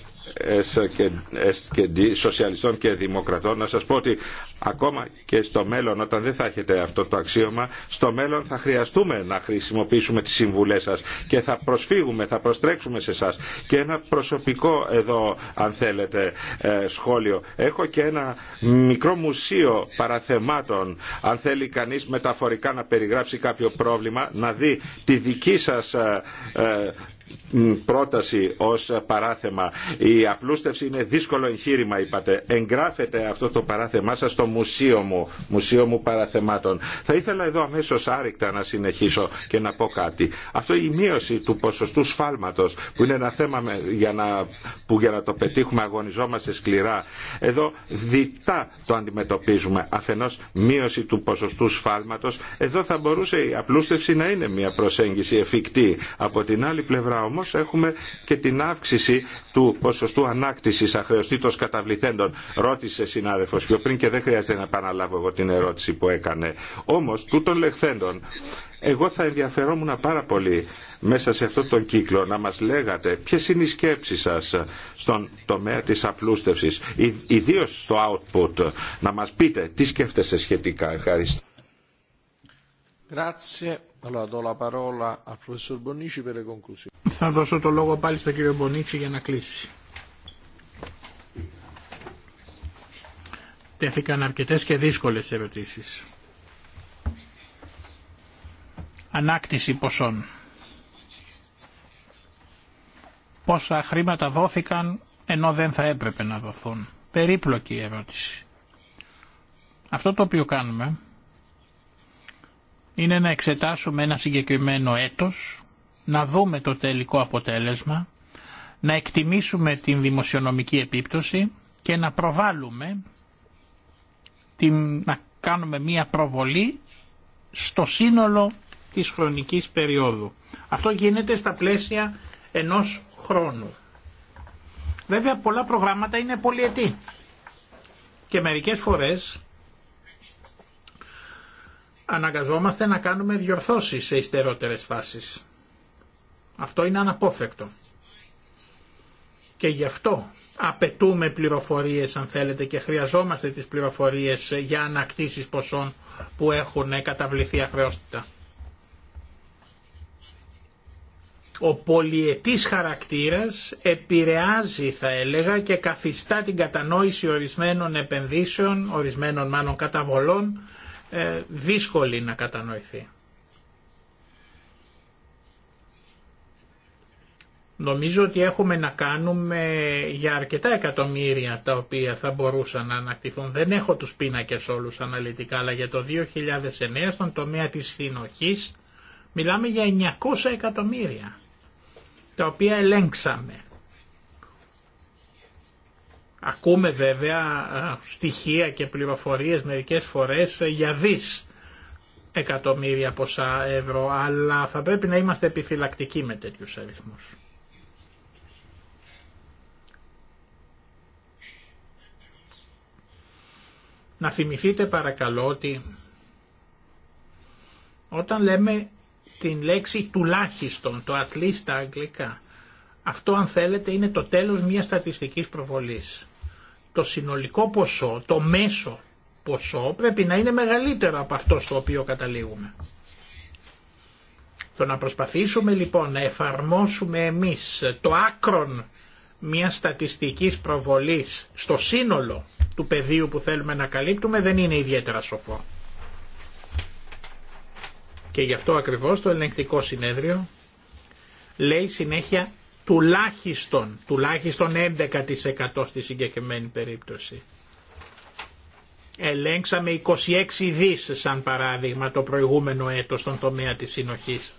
σοσιαλιστών και δημοκρατών να σας πω ότι ακόμα και στο μέλλον όταν δεν θα έχετε αυτό το αξίωμα στο μέλλον θα χρειαστούμε να χρησιμοποιήσουμε τις συμβουλές σας και θα προσφύγουμε, θα προστρέξουμε σε εσά. και ένα προσωπικό εδώ αν θέλετε ε, σχόλιο έχω και ένα μικρό μουσείο παραθεμάτων αν θέλει κανείς μεταφορικά να περιγράψει κάποιο πρόβλημα να δει τη δική σας ε, ε, πρόταση ως παράθεμα. Η απλούστευση είναι δύσκολο εγχείρημα είπατε. Εγγράφετε αυτό το παράθεμά σας στο μουσείο μου, μουσείο μου παραθεμάτων. Θα ήθελα εδώ αμέσω άρρηκτα να συνεχίσω και να πω κάτι. Αυτό η μείωση του ποσοστού σφάλματος που είναι ένα θέμα για να, που για να το πετύχουμε αγωνιζόμαστε σκληρά. Εδώ διτά το αντιμετωπίζουμε. Αφενός μείωση του ποσοστού σφάλματος. Εδώ θα μπορούσε η απλούστευση να είναι μια προσέγγιση εφικτή. Από την άλλη πλευρά όμως έχουμε και την αύξηση του ποσοστού ανάκτησης αχρεωστήτως καταβληθέντων. Ρώτησε συνάδελφος πιο πριν και δεν χρειάζεται χρειάζεται να επαναλάβω εγώ την ερώτηση που έκανε. Όμως, τούτων λεχθέντων, εγώ θα ενδιαφερόμουν πάρα πολύ μέσα σε αυτόν τον κύκλο να μας λέγατε ποιες είναι οι σκέψεις σας στον τομέα της απλούστευσης, ιδίως στο output, να μας πείτε τι σκέφτεσαι σχετικά. Ευχαριστώ. Θα δώσω το λόγο πάλι στον κύριο Μπονίτσι για να κλείσει. τέθηκαν αρκετές και δύσκολες ερωτήσεις. Ανάκτηση ποσών. Πόσα χρήματα δόθηκαν ενώ δεν θα έπρεπε να δοθούν. Περίπλοκη ερώτηση. Αυτό το οποίο κάνουμε είναι να εξετάσουμε ένα συγκεκριμένο έτος, να δούμε το τελικό αποτέλεσμα, να εκτιμήσουμε την δημοσιονομική επίπτωση και να προβάλλουμε την, να κάνουμε μία προβολή στο σύνολο της χρονικής περίοδου. Αυτό γίνεται στα πλαίσια ενός χρόνου. Βέβαια πολλά προγράμματα είναι πολυετή και μερικές φορές αναγκαζόμαστε να κάνουμε διορθώσεις σε ιστερότερες φάσεις. Αυτό είναι αναπόφευκτο. Και γι' αυτό απαιτούμε πληροφορίες αν θέλετε και χρειαζόμαστε τις πληροφορίες για ανακτήσεις ποσών που έχουν καταβληθεί αχρεώστητα. Ο πολιετής χαρακτήρας επηρεάζει θα έλεγα και καθιστά την κατανόηση ορισμένων επενδύσεων, ορισμένων μάλλον καταβολών, ε, δύσκολη να κατανοηθεί. Νομίζω ότι έχουμε να κάνουμε για αρκετά εκατομμύρια τα οποία θα μπορούσαν να ανακτηθούν. Δεν έχω τους πίνακες όλους αναλυτικά, αλλά για το 2009 στον τομέα της συνοχής μιλάμε για 900 εκατομμύρια, τα οποία ελέγξαμε. Ακούμε βέβαια στοιχεία και πληροφορίες μερικές φορές για δις εκατομμύρια ποσά ευρώ, αλλά θα πρέπει να είμαστε επιφυλακτικοί με τέτοιους αριθμούς. Να θυμηθείτε παρακαλώ ότι όταν λέμε την λέξη τουλάχιστον, το at least στα αγγλικά, αυτό αν θέλετε είναι το τέλος μιας στατιστικής προβολής. Το συνολικό ποσό, το μέσο ποσό πρέπει να είναι μεγαλύτερο από αυτό στο οποίο καταλήγουμε. Το να προσπαθήσουμε λοιπόν να εφαρμόσουμε εμείς το άκρον μια στατιστικής προβολής στο σύνολο του πεδίου που θέλουμε να καλύπτουμε δεν είναι ιδιαίτερα σοφό. Και γι' αυτό ακριβώς το ελεγκτικό συνέδριο λέει συνέχεια τουλάχιστον, τουλάχιστον 11% στη συγκεκριμένη περίπτωση. Ελέγξαμε 26 δις σαν παράδειγμα το προηγούμενο έτος στον τομέα της συνοχής.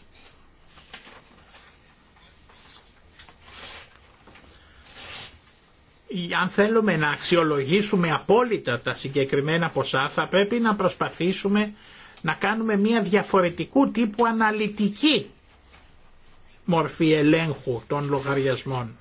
αν θέλουμε να αξιολογήσουμε απόλυτα τα συγκεκριμένα ποσά θα πρέπει να προσπαθήσουμε να κάνουμε μια διαφορετικού τύπου αναλυτική μορφή ελέγχου των λογαριασμών.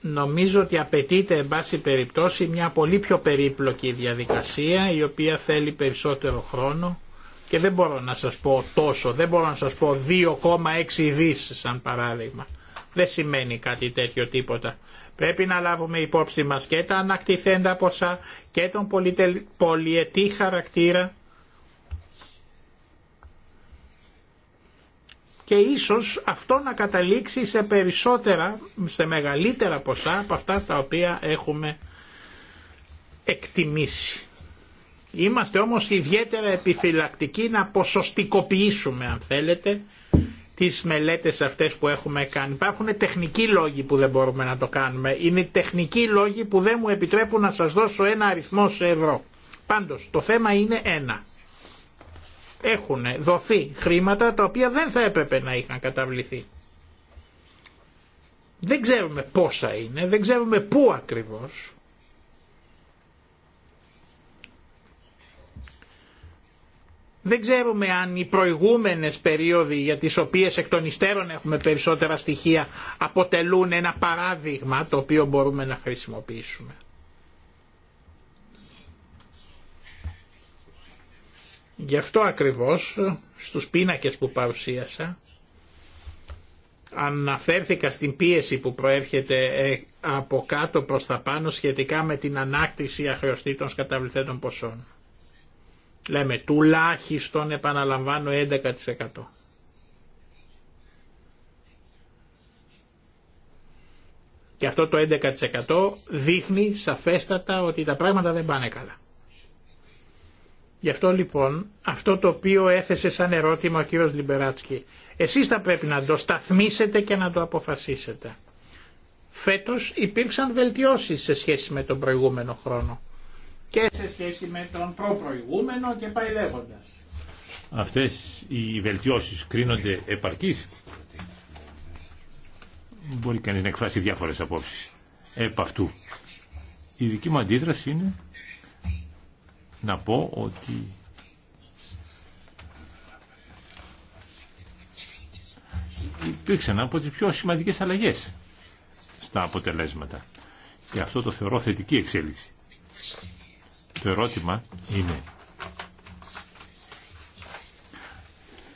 Νομίζω ότι απαιτείται, εν πάση περιπτώσει, μια πολύ πιο περίπλοκη διαδικασία, η οποία θέλει περισσότερο χρόνο και δεν μπορώ να σας πω τόσο, δεν μπορώ να σας πω 2,6 δις σαν παράδειγμα. Δεν σημαίνει κάτι τέτοιο τίποτα. Πρέπει να λάβουμε υπόψη μας και τα ανακτηθέντα ποσά και τον πολυετή χαρακτήρα και ίσως αυτό να καταλήξει σε περισσότερα, σε μεγαλύτερα ποσά από αυτά τα οποία έχουμε εκτιμήσει. Είμαστε όμως ιδιαίτερα επιφυλακτικοί να ποσοστικοποιήσουμε αν θέλετε τις μελέτες αυτές που έχουμε κάνει. Υπάρχουν τεχνικοί λόγοι που δεν μπορούμε να το κάνουμε. Είναι τεχνικοί λόγοι που δεν μου επιτρέπουν να σας δώσω ένα αριθμό σε ευρώ. Πάντως το θέμα είναι ένα. Έχουν δοθεί χρήματα τα οποία δεν θα έπρεπε να είχαν καταβληθεί. Δεν ξέρουμε πόσα είναι, δεν ξέρουμε πού ακριβώς. Δεν ξέρουμε αν οι προηγούμενες περίοδοι για τις οποίες εκ των υστέρων έχουμε περισσότερα στοιχεία αποτελούν ένα παράδειγμα το οποίο μπορούμε να χρησιμοποιήσουμε. Γι' αυτό ακριβώς στους πίνακες που παρουσίασα αναφέρθηκα στην πίεση που προέρχεται ε, από κάτω προς τα πάνω σχετικά με την ανάκτηση αχρεωστήτων σκαταβληθέντων ποσών. Λέμε τουλάχιστον επαναλαμβάνω 11%. Και αυτό το 11% δείχνει σαφέστατα ότι τα πράγματα δεν πάνε καλά. Γι' αυτό λοιπόν αυτό το οποίο έθεσε σαν ερώτημα ο κύριος Λιμπεράτσκι, εσείς θα πρέπει να το σταθμίσετε και να το αποφασίσετε. Φέτος υπήρξαν βελτιώσεις σε σχέση με τον προηγούμενο χρόνο και σε σχέση με τον προπροηγούμενο και πάει Αυτές οι βελτιώσεις κρίνονται επαρκείς. Μπορεί κανείς να εκφράσει διάφορες απόψεις επ' αυτού. Η δική μου αντίδραση είναι να πω ότι υπήρξαν από τι πιο σημαντικές αλλαγές στα αποτελέσματα. Και αυτό το θεωρώ θετική εξέλιξη. Το ερώτημα είναι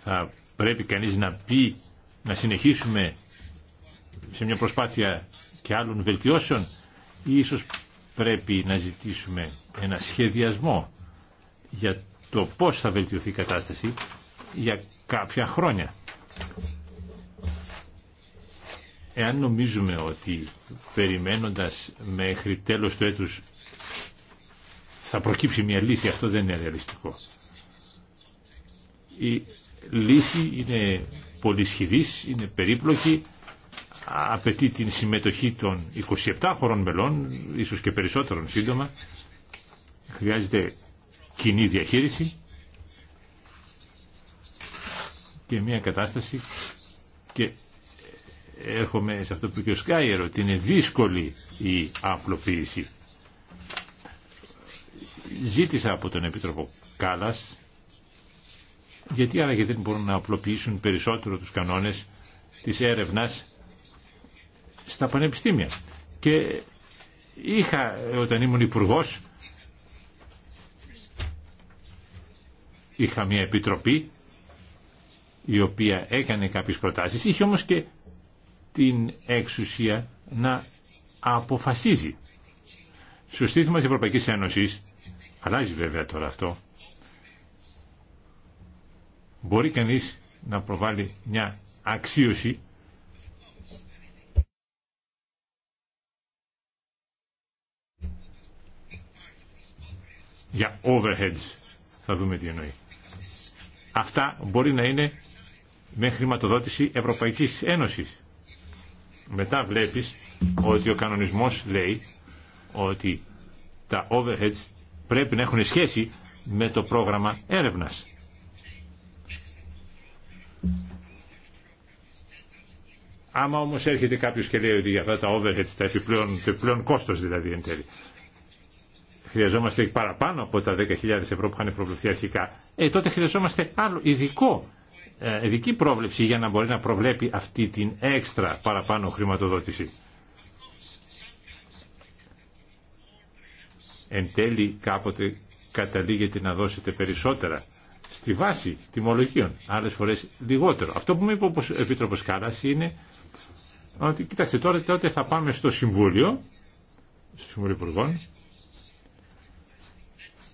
θα πρέπει κανείς να πει να συνεχίσουμε σε μια προσπάθεια και άλλων βελτιώσεων ή ίσως πρέπει να ζητήσουμε ένα σχεδιασμό για το πώς θα βελτιωθεί η κατάσταση για κάποια χρόνια. Εάν νομίζουμε ότι περιμένοντας μέχρι τέλος του έτους θα προκύψει μια λύση, αυτό δεν είναι ρεαλιστικό. Η λύση είναι πολυσχηδής, είναι περίπλοκη, απαιτεί την συμμετοχή των 27 χωρών μελών, ίσως και περισσότερων σύντομα, χρειάζεται κοινή διαχείριση και μια κατάσταση και έρχομαι σε αυτό που είπε ο Σκάιερ ότι είναι δύσκολη η απλοποίηση ζήτησα από τον Επίτροπο Κάλλας γιατί άραγε δεν μπορούν να απλοποιήσουν περισσότερο τους κανόνες της έρευνας στα πανεπιστήμια. Και είχα όταν ήμουν υπουργό. Είχα μια επιτροπή η οποία έκανε κάποιες προτάσεις, είχε όμως και την εξουσία να αποφασίζει. Στο στήθμα της Ευρωπαϊκής Ένωσης Αλλάζει βέβαια τώρα αυτό. Μπορεί κανείς να προβάλλει μια αξίωση για overheads. Θα δούμε τι εννοεί. Αυτά μπορεί να είναι με χρηματοδότηση Ευρωπαϊκής Ένωσης. Μετά βλέπεις ότι ο κανονισμός λέει ότι τα overheads πρέπει να έχουν σχέση με το πρόγραμμα έρευνας. Άμα όμως έρχεται κάποιος και λέει ότι για αυτά τα overheads, τα επιπλέον, το επιπλέον κόστος δηλαδή εν τέλει, χρειαζόμαστε παραπάνω από τα 10.000 ευρώ που είχαν προβλεφθεί αρχικά, ε, τότε χρειαζόμαστε άλλο ειδικό, ε, ειδική πρόβλεψη για να μπορεί να προβλέπει αυτή την έξτρα παραπάνω χρηματοδότηση. εν τέλει κάποτε καταλήγετε να δώσετε περισσότερα στη βάση τιμολογίων, άλλες φορές λιγότερο. Αυτό που μου είπε ο Επίτροπος Κάρας είναι ότι κοιτάξτε τώρα τότε θα πάμε στο Συμβούλιο, στο Υπουργών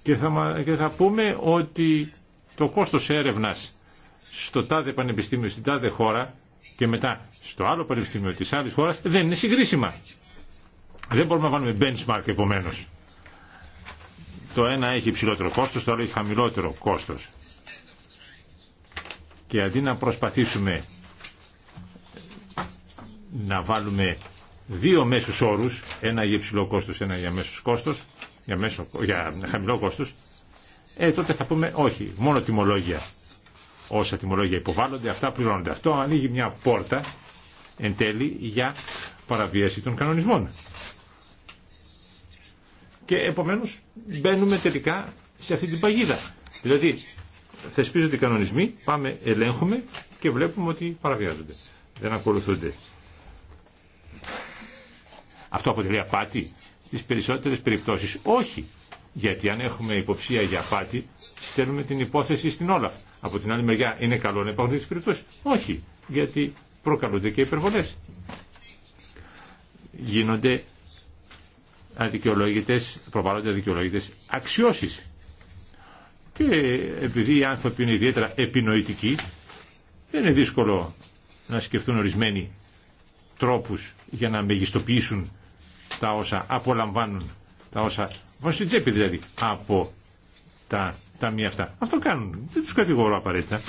και θα, και θα πούμε ότι το κόστος έρευνας στο τάδε πανεπιστήμιο, στην τάδε χώρα και μετά στο άλλο πανεπιστήμιο της άλλης χώρας δεν είναι συγκρίσιμα. Δεν μπορούμε να βάλουμε benchmark επομένως. Το ένα έχει υψηλότερο κόστος, το άλλο έχει χαμηλότερο κόστος. Και αντί να προσπαθήσουμε να βάλουμε δύο μέσους όρους, ένα για υψηλό κόστος, ένα για μέσους κόστος, για, μέσο, για χαμηλό κόστος, ε, τότε θα πούμε όχι, μόνο τιμολόγια. Όσα τιμολόγια υποβάλλονται, αυτά πληρώνονται. Αυτό ανοίγει μια πόρτα εν τέλει για παραβίαση των κανονισμών. Και επομένως μπαίνουμε τελικά σε αυτή την παγίδα. Δηλαδή θεσπίζονται οι κανονισμοί, πάμε, ελέγχουμε και βλέπουμε ότι παραβιάζονται. Δεν ακολουθούνται. Αυτό αποτελεί απάτη στις περισσότερες περιπτώσεις. Όχι. Γιατί αν έχουμε υποψία για απάτη, στέλνουμε την υπόθεση στην Όλαφ. Από την άλλη μεριά, είναι καλό να υπάρχουν τέτοιε περιπτώσεις. Όχι. Γιατί προκαλούνται και υπερβολέ. Γίνονται αδικαιολόγητες, προβάλλονται αδικαιολόγητες αξιώσεις. Και επειδή οι άνθρωποι είναι ιδιαίτερα επινοητικοί, δεν είναι δύσκολο να σκεφτούν ορισμένοι τρόπους για να μεγιστοποιήσουν τα όσα απολαμβάνουν, τα όσα βάζουν στην τσέπη δηλαδή από τα ταμεία αυτά. Αυτό κάνουν. Δεν τους κατηγορώ απαραίτητα.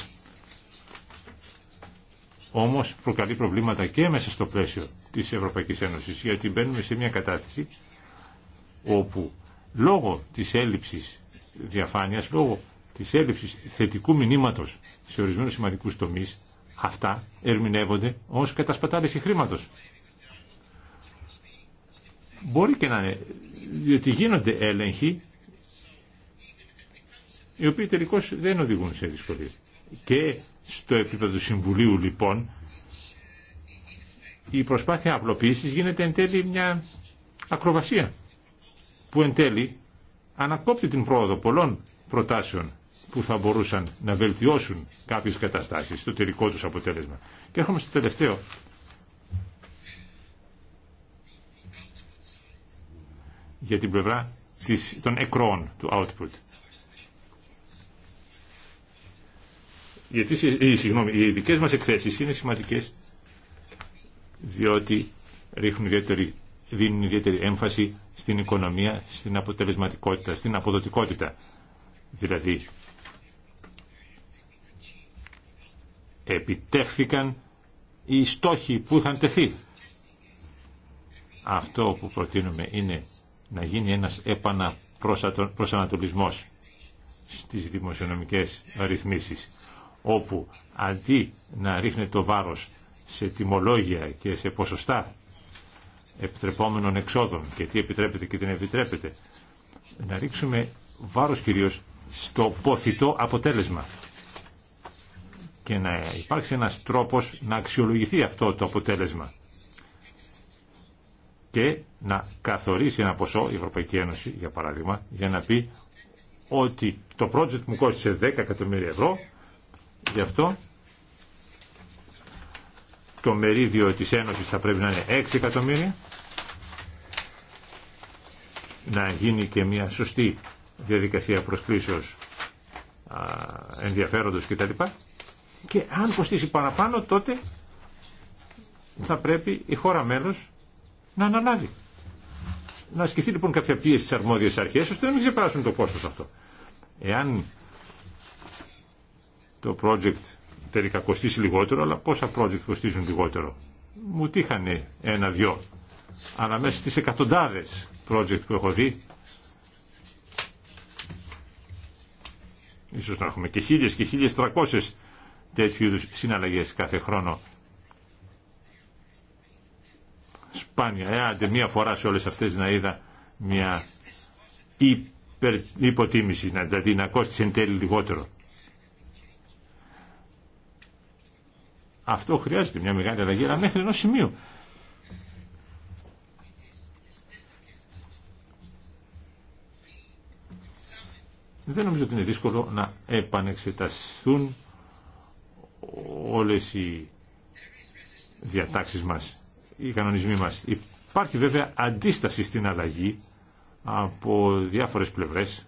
Όμως προκαλεί προβλήματα και μέσα στο πλαίσιο της Ευρωπαϊκής Ένωσης γιατί μπαίνουμε σε μια κατάσταση όπου λόγω της έλλειψης διαφάνειας, λόγω της έλλειψης θετικού μηνύματος σε ορισμένους σημαντικούς τομείς, αυτά ερμηνεύονται ως κατασπατάληση χρήματος. Μπορεί και να είναι, διότι γίνονται έλεγχοι οι οποίοι τελικώς δεν οδηγούν σε δυσκολίες. Και στο επίπεδο του Συμβουλίου λοιπόν η προσπάθεια απλοποίησης γίνεται εν τέλει μια ακροβασία που εν τέλει ανακόπτει την πρόοδο πολλών προτάσεων που θα μπορούσαν να βελτιώσουν κάποιες καταστάσεις το τελικό τους αποτέλεσμα. Και έρχομαι στο τελευταίο. Για την πλευρά της, των εκροών του output. Γιατί, συγγνώμη, οι δικές μας εκθέσεις είναι σημαντικές διότι ρίχνουν ιδιαίτερη δίνουν ιδιαίτερη έμφαση στην οικονομία, στην αποτελεσματικότητα, στην αποδοτικότητα. Δηλαδή, επιτεύχθηκαν οι στόχοι που είχαν τεθεί. Αυτό που προτείνουμε είναι να γίνει ένας επαναπροσανατολισμός στις δημοσιονομικές ρυθμίσεις, όπου αντί να ρίχνετε το βάρος σε τιμολόγια και σε ποσοστά επιτρεπόμενων εξόδων και τι επιτρέπεται και τι δεν επιτρέπεται. Να ρίξουμε βάρος κυρίως στο ποθητό αποτέλεσμα και να υπάρξει ένας τρόπος να αξιολογηθεί αυτό το αποτέλεσμα και να καθορίσει ένα ποσό, η Ευρωπαϊκή Ένωση για παράδειγμα, για να πει ότι το project μου κόστησε 10 εκατομμύρια ευρώ, γι' αυτό το μερίδιο της Ένωσης θα πρέπει να είναι 6 εκατομμύρια να γίνει και μια σωστή διαδικασία προσκλήσεως ενδιαφέροντος κτλ. Και αν κοστίσει παραπάνω τότε θα πρέπει η χώρα μέλος να αναλάβει. Να ασκηθεί λοιπόν κάποια πίεση στις αρμόδιες αρχές ώστε να μην ξεπεράσουν το κόστος αυτό. Εάν το project τελικά κοστίσει λιγότερο, αλλά πόσα project κοστίζουν λιγότερο. Μου τύχανε ένα-δυο. Αλλά μέσα στις εκατοντάδες project που έχω δει, ίσως να έχουμε και χίλιες και χίλιες τρακόσες τέτοιου είδους συναλλαγές κάθε χρόνο. Σπάνια, ε, να είδα μία φορά σε όλες αυτές να είδα μια υποτίμηση, δηλαδή να κόστησε εν τέλει λιγότερο. Αυτό χρειάζεται μια μεγάλη αλλαγή, αλλά μέχρι ενό σημείου. Δεν νομίζω ότι είναι δύσκολο να επανεξεταστούν όλες οι διατάξεις μας, οι κανονισμοί μας. Υπάρχει βέβαια αντίσταση στην αλλαγή από διάφορες πλευρές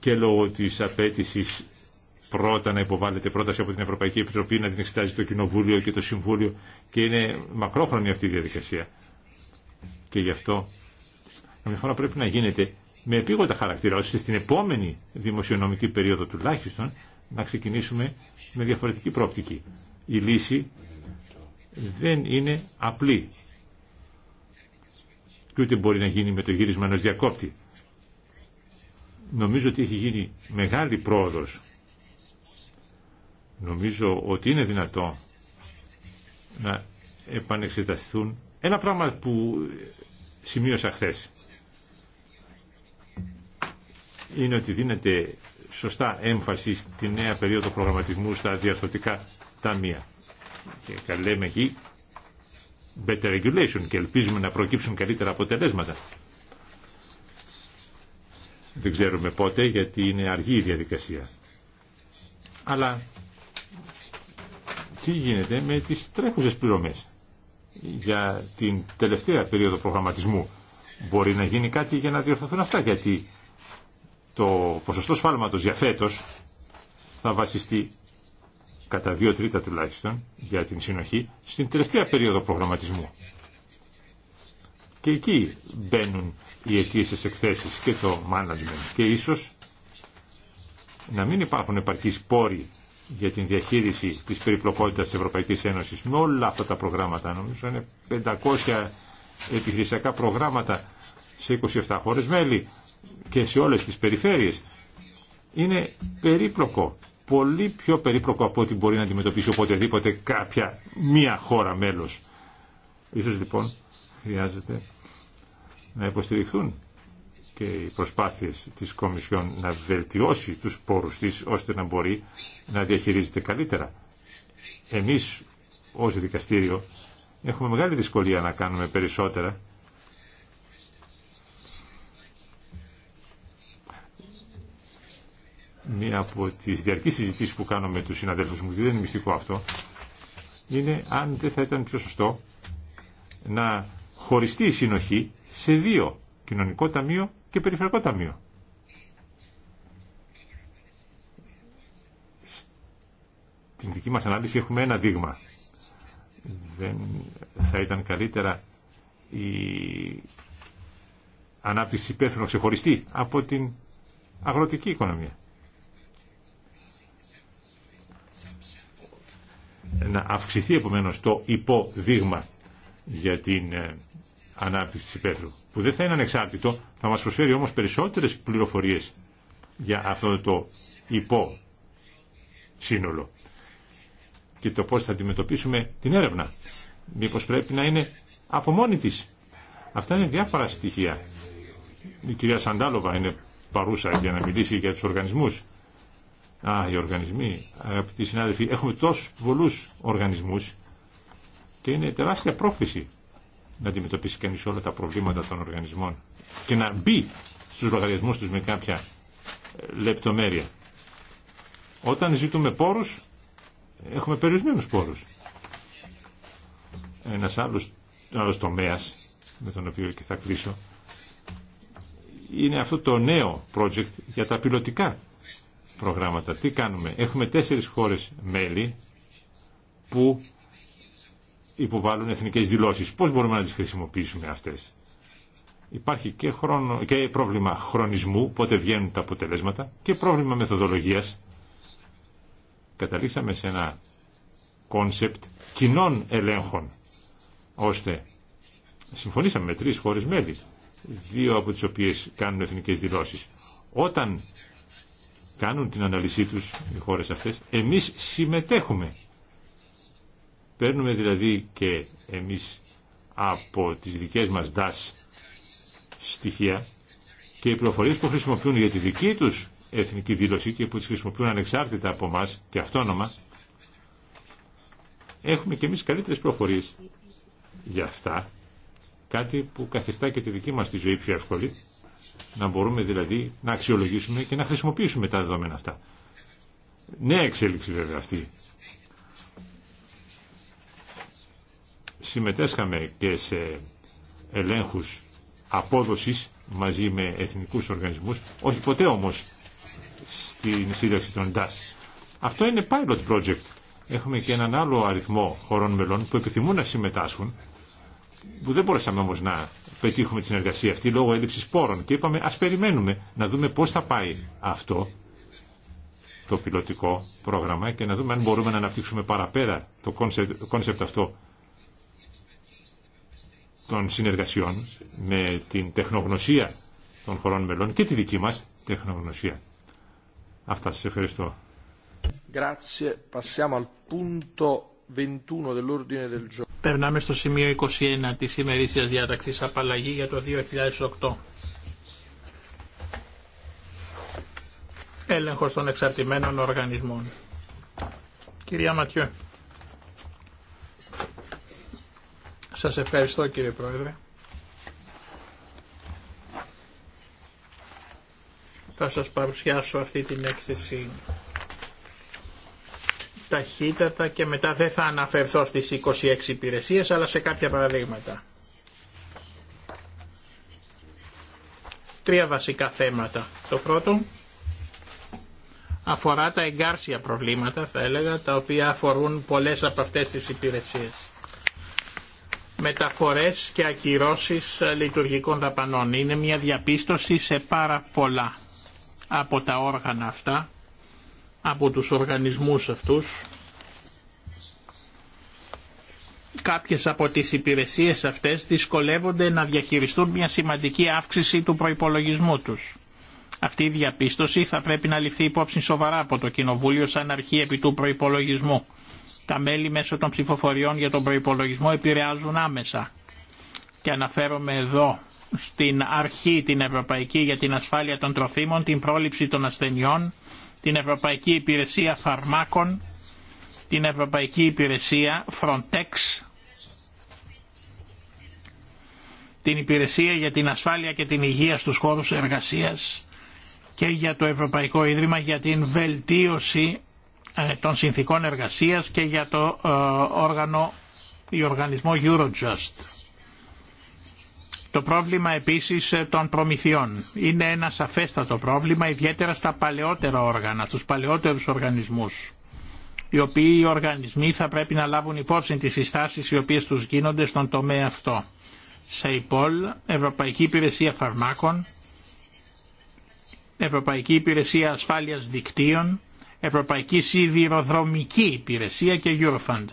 και λόγω τη απέτηση πρώτα να υποβάλλεται πρόταση από την Ευρωπαϊκή Επιτροπή να την εξετάζει το Κοινοβούλιο και το Συμβούλιο και είναι μακρόχρονη αυτή η διαδικασία. Και γι' αυτό καμιά φορά πρέπει να γίνεται με επίγοντα χαρακτήρα, ώστε στην επόμενη δημοσιονομική περίοδο τουλάχιστον να ξεκινήσουμε με διαφορετική πρόπτικη. Η λύση δεν είναι απλή και ούτε μπορεί να γίνει με το γύρισμα ενός διακόπτη. Νομίζω ότι έχει γίνει μεγάλη πρόοδος. Νομίζω ότι είναι δυνατό να επανεξεταστούν ένα πράγμα που σημείωσα χθε. Είναι ότι δίνεται σωστά έμφαση στη νέα περίοδο προγραμματισμού στα διαρθρωτικά ταμεία. Και καλέμε εκεί better regulation και ελπίζουμε να προκύψουν καλύτερα αποτελέσματα. Δεν ξέρουμε πότε γιατί είναι αργή η διαδικασία. Αλλά τι γίνεται με τις τρέχουσες πληρωμές για την τελευταία περίοδο προγραμματισμού. Μπορεί να γίνει κάτι για να διορθωθούν αυτά γιατί το ποσοστό σφάλματος για φέτος θα βασιστεί κατά δύο τρίτα τουλάχιστον για την συνοχή στην τελευταία περίοδο προγραμματισμού. Και εκεί μπαίνουν οι αιτήσεις εκθέσεις και το management και ίσως να μην υπάρχουν επαρκείς πόροι για την διαχείριση της περιπλοκότητας της Ευρωπαϊκής Ένωσης με όλα αυτά τα προγράμματα. Νομίζω είναι 500 επιχειρησιακά προγράμματα σε 27 χώρες μέλη και σε όλες τις περιφέρειες. Είναι περίπλοκο, πολύ πιο περίπλοκο από ό,τι μπορεί να αντιμετωπίσει οποτεδήποτε κάποια μία χώρα μέλος. Ίσως λοιπόν χρειάζεται να υποστηριχθούν και οι προσπάθειες της Κομισιόν να βελτιώσει τους πόρους της ώστε να μπορεί να διαχειρίζεται καλύτερα. Εμείς ως δικαστήριο έχουμε μεγάλη δυσκολία να κάνουμε περισσότερα μία από τις διαρκείς συζητήσεις που κάνω με τους συναδέλφους μου, δεν είναι μυστικό αυτό, είναι αν δεν θα ήταν πιο σωστό να χωριστεί η συνοχή σε δύο, κοινωνικό ταμείο και περιφερειακό ταμείο. Στην δική μας ανάλυση έχουμε ένα δείγμα. Δεν θα ήταν καλύτερα η ανάπτυξη υπεύθυνο ξεχωριστή από την αγροτική οικονομία. Να αυξηθεί επομένως το υποδείγμα για την ε, ανάπτυξη τη που δεν θα είναι ανεξάρτητο, θα μας προσφέρει όμως περισσότερες πληροφορίες για αυτό το υπό σύνολο και το πώς θα αντιμετωπίσουμε την έρευνα. Μήπως πρέπει να είναι από μόνη της. Αυτά είναι διάφορα στοιχεία. Η κυρία Σαντάλοβα είναι παρούσα για να μιλήσει για τους οργανισμούς. Α, οι οργανισμοί, αγαπητοί συνάδελφοι, έχουμε τόσους πολλούς οργανισμούς και είναι τεράστια πρόκληση να αντιμετωπίσει κανεί όλα τα προβλήματα των οργανισμών και να μπει στου λογαριασμού του με κάποια ε, λεπτομέρεια. Όταν ζητούμε πόρους, έχουμε περιορισμένους πόρους. Ένα άλλο τομέα τομέας, με τον οποίο και θα κλείσω, είναι αυτό το νέο project για τα πιλωτικά προγράμματα. Τι κάνουμε. Έχουμε τέσσερις χώρες μέλη που υποβάλλουν εθνικές δηλώσεις. Πώς μπορούμε να τις χρησιμοποιήσουμε αυτές. Υπάρχει και, πρόβλημα χρονισμού, πότε βγαίνουν τα αποτελέσματα, και πρόβλημα μεθοδολογίας. Καταλήξαμε σε ένα κόνσεπτ κοινών ελέγχων, ώστε συμφωνήσαμε με τρεις χώρες μέλη, δύο από τις οποίες κάνουν εθνικές δηλώσεις. Όταν κάνουν την αναλυσή τους οι χώρες αυτές, εμείς συμμετέχουμε Παίρνουμε δηλαδή και εμείς από τις δικές μας DAS στοιχεία και οι πληροφορίε που χρησιμοποιούν για τη δική τους εθνική δήλωση και που τις χρησιμοποιούν ανεξάρτητα από μας και αυτόνομα, έχουμε και εμείς καλύτερες πληροφορίε για αυτά, κάτι που καθιστά και τη δική μας τη ζωή πιο εύκολη, να μπορούμε δηλαδή να αξιολογήσουμε και να χρησιμοποιήσουμε τα δεδομένα αυτά. Νέα εξέλιξη βέβαια αυτή συμμετέσχαμε και σε ελέγχους απόδοσης μαζί με εθνικούς οργανισμούς, όχι ποτέ όμως στην σύνταξη των DAS. Αυτό είναι pilot project. Έχουμε και έναν άλλο αριθμό χωρών μελών που επιθυμούν να συμμετάσχουν, που δεν μπορέσαμε όμως να πετύχουμε τη συνεργασία αυτή λόγω έλλειψης πόρων και είπαμε ας περιμένουμε να δούμε πώς θα πάει αυτό το πιλωτικό πρόγραμμα και να δούμε αν μπορούμε να αναπτύξουμε παραπέρα το concept αυτό των συνεργασιών με την τεχνογνωσία των χωρών μελών και τη δική μας τεχνογνωσία. Αυτά σας ευχαριστώ. Περνάμε στο σημείο 21 της ημερήσιας διάταξης απαλλαγή για το 2008. Έλεγχος των εξαρτημένων οργανισμών. Κυρία Ματιώ. Σας ευχαριστώ κύριε Πρόεδρε. Θα σας παρουσιάσω αυτή την έκθεση ταχύτατα και μετά δεν θα αναφερθώ στις 26 υπηρεσίες αλλά σε κάποια παραδείγματα. Τρία βασικά θέματα. Το πρώτο αφορά τα εγκάρσια προβλήματα θα έλεγα τα οποία αφορούν πολλές από αυτές τις υπηρεσίες μεταφορές και ακυρώσεις ε, λειτουργικών δαπανών. Είναι μια διαπίστωση σε πάρα πολλά από τα όργανα αυτά, από τους οργανισμούς αυτούς. Κάποιες από τις υπηρεσίες αυτές δυσκολεύονται να διαχειριστούν μια σημαντική αύξηση του προϋπολογισμού τους. Αυτή η διαπίστωση θα πρέπει να ληφθεί υπόψη σοβαρά από το Κοινοβούλιο σαν αρχή επί του προϋπολογισμού τα μέλη μέσω των ψηφοφοριών για τον προϋπολογισμό επηρεάζουν άμεσα. Και αναφέρομαι εδώ στην αρχή την Ευρωπαϊκή για την ασφάλεια των τροφίμων, την πρόληψη των ασθενειών, την Ευρωπαϊκή Υπηρεσία Φαρμάκων, την Ευρωπαϊκή Υπηρεσία Frontex, την Υπηρεσία για την Ασφάλεια και την Υγεία στους χώρους εργασίας και για το Ευρωπαϊκό Ίδρυμα για την βελτίωση ε, των συνθήκων εργασίας και για το ε, όργανο ή οργανισμό Eurojust. Το πρόβλημα επίσης ε, των προμηθειών είναι ένα σαφέστατο πρόβλημα ιδιαίτερα στα παλαιότερα όργανα, στους παλαιότερους οργανισμούς οι οποίοι οι οργανισμοί θα πρέπει να λάβουν υπόψη τις συστάσεις οι οποίες τους γίνονται στον τομέα αυτό. ΣΕΙΠΟΛ, Ευρωπαϊκή Υπηρεσία Φαρμάκων, Ευρωπαϊκή Υπηρεσία Ασφάλειας Δικτύων, Ευρωπαϊκή Σιδηροδρομική Υπηρεσία και Eurofund.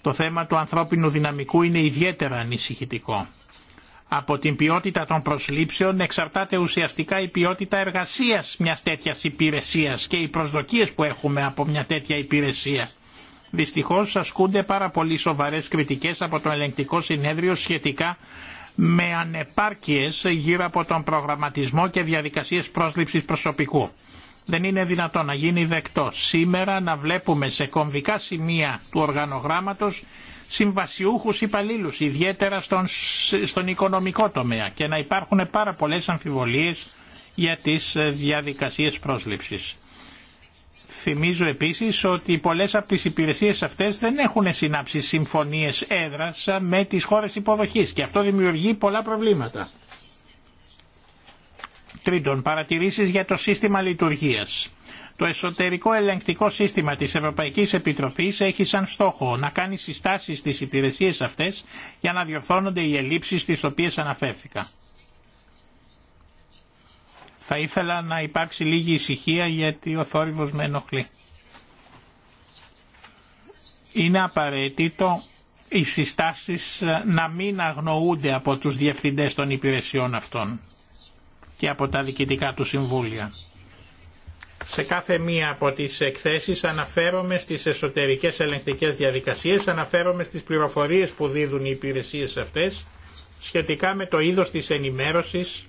Το θέμα του ανθρώπινου δυναμικού είναι ιδιαίτερα ανησυχητικό. Από την ποιότητα των προσλήψεων εξαρτάται ουσιαστικά η ποιότητα εργασίας μιας τέτοιας υπηρεσίας και οι προσδοκίες που έχουμε από μια τέτοια υπηρεσία. Δυστυχώς ασκούνται πάρα πολύ σοβαρές κριτικές από το ελεγκτικό συνέδριο σχετικά με ανεπάρκειες γύρω από τον προγραμματισμό και διαδικασίες πρόσληψης προσωπικού δεν είναι δυνατό να γίνει δεκτό σήμερα να βλέπουμε σε κομβικά σημεία του οργανογράμματος συμβασιούχους υπαλλήλους, ιδιαίτερα στον, στον οικονομικό τομέα και να υπάρχουν πάρα πολλές αμφιβολίες για τις ε, διαδικασίες πρόσληψης. Θυμίζω επίσης ότι πολλές από τις υπηρεσίες αυτές δεν έχουν συνάψει συμφωνίε έδρας με τις χώρες υποδοχής και αυτό δημιουργεί πολλά προβλήματα. Τρίτον, παρατηρήσεις για το σύστημα λειτουργίας. Το εσωτερικό ελεγκτικό σύστημα της Ευρωπαϊκής Επιτροπής έχει σαν στόχο να κάνει συστάσεις στις υπηρεσίες αυτές για να διορθώνονται οι ελλείψεις στις οποίες αναφέρθηκα. Θα ήθελα να υπάρξει λίγη ησυχία γιατί ο θόρυβος με ενοχλεί. Είναι απαραίτητο οι συστάσεις να μην αγνοούνται από τους διευθυντές των υπηρεσιών αυτών και από τα διοικητικά του συμβούλια. Σε κάθε μία από τις εκθέσεις αναφέρομαι στις εσωτερικές ελεγκτικές διαδικασίες, αναφέρομαι στις πληροφορίες που δίδουν οι υπηρεσίες αυτές σχετικά με το είδος της ενημέρωσης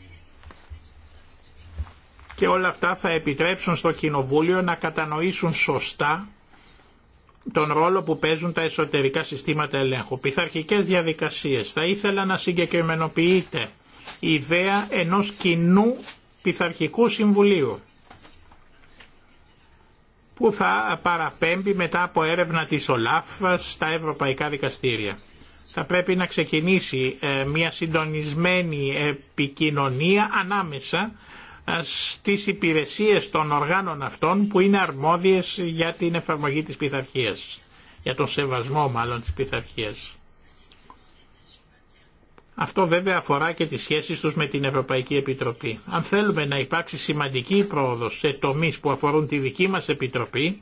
και όλα αυτά θα επιτρέψουν στο Κοινοβούλιο να κατανοήσουν σωστά τον ρόλο που παίζουν τα εσωτερικά συστήματα ελέγχου. Πειθαρχικές διαδικασίες. Θα ήθελα να συγκεκριμενοποιείτε ιδέα ενός κοινού πειθαρχικού συμβουλίου που θα παραπέμπει μετά από έρευνα της ΟΛΑΦ στα ευρωπαϊκά δικαστήρια. Θα πρέπει να ξεκινήσει ε, μια συντονισμένη επικοινωνία ανάμεσα ε, στις υπηρεσίες των οργάνων αυτών που είναι αρμόδιες για την εφαρμογή της πειθαρχίας, για τον σεβασμό μάλλον της πειθαρχίας. Αυτό βέβαια αφορά και τις σχέσεις τους με την Ευρωπαϊκή Επιτροπή. Αν θέλουμε να υπάρξει σημαντική πρόοδος σε τομείς που αφορούν τη δική μας Επιτροπή,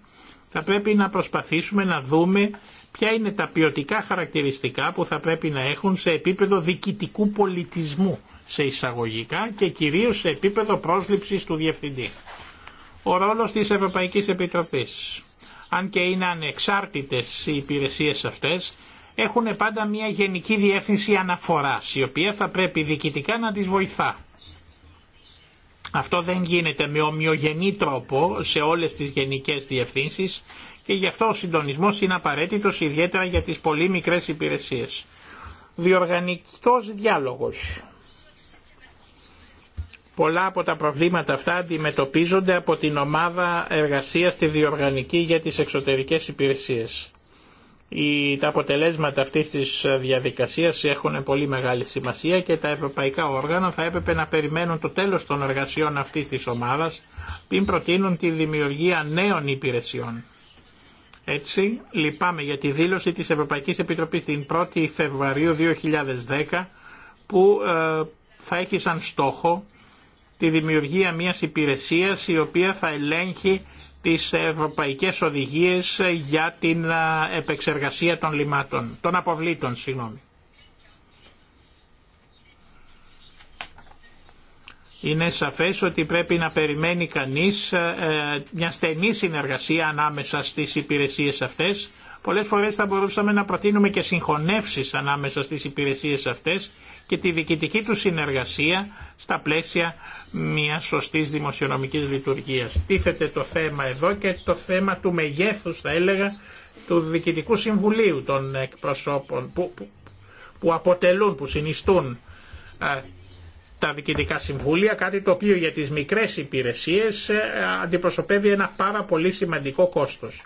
θα πρέπει να προσπαθήσουμε να δούμε ποια είναι τα ποιοτικά χαρακτηριστικά που θα πρέπει να έχουν σε επίπεδο διοικητικού πολιτισμού σε εισαγωγικά και κυρίως σε επίπεδο πρόσληψης του Διευθυντή. Ο ρόλος της Ευρωπαϊκής Επιτροπής. Αν και είναι ανεξάρτητες οι υπηρεσίες αυτές, έχουν πάντα μια γενική διεύθυνση αναφοράς, η οποία θα πρέπει διοικητικά να τις βοηθά. Αυτό δεν γίνεται με ομοιογενή τρόπο σε όλες τις γενικές διευθύνσεις και γι' αυτό ο συντονισμός είναι απαραίτητος ιδιαίτερα για τις πολύ μικρές υπηρεσίες. Διοργανικός διάλογος. Πολλά από τα προβλήματα αυτά αντιμετωπίζονται από την ομάδα εργασίας στη διοργανική για τις εξωτερικές υπηρεσίες. Οι, τα αποτελέσματα αυτής της διαδικασίας έχουν πολύ μεγάλη σημασία και τα ευρωπαϊκά όργανα θα έπρεπε να περιμένουν το τέλος των εργασιών αυτής της ομάδας πριν προτείνουν τη δημιουργία νέων υπηρεσιών. Έτσι, λυπάμαι για τη δήλωση της Ευρωπαϊκής Επιτροπής την 1η Φεβρουαρίου 2010 που ε, θα έχει σαν στόχο τη δημιουργία μιας υπηρεσίας η οποία θα ελέγχει τις ευρωπαϊκές οδηγίες για την επεξεργασία των λιμάτων, των αποβλήτων, συγγνώμη. Είναι σαφές ότι πρέπει να περιμένει κανείς ε, μια στενή συνεργασία ανάμεσα στις υπηρεσίες αυτές. Πολλές φορές θα μπορούσαμε να προτείνουμε και συγχωνεύσεις ανάμεσα στις υπηρεσίες αυτές και τη διοικητική του συνεργασία στα πλαίσια μια σωστή δημοσιονομικής λειτουργία. Τίθεται το θέμα εδώ και το θέμα του μεγέθους, θα έλεγα, του Διοικητικού Συμβουλίου των εκπροσώπων που, που, αποτελούν, που συνιστούν τα Διοικητικά Συμβούλια, κάτι το οποίο για τις μικρές υπηρεσίες ε, αντιπροσωπεύει ένα πάρα πολύ σημαντικό κόστος.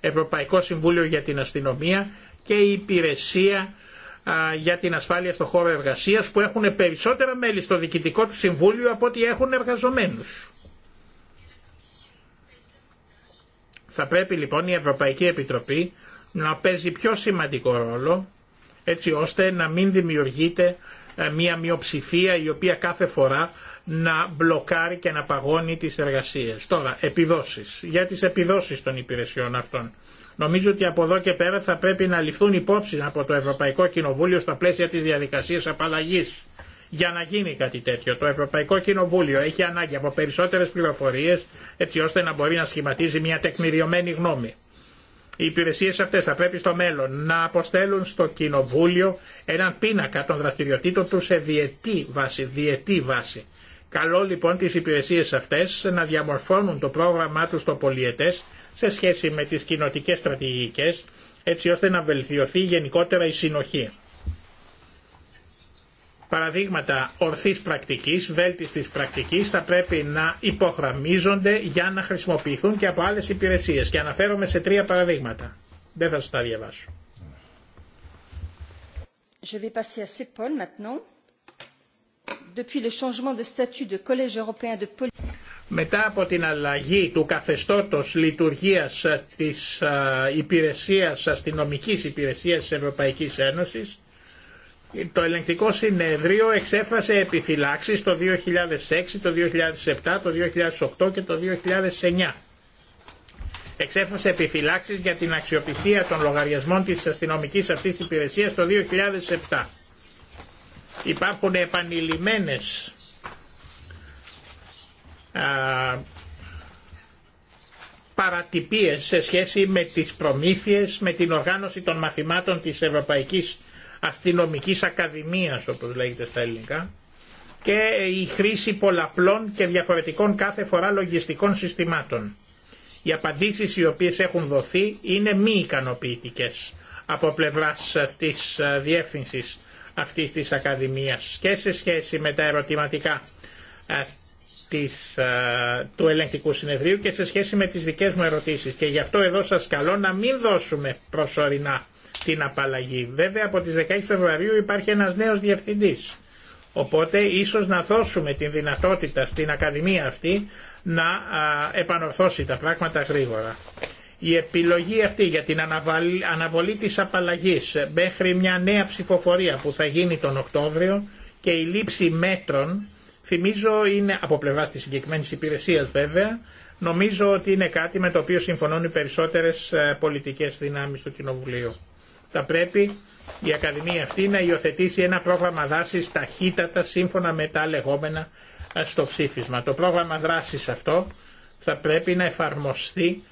Ευρωπαϊκό Συμβούλιο για την Αστυνομία και η Υπηρεσία για την ασφάλεια στον χώρο εργασίας που έχουν περισσότερα μέλη στο διοικητικό του συμβούλιο από ό,τι έχουν εργαζομένους. Θα πρέπει λοιπόν η Ευρωπαϊκή Επιτροπή να παίζει πιο σημαντικό ρόλο έτσι ώστε να μην δημιουργείται ε, μια μειοψηφία η οποία κάθε φορά να μπλοκάρει και να παγώνει τις εργασίες. Τώρα, επιδόσεις. Για τις επιδόσεις των υπηρεσιών αυτών. Νομίζω ότι από εδώ και πέρα θα πρέπει να ληφθούν υπόψη από το Ευρωπαϊκό Κοινοβούλιο στα πλαίσια της διαδικασίας απαλλαγής. Για να γίνει κάτι τέτοιο, το Ευρωπαϊκό Κοινοβούλιο έχει ανάγκη από περισσότερες πληροφορίες έτσι ώστε να μπορεί να σχηματίζει μια τεκμηριωμένη γνώμη. Οι υπηρεσίε αυτέ θα πρέπει στο μέλλον να αποστέλουν στο Κοινοβούλιο έναν πίνακα των δραστηριοτήτων του σε διετή βάση, διετή βάση. Καλό λοιπόν τις υπηρεσίες αυτές να διαμορφώνουν το πρόγραμμά τους το πολιετές σε σχέση με τις κοινοτικέ στρατηγικές έτσι ώστε να βελτιωθεί γενικότερα η συνοχή. Παραδείγματα ορθής πρακτικής, βέλτιστης πρακτικής θα πρέπει να υπογραμμίζονται για να χρησιμοποιηθούν και από άλλες υπηρεσίες και αναφέρομαι σε τρία παραδείγματα. Δεν θα σας τα διαβάσω. Je vais passer à depuis le changement de statut de collège européen de μετά από την αλλαγή του καθεστώτος λειτουργίας της υπηρεσίας, αστυνομικής υπηρεσίας της Ευρωπαϊκής Ένωσης, το ελεγκτικό συνέδριο εξέφρασε επιφυλάξεις το 2006, το 2007, το 2008 και το 2009. Εξέφρασε επιφυλάξεις για την αξιοπιστία των λογαριασμών της αστυνομικής αυτής υπηρεσίας το 2007 Υπάρχουν επανειλημμένες παρατυπίες σε σχέση με τις προμήθειες, με την οργάνωση των μαθημάτων της Ευρωπαϊκής Αστυνομικής Ακαδημίας, όπως λέγεται στα ελληνικά, και η χρήση πολλαπλών και διαφορετικών κάθε φορά λογιστικών συστημάτων. Οι απαντήσεις οι οποίες έχουν δοθεί είναι μη ικανοποιητικές από πλευράς της διεύθυνσης αυτή της Ακαδημίας και σε σχέση με τα ερωτηματικά ε, ε, του ελεγκτικού συνεδρίου και σε σχέση με τις δικές μου ερωτήσεις και γι' αυτό εδώ σας καλώ να μην δώσουμε προσωρινά την απαλλαγή. Βέβαια από τις 16 Φεβρουαρίου υπάρχει ένας νέος διευθυντής. Οπότε ίσως να δώσουμε την δυνατότητα στην Ακαδημία αυτή να επανορθώσει τα πράγματα γρήγορα. Η επιλογή αυτή για την αναβολή της απαλλαγής μέχρι μια νέα ψηφοφορία που θα γίνει τον Οκτώβριο και η λήψη μέτρων, θυμίζω είναι από πλευρά της συγκεκριμένη υπηρεσία βέβαια, νομίζω ότι είναι κάτι με το οποίο συμφωνούν οι περισσότερες ε, πολιτικές δυνάμεις του Κοινοβουλίου. Θα πρέπει η Ακαδημία αυτή να υιοθετήσει ένα πρόγραμμα δράση ταχύτατα σύμφωνα με τα λεγόμενα ε, στο ψήφισμα. Το πρόγραμμα δράσης αυτό θα πρέπει να εφαρμοστεί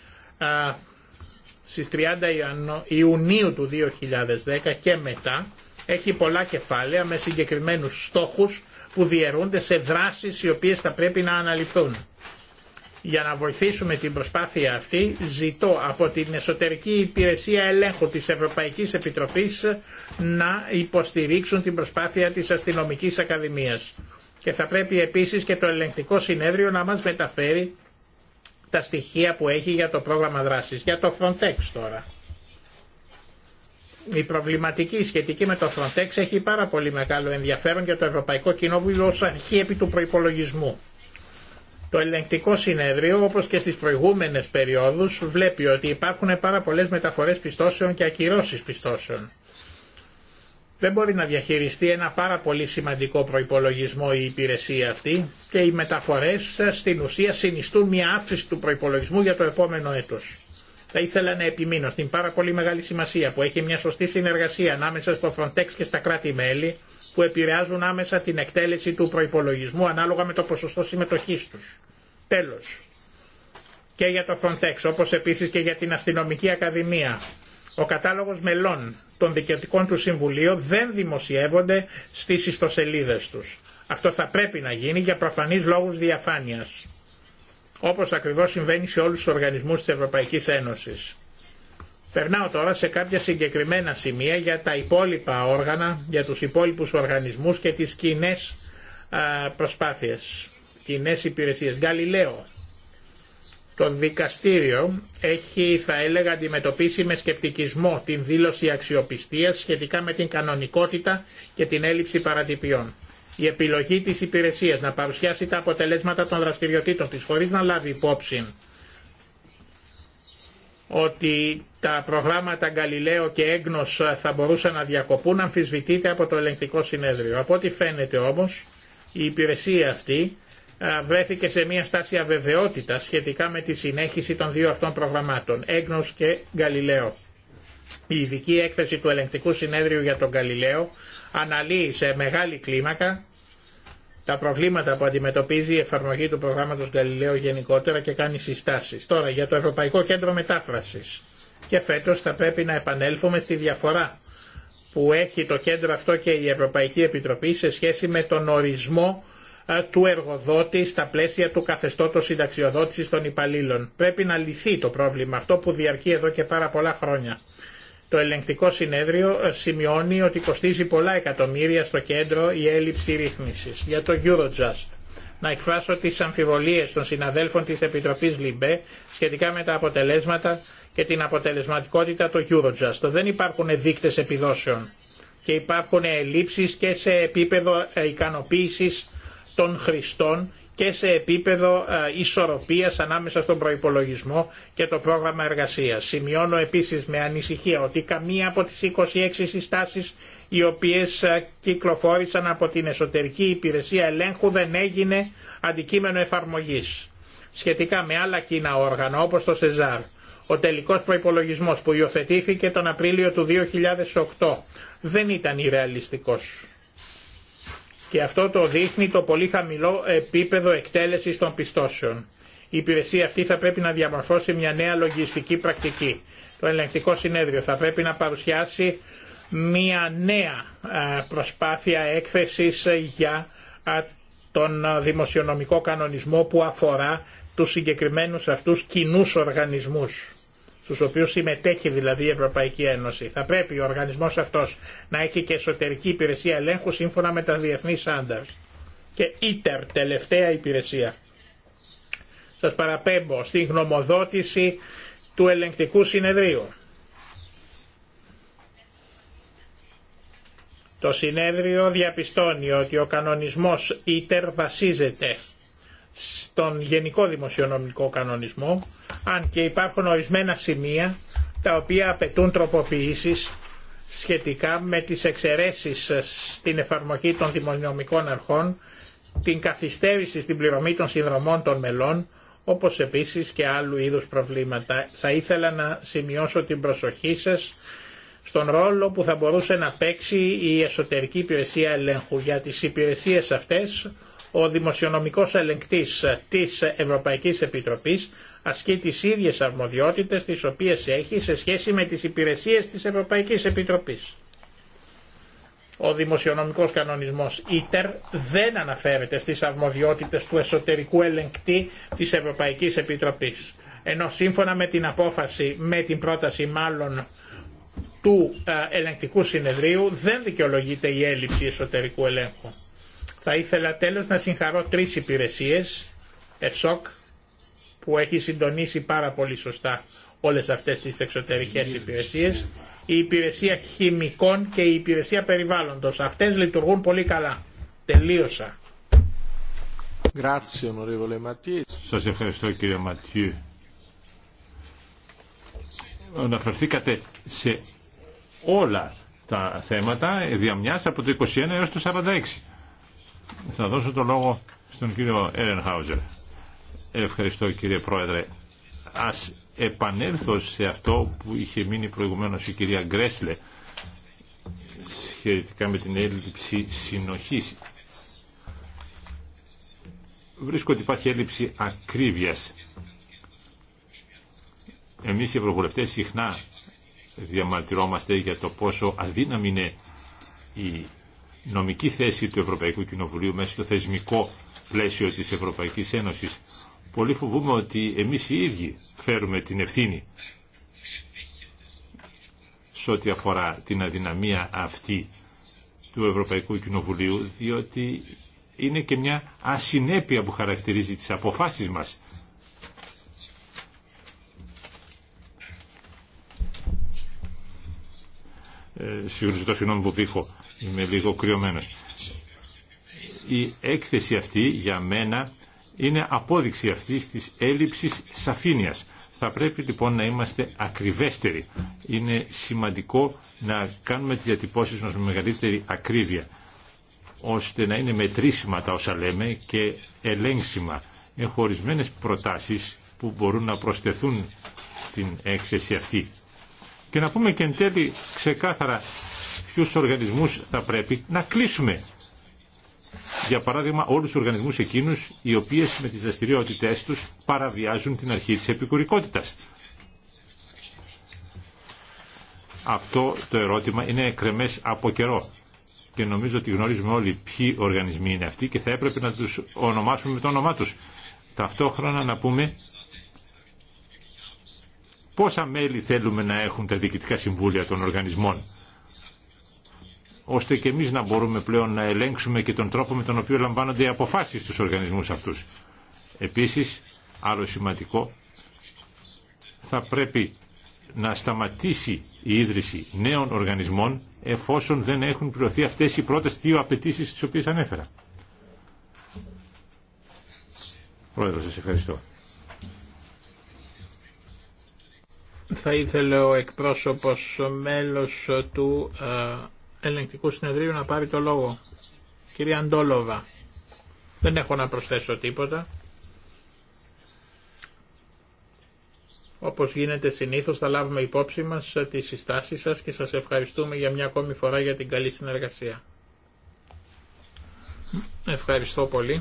στις 30 Ιουνίου του 2010 και μετά έχει πολλά κεφάλαια με συγκεκριμένους στόχους που διαιρούνται σε δράσεις οι οποίες θα πρέπει να αναλυθούν. Για να βοηθήσουμε την προσπάθεια αυτή ζητώ από την Εσωτερική Υπηρεσία Ελέγχου της Ευρωπαϊκής Επιτροπής να υποστηρίξουν την προσπάθεια της Αστυνομικής Ακαδημίας. Και θα πρέπει επίσης και το Ελεγκτικό Συνέδριο να μας μεταφέρει τα στοιχεία που έχει για το πρόγραμμα δράσης. Για το Frontex τώρα. Η προβληματική σχετική με το Frontex έχει πάρα πολύ μεγάλο ενδιαφέρον για το Ευρωπαϊκό Κοινόβουλιο ως αρχή επί του προϋπολογισμού. Το ελεγκτικό συνέδριο, όπως και στις προηγούμενες περιόδους, βλέπει ότι υπάρχουν πάρα πολλές μεταφορές πιστώσεων και ακυρώσεις πιστώσεων. Δεν μπορεί να διαχειριστεί ένα πάρα πολύ σημαντικό προϋπολογισμό η υπηρεσία αυτή και οι μεταφορές ε, στην ουσία συνιστούν μια αύξηση του προϋπολογισμού για το επόμενο έτος. Θα ήθελα να επιμείνω στην πάρα πολύ μεγάλη σημασία που έχει μια σωστή συνεργασία ανάμεσα στο Frontex και στα κράτη-μέλη που επηρεάζουν άμεσα την εκτέλεση του προϋπολογισμού ανάλογα με το ποσοστό συμμετοχής τους. Τέλος, και για το Frontex όπως επίσης και για την Αστυνομική Ακαδημία, ο κατάλογος μελών των δικαιωτικών του Συμβουλίου δεν δημοσιεύονται στις ιστοσελίδες τους. Αυτό θα πρέπει να γίνει για προφανείς λόγους διαφάνειας, όπως ακριβώς συμβαίνει σε όλους τους οργανισμούς της Ευρωπαϊκής Ένωσης. Περνάω τώρα σε κάποια συγκεκριμένα σημεία για τα υπόλοιπα όργανα, για τους υπόλοιπους οργανισμούς και τις κοινέ προσπάθειες, κοινέ υπηρεσίες. Γαλιλαίο, το δικαστήριο έχει, θα έλεγα, αντιμετωπίσει με σκεπτικισμό την δήλωση αξιοπιστίας σχετικά με την κανονικότητα και την έλλειψη παρατυπιών. Η επιλογή της υπηρεσίας να παρουσιάσει τα αποτελέσματα των δραστηριοτήτων της χωρίς να λάβει υπόψη ότι τα προγράμματα Γκαλιλαίο και Έγνος θα μπορούσαν να διακοπούν αμφισβητείται από το ελεγκτικό συνέδριο. Από ό,τι φαίνεται όμως η υπηρεσία αυτή βρέθηκε σε μια στάση αβεβαιότητα σχετικά με τη συνέχιση των δύο αυτών προγραμμάτων, Έγνος και Γαλιλαίο. Η ειδική έκθεση του ελεγκτικού συνέδριου για τον Γαλιλαίο αναλύει σε μεγάλη κλίμακα τα προβλήματα που αντιμετωπίζει η εφαρμογή του προγράμματος Γαλιλαίο γενικότερα και κάνει συστάσεις. Τώρα για το Ευρωπαϊκό Κέντρο Μετάφρασης. Και φέτος θα πρέπει να επανέλθουμε στη διαφορά που έχει το κέντρο αυτό και η Ευρωπαϊκή Επιτροπή σε σχέση με τον ορισμό του εργοδότη στα πλαίσια του καθεστώτος συνταξιοδότησης των υπαλλήλων. Πρέπει να λυθεί το πρόβλημα αυτό που διαρκεί εδώ και πάρα πολλά χρόνια. Το ελεγκτικό συνέδριο ε, σημειώνει ότι κοστίζει πολλά εκατομμύρια στο κέντρο η έλλειψη ρύθμισης για το Eurojust. Να εκφράσω τις αμφιβολίες των συναδέλφων της Επιτροπής Λιμπέ σχετικά με τα αποτελέσματα και την αποτελεσματικότητα του Eurojust. Δεν υπάρχουν δείκτες επιδόσεων και υπάρχουν ελλείψεις και σε επίπεδο ε, ικανοποίησης των χρηστών και σε επίπεδο ε, ισορροπίας ανάμεσα στον προϋπολογισμό και το πρόγραμμα εργασίας. Σημειώνω επίσης με ανησυχία ότι καμία από τις 26 συστάσεις οι οποίες ε, κυκλοφόρησαν από την εσωτερική υπηρεσία ελέγχου δεν έγινε αντικείμενο εφαρμογής. Σχετικά με άλλα κοινά όργανα όπως το ΣΕΖΑΡ, ο τελικός προϋπολογισμός που υιοθετήθηκε τον Απρίλιο του 2008 δεν ήταν ιρεαλιστικός και αυτό το δείχνει το πολύ χαμηλό επίπεδο εκτέλεσης των πιστώσεων. Η υπηρεσία αυτή θα πρέπει να διαμορφώσει μια νέα λογιστική πρακτική. Το ελεγκτικό συνέδριο θα πρέπει να παρουσιάσει μια νέα προσπάθεια έκθεσης για τον δημοσιονομικό κανονισμό που αφορά τους συγκεκριμένους αυτούς κοινούς οργανισμούς στους οποίους συμμετέχει δηλαδή η Ευρωπαϊκή Ένωση. Θα πρέπει ο οργανισμός αυτός να έχει και εσωτερική υπηρεσία ελέγχου σύμφωνα με τα διεθνή standards. Και ITER, τελευταία υπηρεσία. Σας παραπέμπω στην γνωμοδότηση του ελεγκτικού συνεδρίου. Το συνέδριο διαπιστώνει ότι ο κανονισμός ITER βασίζεται στον γενικό δημοσιονομικό κανονισμό, αν και υπάρχουν ορισμένα σημεία τα οποία απαιτούν τροποποιήσεις σχετικά με τις εξαιρέσεις στην εφαρμογή των δημοσιονομικών αρχών, την καθυστέρηση στην πληρωμή των συνδρομών των μελών, όπως επίσης και άλλου είδους προβλήματα. Θα ήθελα να σημειώσω την προσοχή σας στον ρόλο που θα μπορούσε να παίξει η εσωτερική υπηρεσία ελέγχου. Για τις υπηρεσίες αυτές ο δημοσιονομικός ελεγκτής της Ευρωπαϊκής Επιτροπής ασκεί τις ίδιες αρμοδιότητες τις οποίες έχει σε σχέση με τις υπηρεσίες της Ευρωπαϊκής Επιτροπής. Ο δημοσιονομικός κανονισμός ΙΤΕΡ δεν αναφέρεται στις αρμοδιότητες του εσωτερικού ελεγκτή της Ευρωπαϊκής Επιτροπής. Ενώ σύμφωνα με την απόφαση, με την πρόταση μάλλον του ε, ελεγκτικού συνεδρίου δεν δικαιολογείται η έλλειψη εσωτερικού ελέγχου. Θα ήθελα τέλος να συγχαρώ τρεις υπηρεσίες, ΕΦΣΟΚ, που έχει συντονίσει πάρα πολύ σωστά όλες αυτές τις εξωτερικές υπηρεσίες, η υπηρεσία χημικών και η υπηρεσία περιβάλλοντος. Αυτές λειτουργούν πολύ καλά. Τελείωσα. Σας ευχαριστώ κύριε Ματιού. Αναφερθήκατε σε όλα τα θέματα διαμιάς από το 21 έως το 46. Θα δώσω το λόγο στον κύριο Έρενχάουζερ. Ευχαριστώ κύριε Πρόεδρε. Ας επανέλθω σε αυτό που είχε μείνει προηγουμένως η κυρία Γκρέσλε σχετικά με την έλλειψη συνοχής. Βρίσκω ότι υπάρχει έλλειψη ακρίβειας. Εμείς οι ευρωβουλευτές συχνά διαμαρτυρόμαστε για το πόσο αδύναμη είναι η νομική θέση του Ευρωπαϊκού Κοινοβουλίου μέσα στο θεσμικό πλαίσιο της Ευρωπαϊκής Ένωσης. Πολύ φοβούμε ότι εμείς οι ίδιοι φέρουμε την ευθύνη σε ό,τι αφορά την αδυναμία αυτή του Ευρωπαϊκού Κοινοβουλίου, διότι είναι και μια ασυνέπεια που χαρακτηρίζει τις αποφάσεις μας. Ε, ζητώ συγγνώμη που πήχω. Είμαι λίγο κρυωμένος. Η έκθεση αυτή για μένα είναι απόδειξη αυτή της έλλειψης σαφήνειας. Θα πρέπει λοιπόν να είμαστε ακριβέστεροι. Είναι σημαντικό να κάνουμε τις διατυπώσεις μας με μεγαλύτερη ακρίβεια, ώστε να είναι μετρήσιμα τα όσα λέμε και ελέγξιμα. Έχω ορισμένε προτάσεις που μπορούν να προσθεθούν στην έκθεση αυτή. Και να πούμε και εν τέλει ξεκάθαρα ποιους οργανισμούς θα πρέπει να κλείσουμε. Για παράδειγμα, όλους τους οργανισμούς εκείνους οι οποίες με τις δραστηριότητε τους παραβιάζουν την αρχή της επικουρικότητας. Αυτό το ερώτημα είναι εκρεμές από καιρό και νομίζω ότι γνωρίζουμε όλοι ποιοι οργανισμοί είναι αυτοί και θα έπρεπε να τους ονομάσουμε με το όνομά τους. Ταυτόχρονα να πούμε πόσα μέλη θέλουμε να έχουν τα διοικητικά συμβούλια των οργανισμών ώστε και εμείς να μπορούμε πλέον να ελέγξουμε και τον τρόπο με τον οποίο λαμβάνονται οι αποφάσεις στους οργανισμούς αυτούς. Επίσης, άλλο σημαντικό, θα πρέπει να σταματήσει η ίδρυση νέων οργανισμών εφόσον δεν έχουν πληρωθεί αυτές οι πρώτες δύο απαιτήσει τις οποίες ανέφερα. Πρόεδρο, σας ευχαριστώ. Θα ήθελε ο εκπρόσωπος μέλος του ε, ελεγκτικού συνεδρίου να πάρει το λόγο. Κυρία Αντόλοβα, δεν έχω να προσθέσω τίποτα. Όπως γίνεται συνήθως θα λάβουμε υπόψη μας ε, τις συστάσεις σας και σας ευχαριστούμε για μια ακόμη φορά για την καλή συνεργασία. Ευχαριστώ πολύ.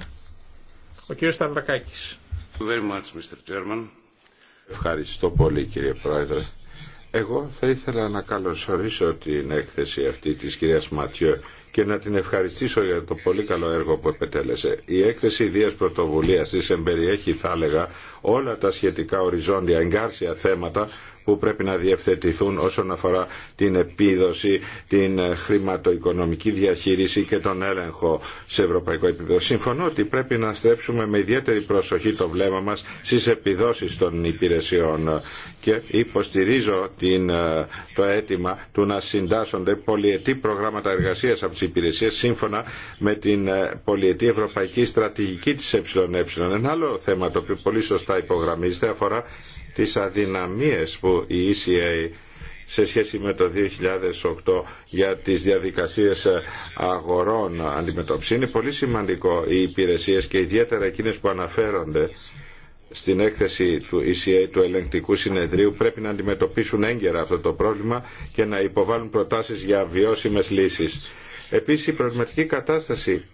Ο κύριος Σταυρακάκης. Ευχαριστώ πολύ κύριε Πρόεδρε. Εγώ θα ήθελα να καλωσορίσω την έκθεση αυτή της κυρίας Ματιό και να την ευχαριστήσω για το πολύ καλό έργο που επετέλεσε. Η έκθεση ιδίας πρωτοβουλίας της εμπεριέχει, θα έλεγα, όλα τα σχετικά οριζόντια εγκάρσια θέματα που πρέπει να διευθετηθούν όσον αφορά την επίδοση, την χρηματοοικονομική διαχείριση και τον έλεγχο σε ευρωπαϊκό επίπεδο. Συμφωνώ ότι πρέπει να στρέψουμε με ιδιαίτερη προσοχή το βλέμμα μας στις επιδόσεις των υπηρεσιών και υποστηρίζω την, ε, το αίτημα του να συντάσσονται πολιετή προγράμματα εργασίας από τις υπηρεσίες σύμφωνα με την ε, πολιετή ευρωπαϊκή στρατηγική της ΕΕ. Ένα άλλο θέμα το οποίο πολύ σωστά υπογραμμίζεται αφορά τις αδυναμίες που η ECA σε σχέση με το 2008 για τις διαδικασίες ε, αγορών αντιμετώπιση. Είναι πολύ σημαντικό οι υπηρεσίες και ιδιαίτερα εκείνες που αναφέρονται στην έκθεση του ECA του ελεγκτικού συνεδρίου πρέπει να αντιμετωπίσουν έγκαιρα αυτό το πρόβλημα και να υποβάλουν προτάσεις για βιώσιμες λύσεις. Επίσης η προβληματική κατάσταση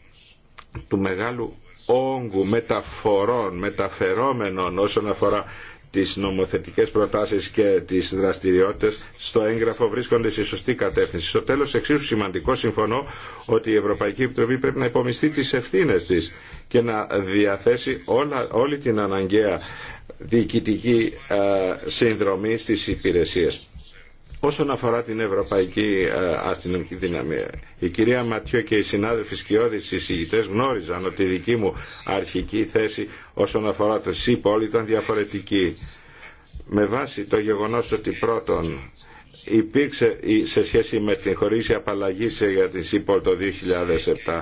του μεγάλου όγκου μεταφορών, μεταφερόμενων όσον αφορά τις νομοθετικές προτάσεις και τις δραστηριότητες στο έγγραφο βρίσκονται σε σωστή κατεύθυνση. Στο τέλος εξίσου σημαντικό συμφωνώ ότι η Ευρωπαϊκή Επιτροπή πρέπει να υπομειστεί τις ευθύνες της και να διαθέσει όλα, όλη την αναγκαία διοικητική ε, συνδρομή στις υπηρεσίες Όσον αφορά την Ευρωπαϊκή ε, Αστυνομική Δύναμη, η κυρία Ματιό και οι συνάδελφοι οι εισηγητές γνώριζαν ότι η δική μου αρχική θέση όσον αφορά το ΣΥΠΟΛ ήταν διαφορετική. Με βάση το γεγονός ότι πρώτον υπήρξε σε σχέση με την χωρίς απαλλαγή για την ΣΥΠΟΛ το 2007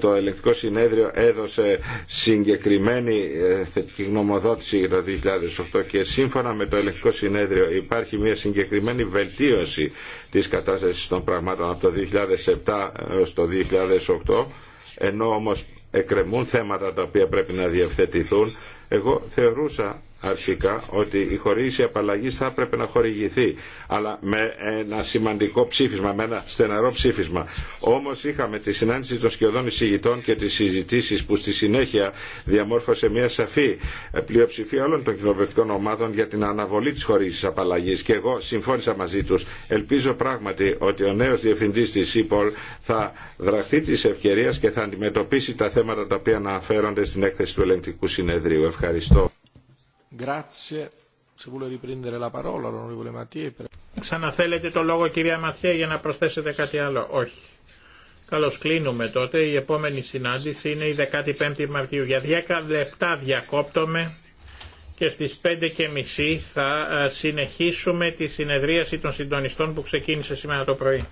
το ελεκτικό συνέδριο έδωσε συγκεκριμένη ε, θετική γνωμοδότηση για το 2008 και σύμφωνα με το ελεκτικό συνέδριο υπάρχει μια συγκεκριμένη βελτίωση της κατάστασης των πραγμάτων από το 2007 έως το 2008 ενώ όμως εκρεμούν θέματα τα οποία πρέπει να διευθετηθούν εγώ θεωρούσα αρχικά ότι η χορήγηση απαλλαγής θα έπρεπε να χορηγηθεί αλλά με ένα σημαντικό ψήφισμα, με ένα στεναρό ψήφισμα. Όμως είχαμε τη συνάντηση των σκιωδών εισηγητών και τις συζητήσεις που στη συνέχεια διαμόρφωσε μια σαφή πλειοψηφία όλων των κοινοβουλευτικών ομάδων για την αναβολή της χορήγησης απαλλαγής και εγώ συμφώνησα μαζί τους. Ελπίζω πράγματι ότι ο νέος διευθυντής της ΥΠΟΛ θα δραχθεί της ευκαιρία και θα αντιμετωπίσει τα θέματα τα οποία αναφέρονται στην έκθεση του ελεγκτικού συνεδρίου. Ευχαριστώ. Grazie. Se Ξαναθέλετε το λόγο, κυρία Ματιέ, για να προσθέσετε κάτι άλλο. Όχι. Καλώς κλείνουμε τότε. Η επόμενη συνάντηση είναι η 15η Μαρτίου. Για 10 λεπτά διακόπτομαι και στις 5.30 θα ε, συνεχίσουμε τη συνεδρίαση των συντονιστών που ξεκίνησε σήμερα το πρωί.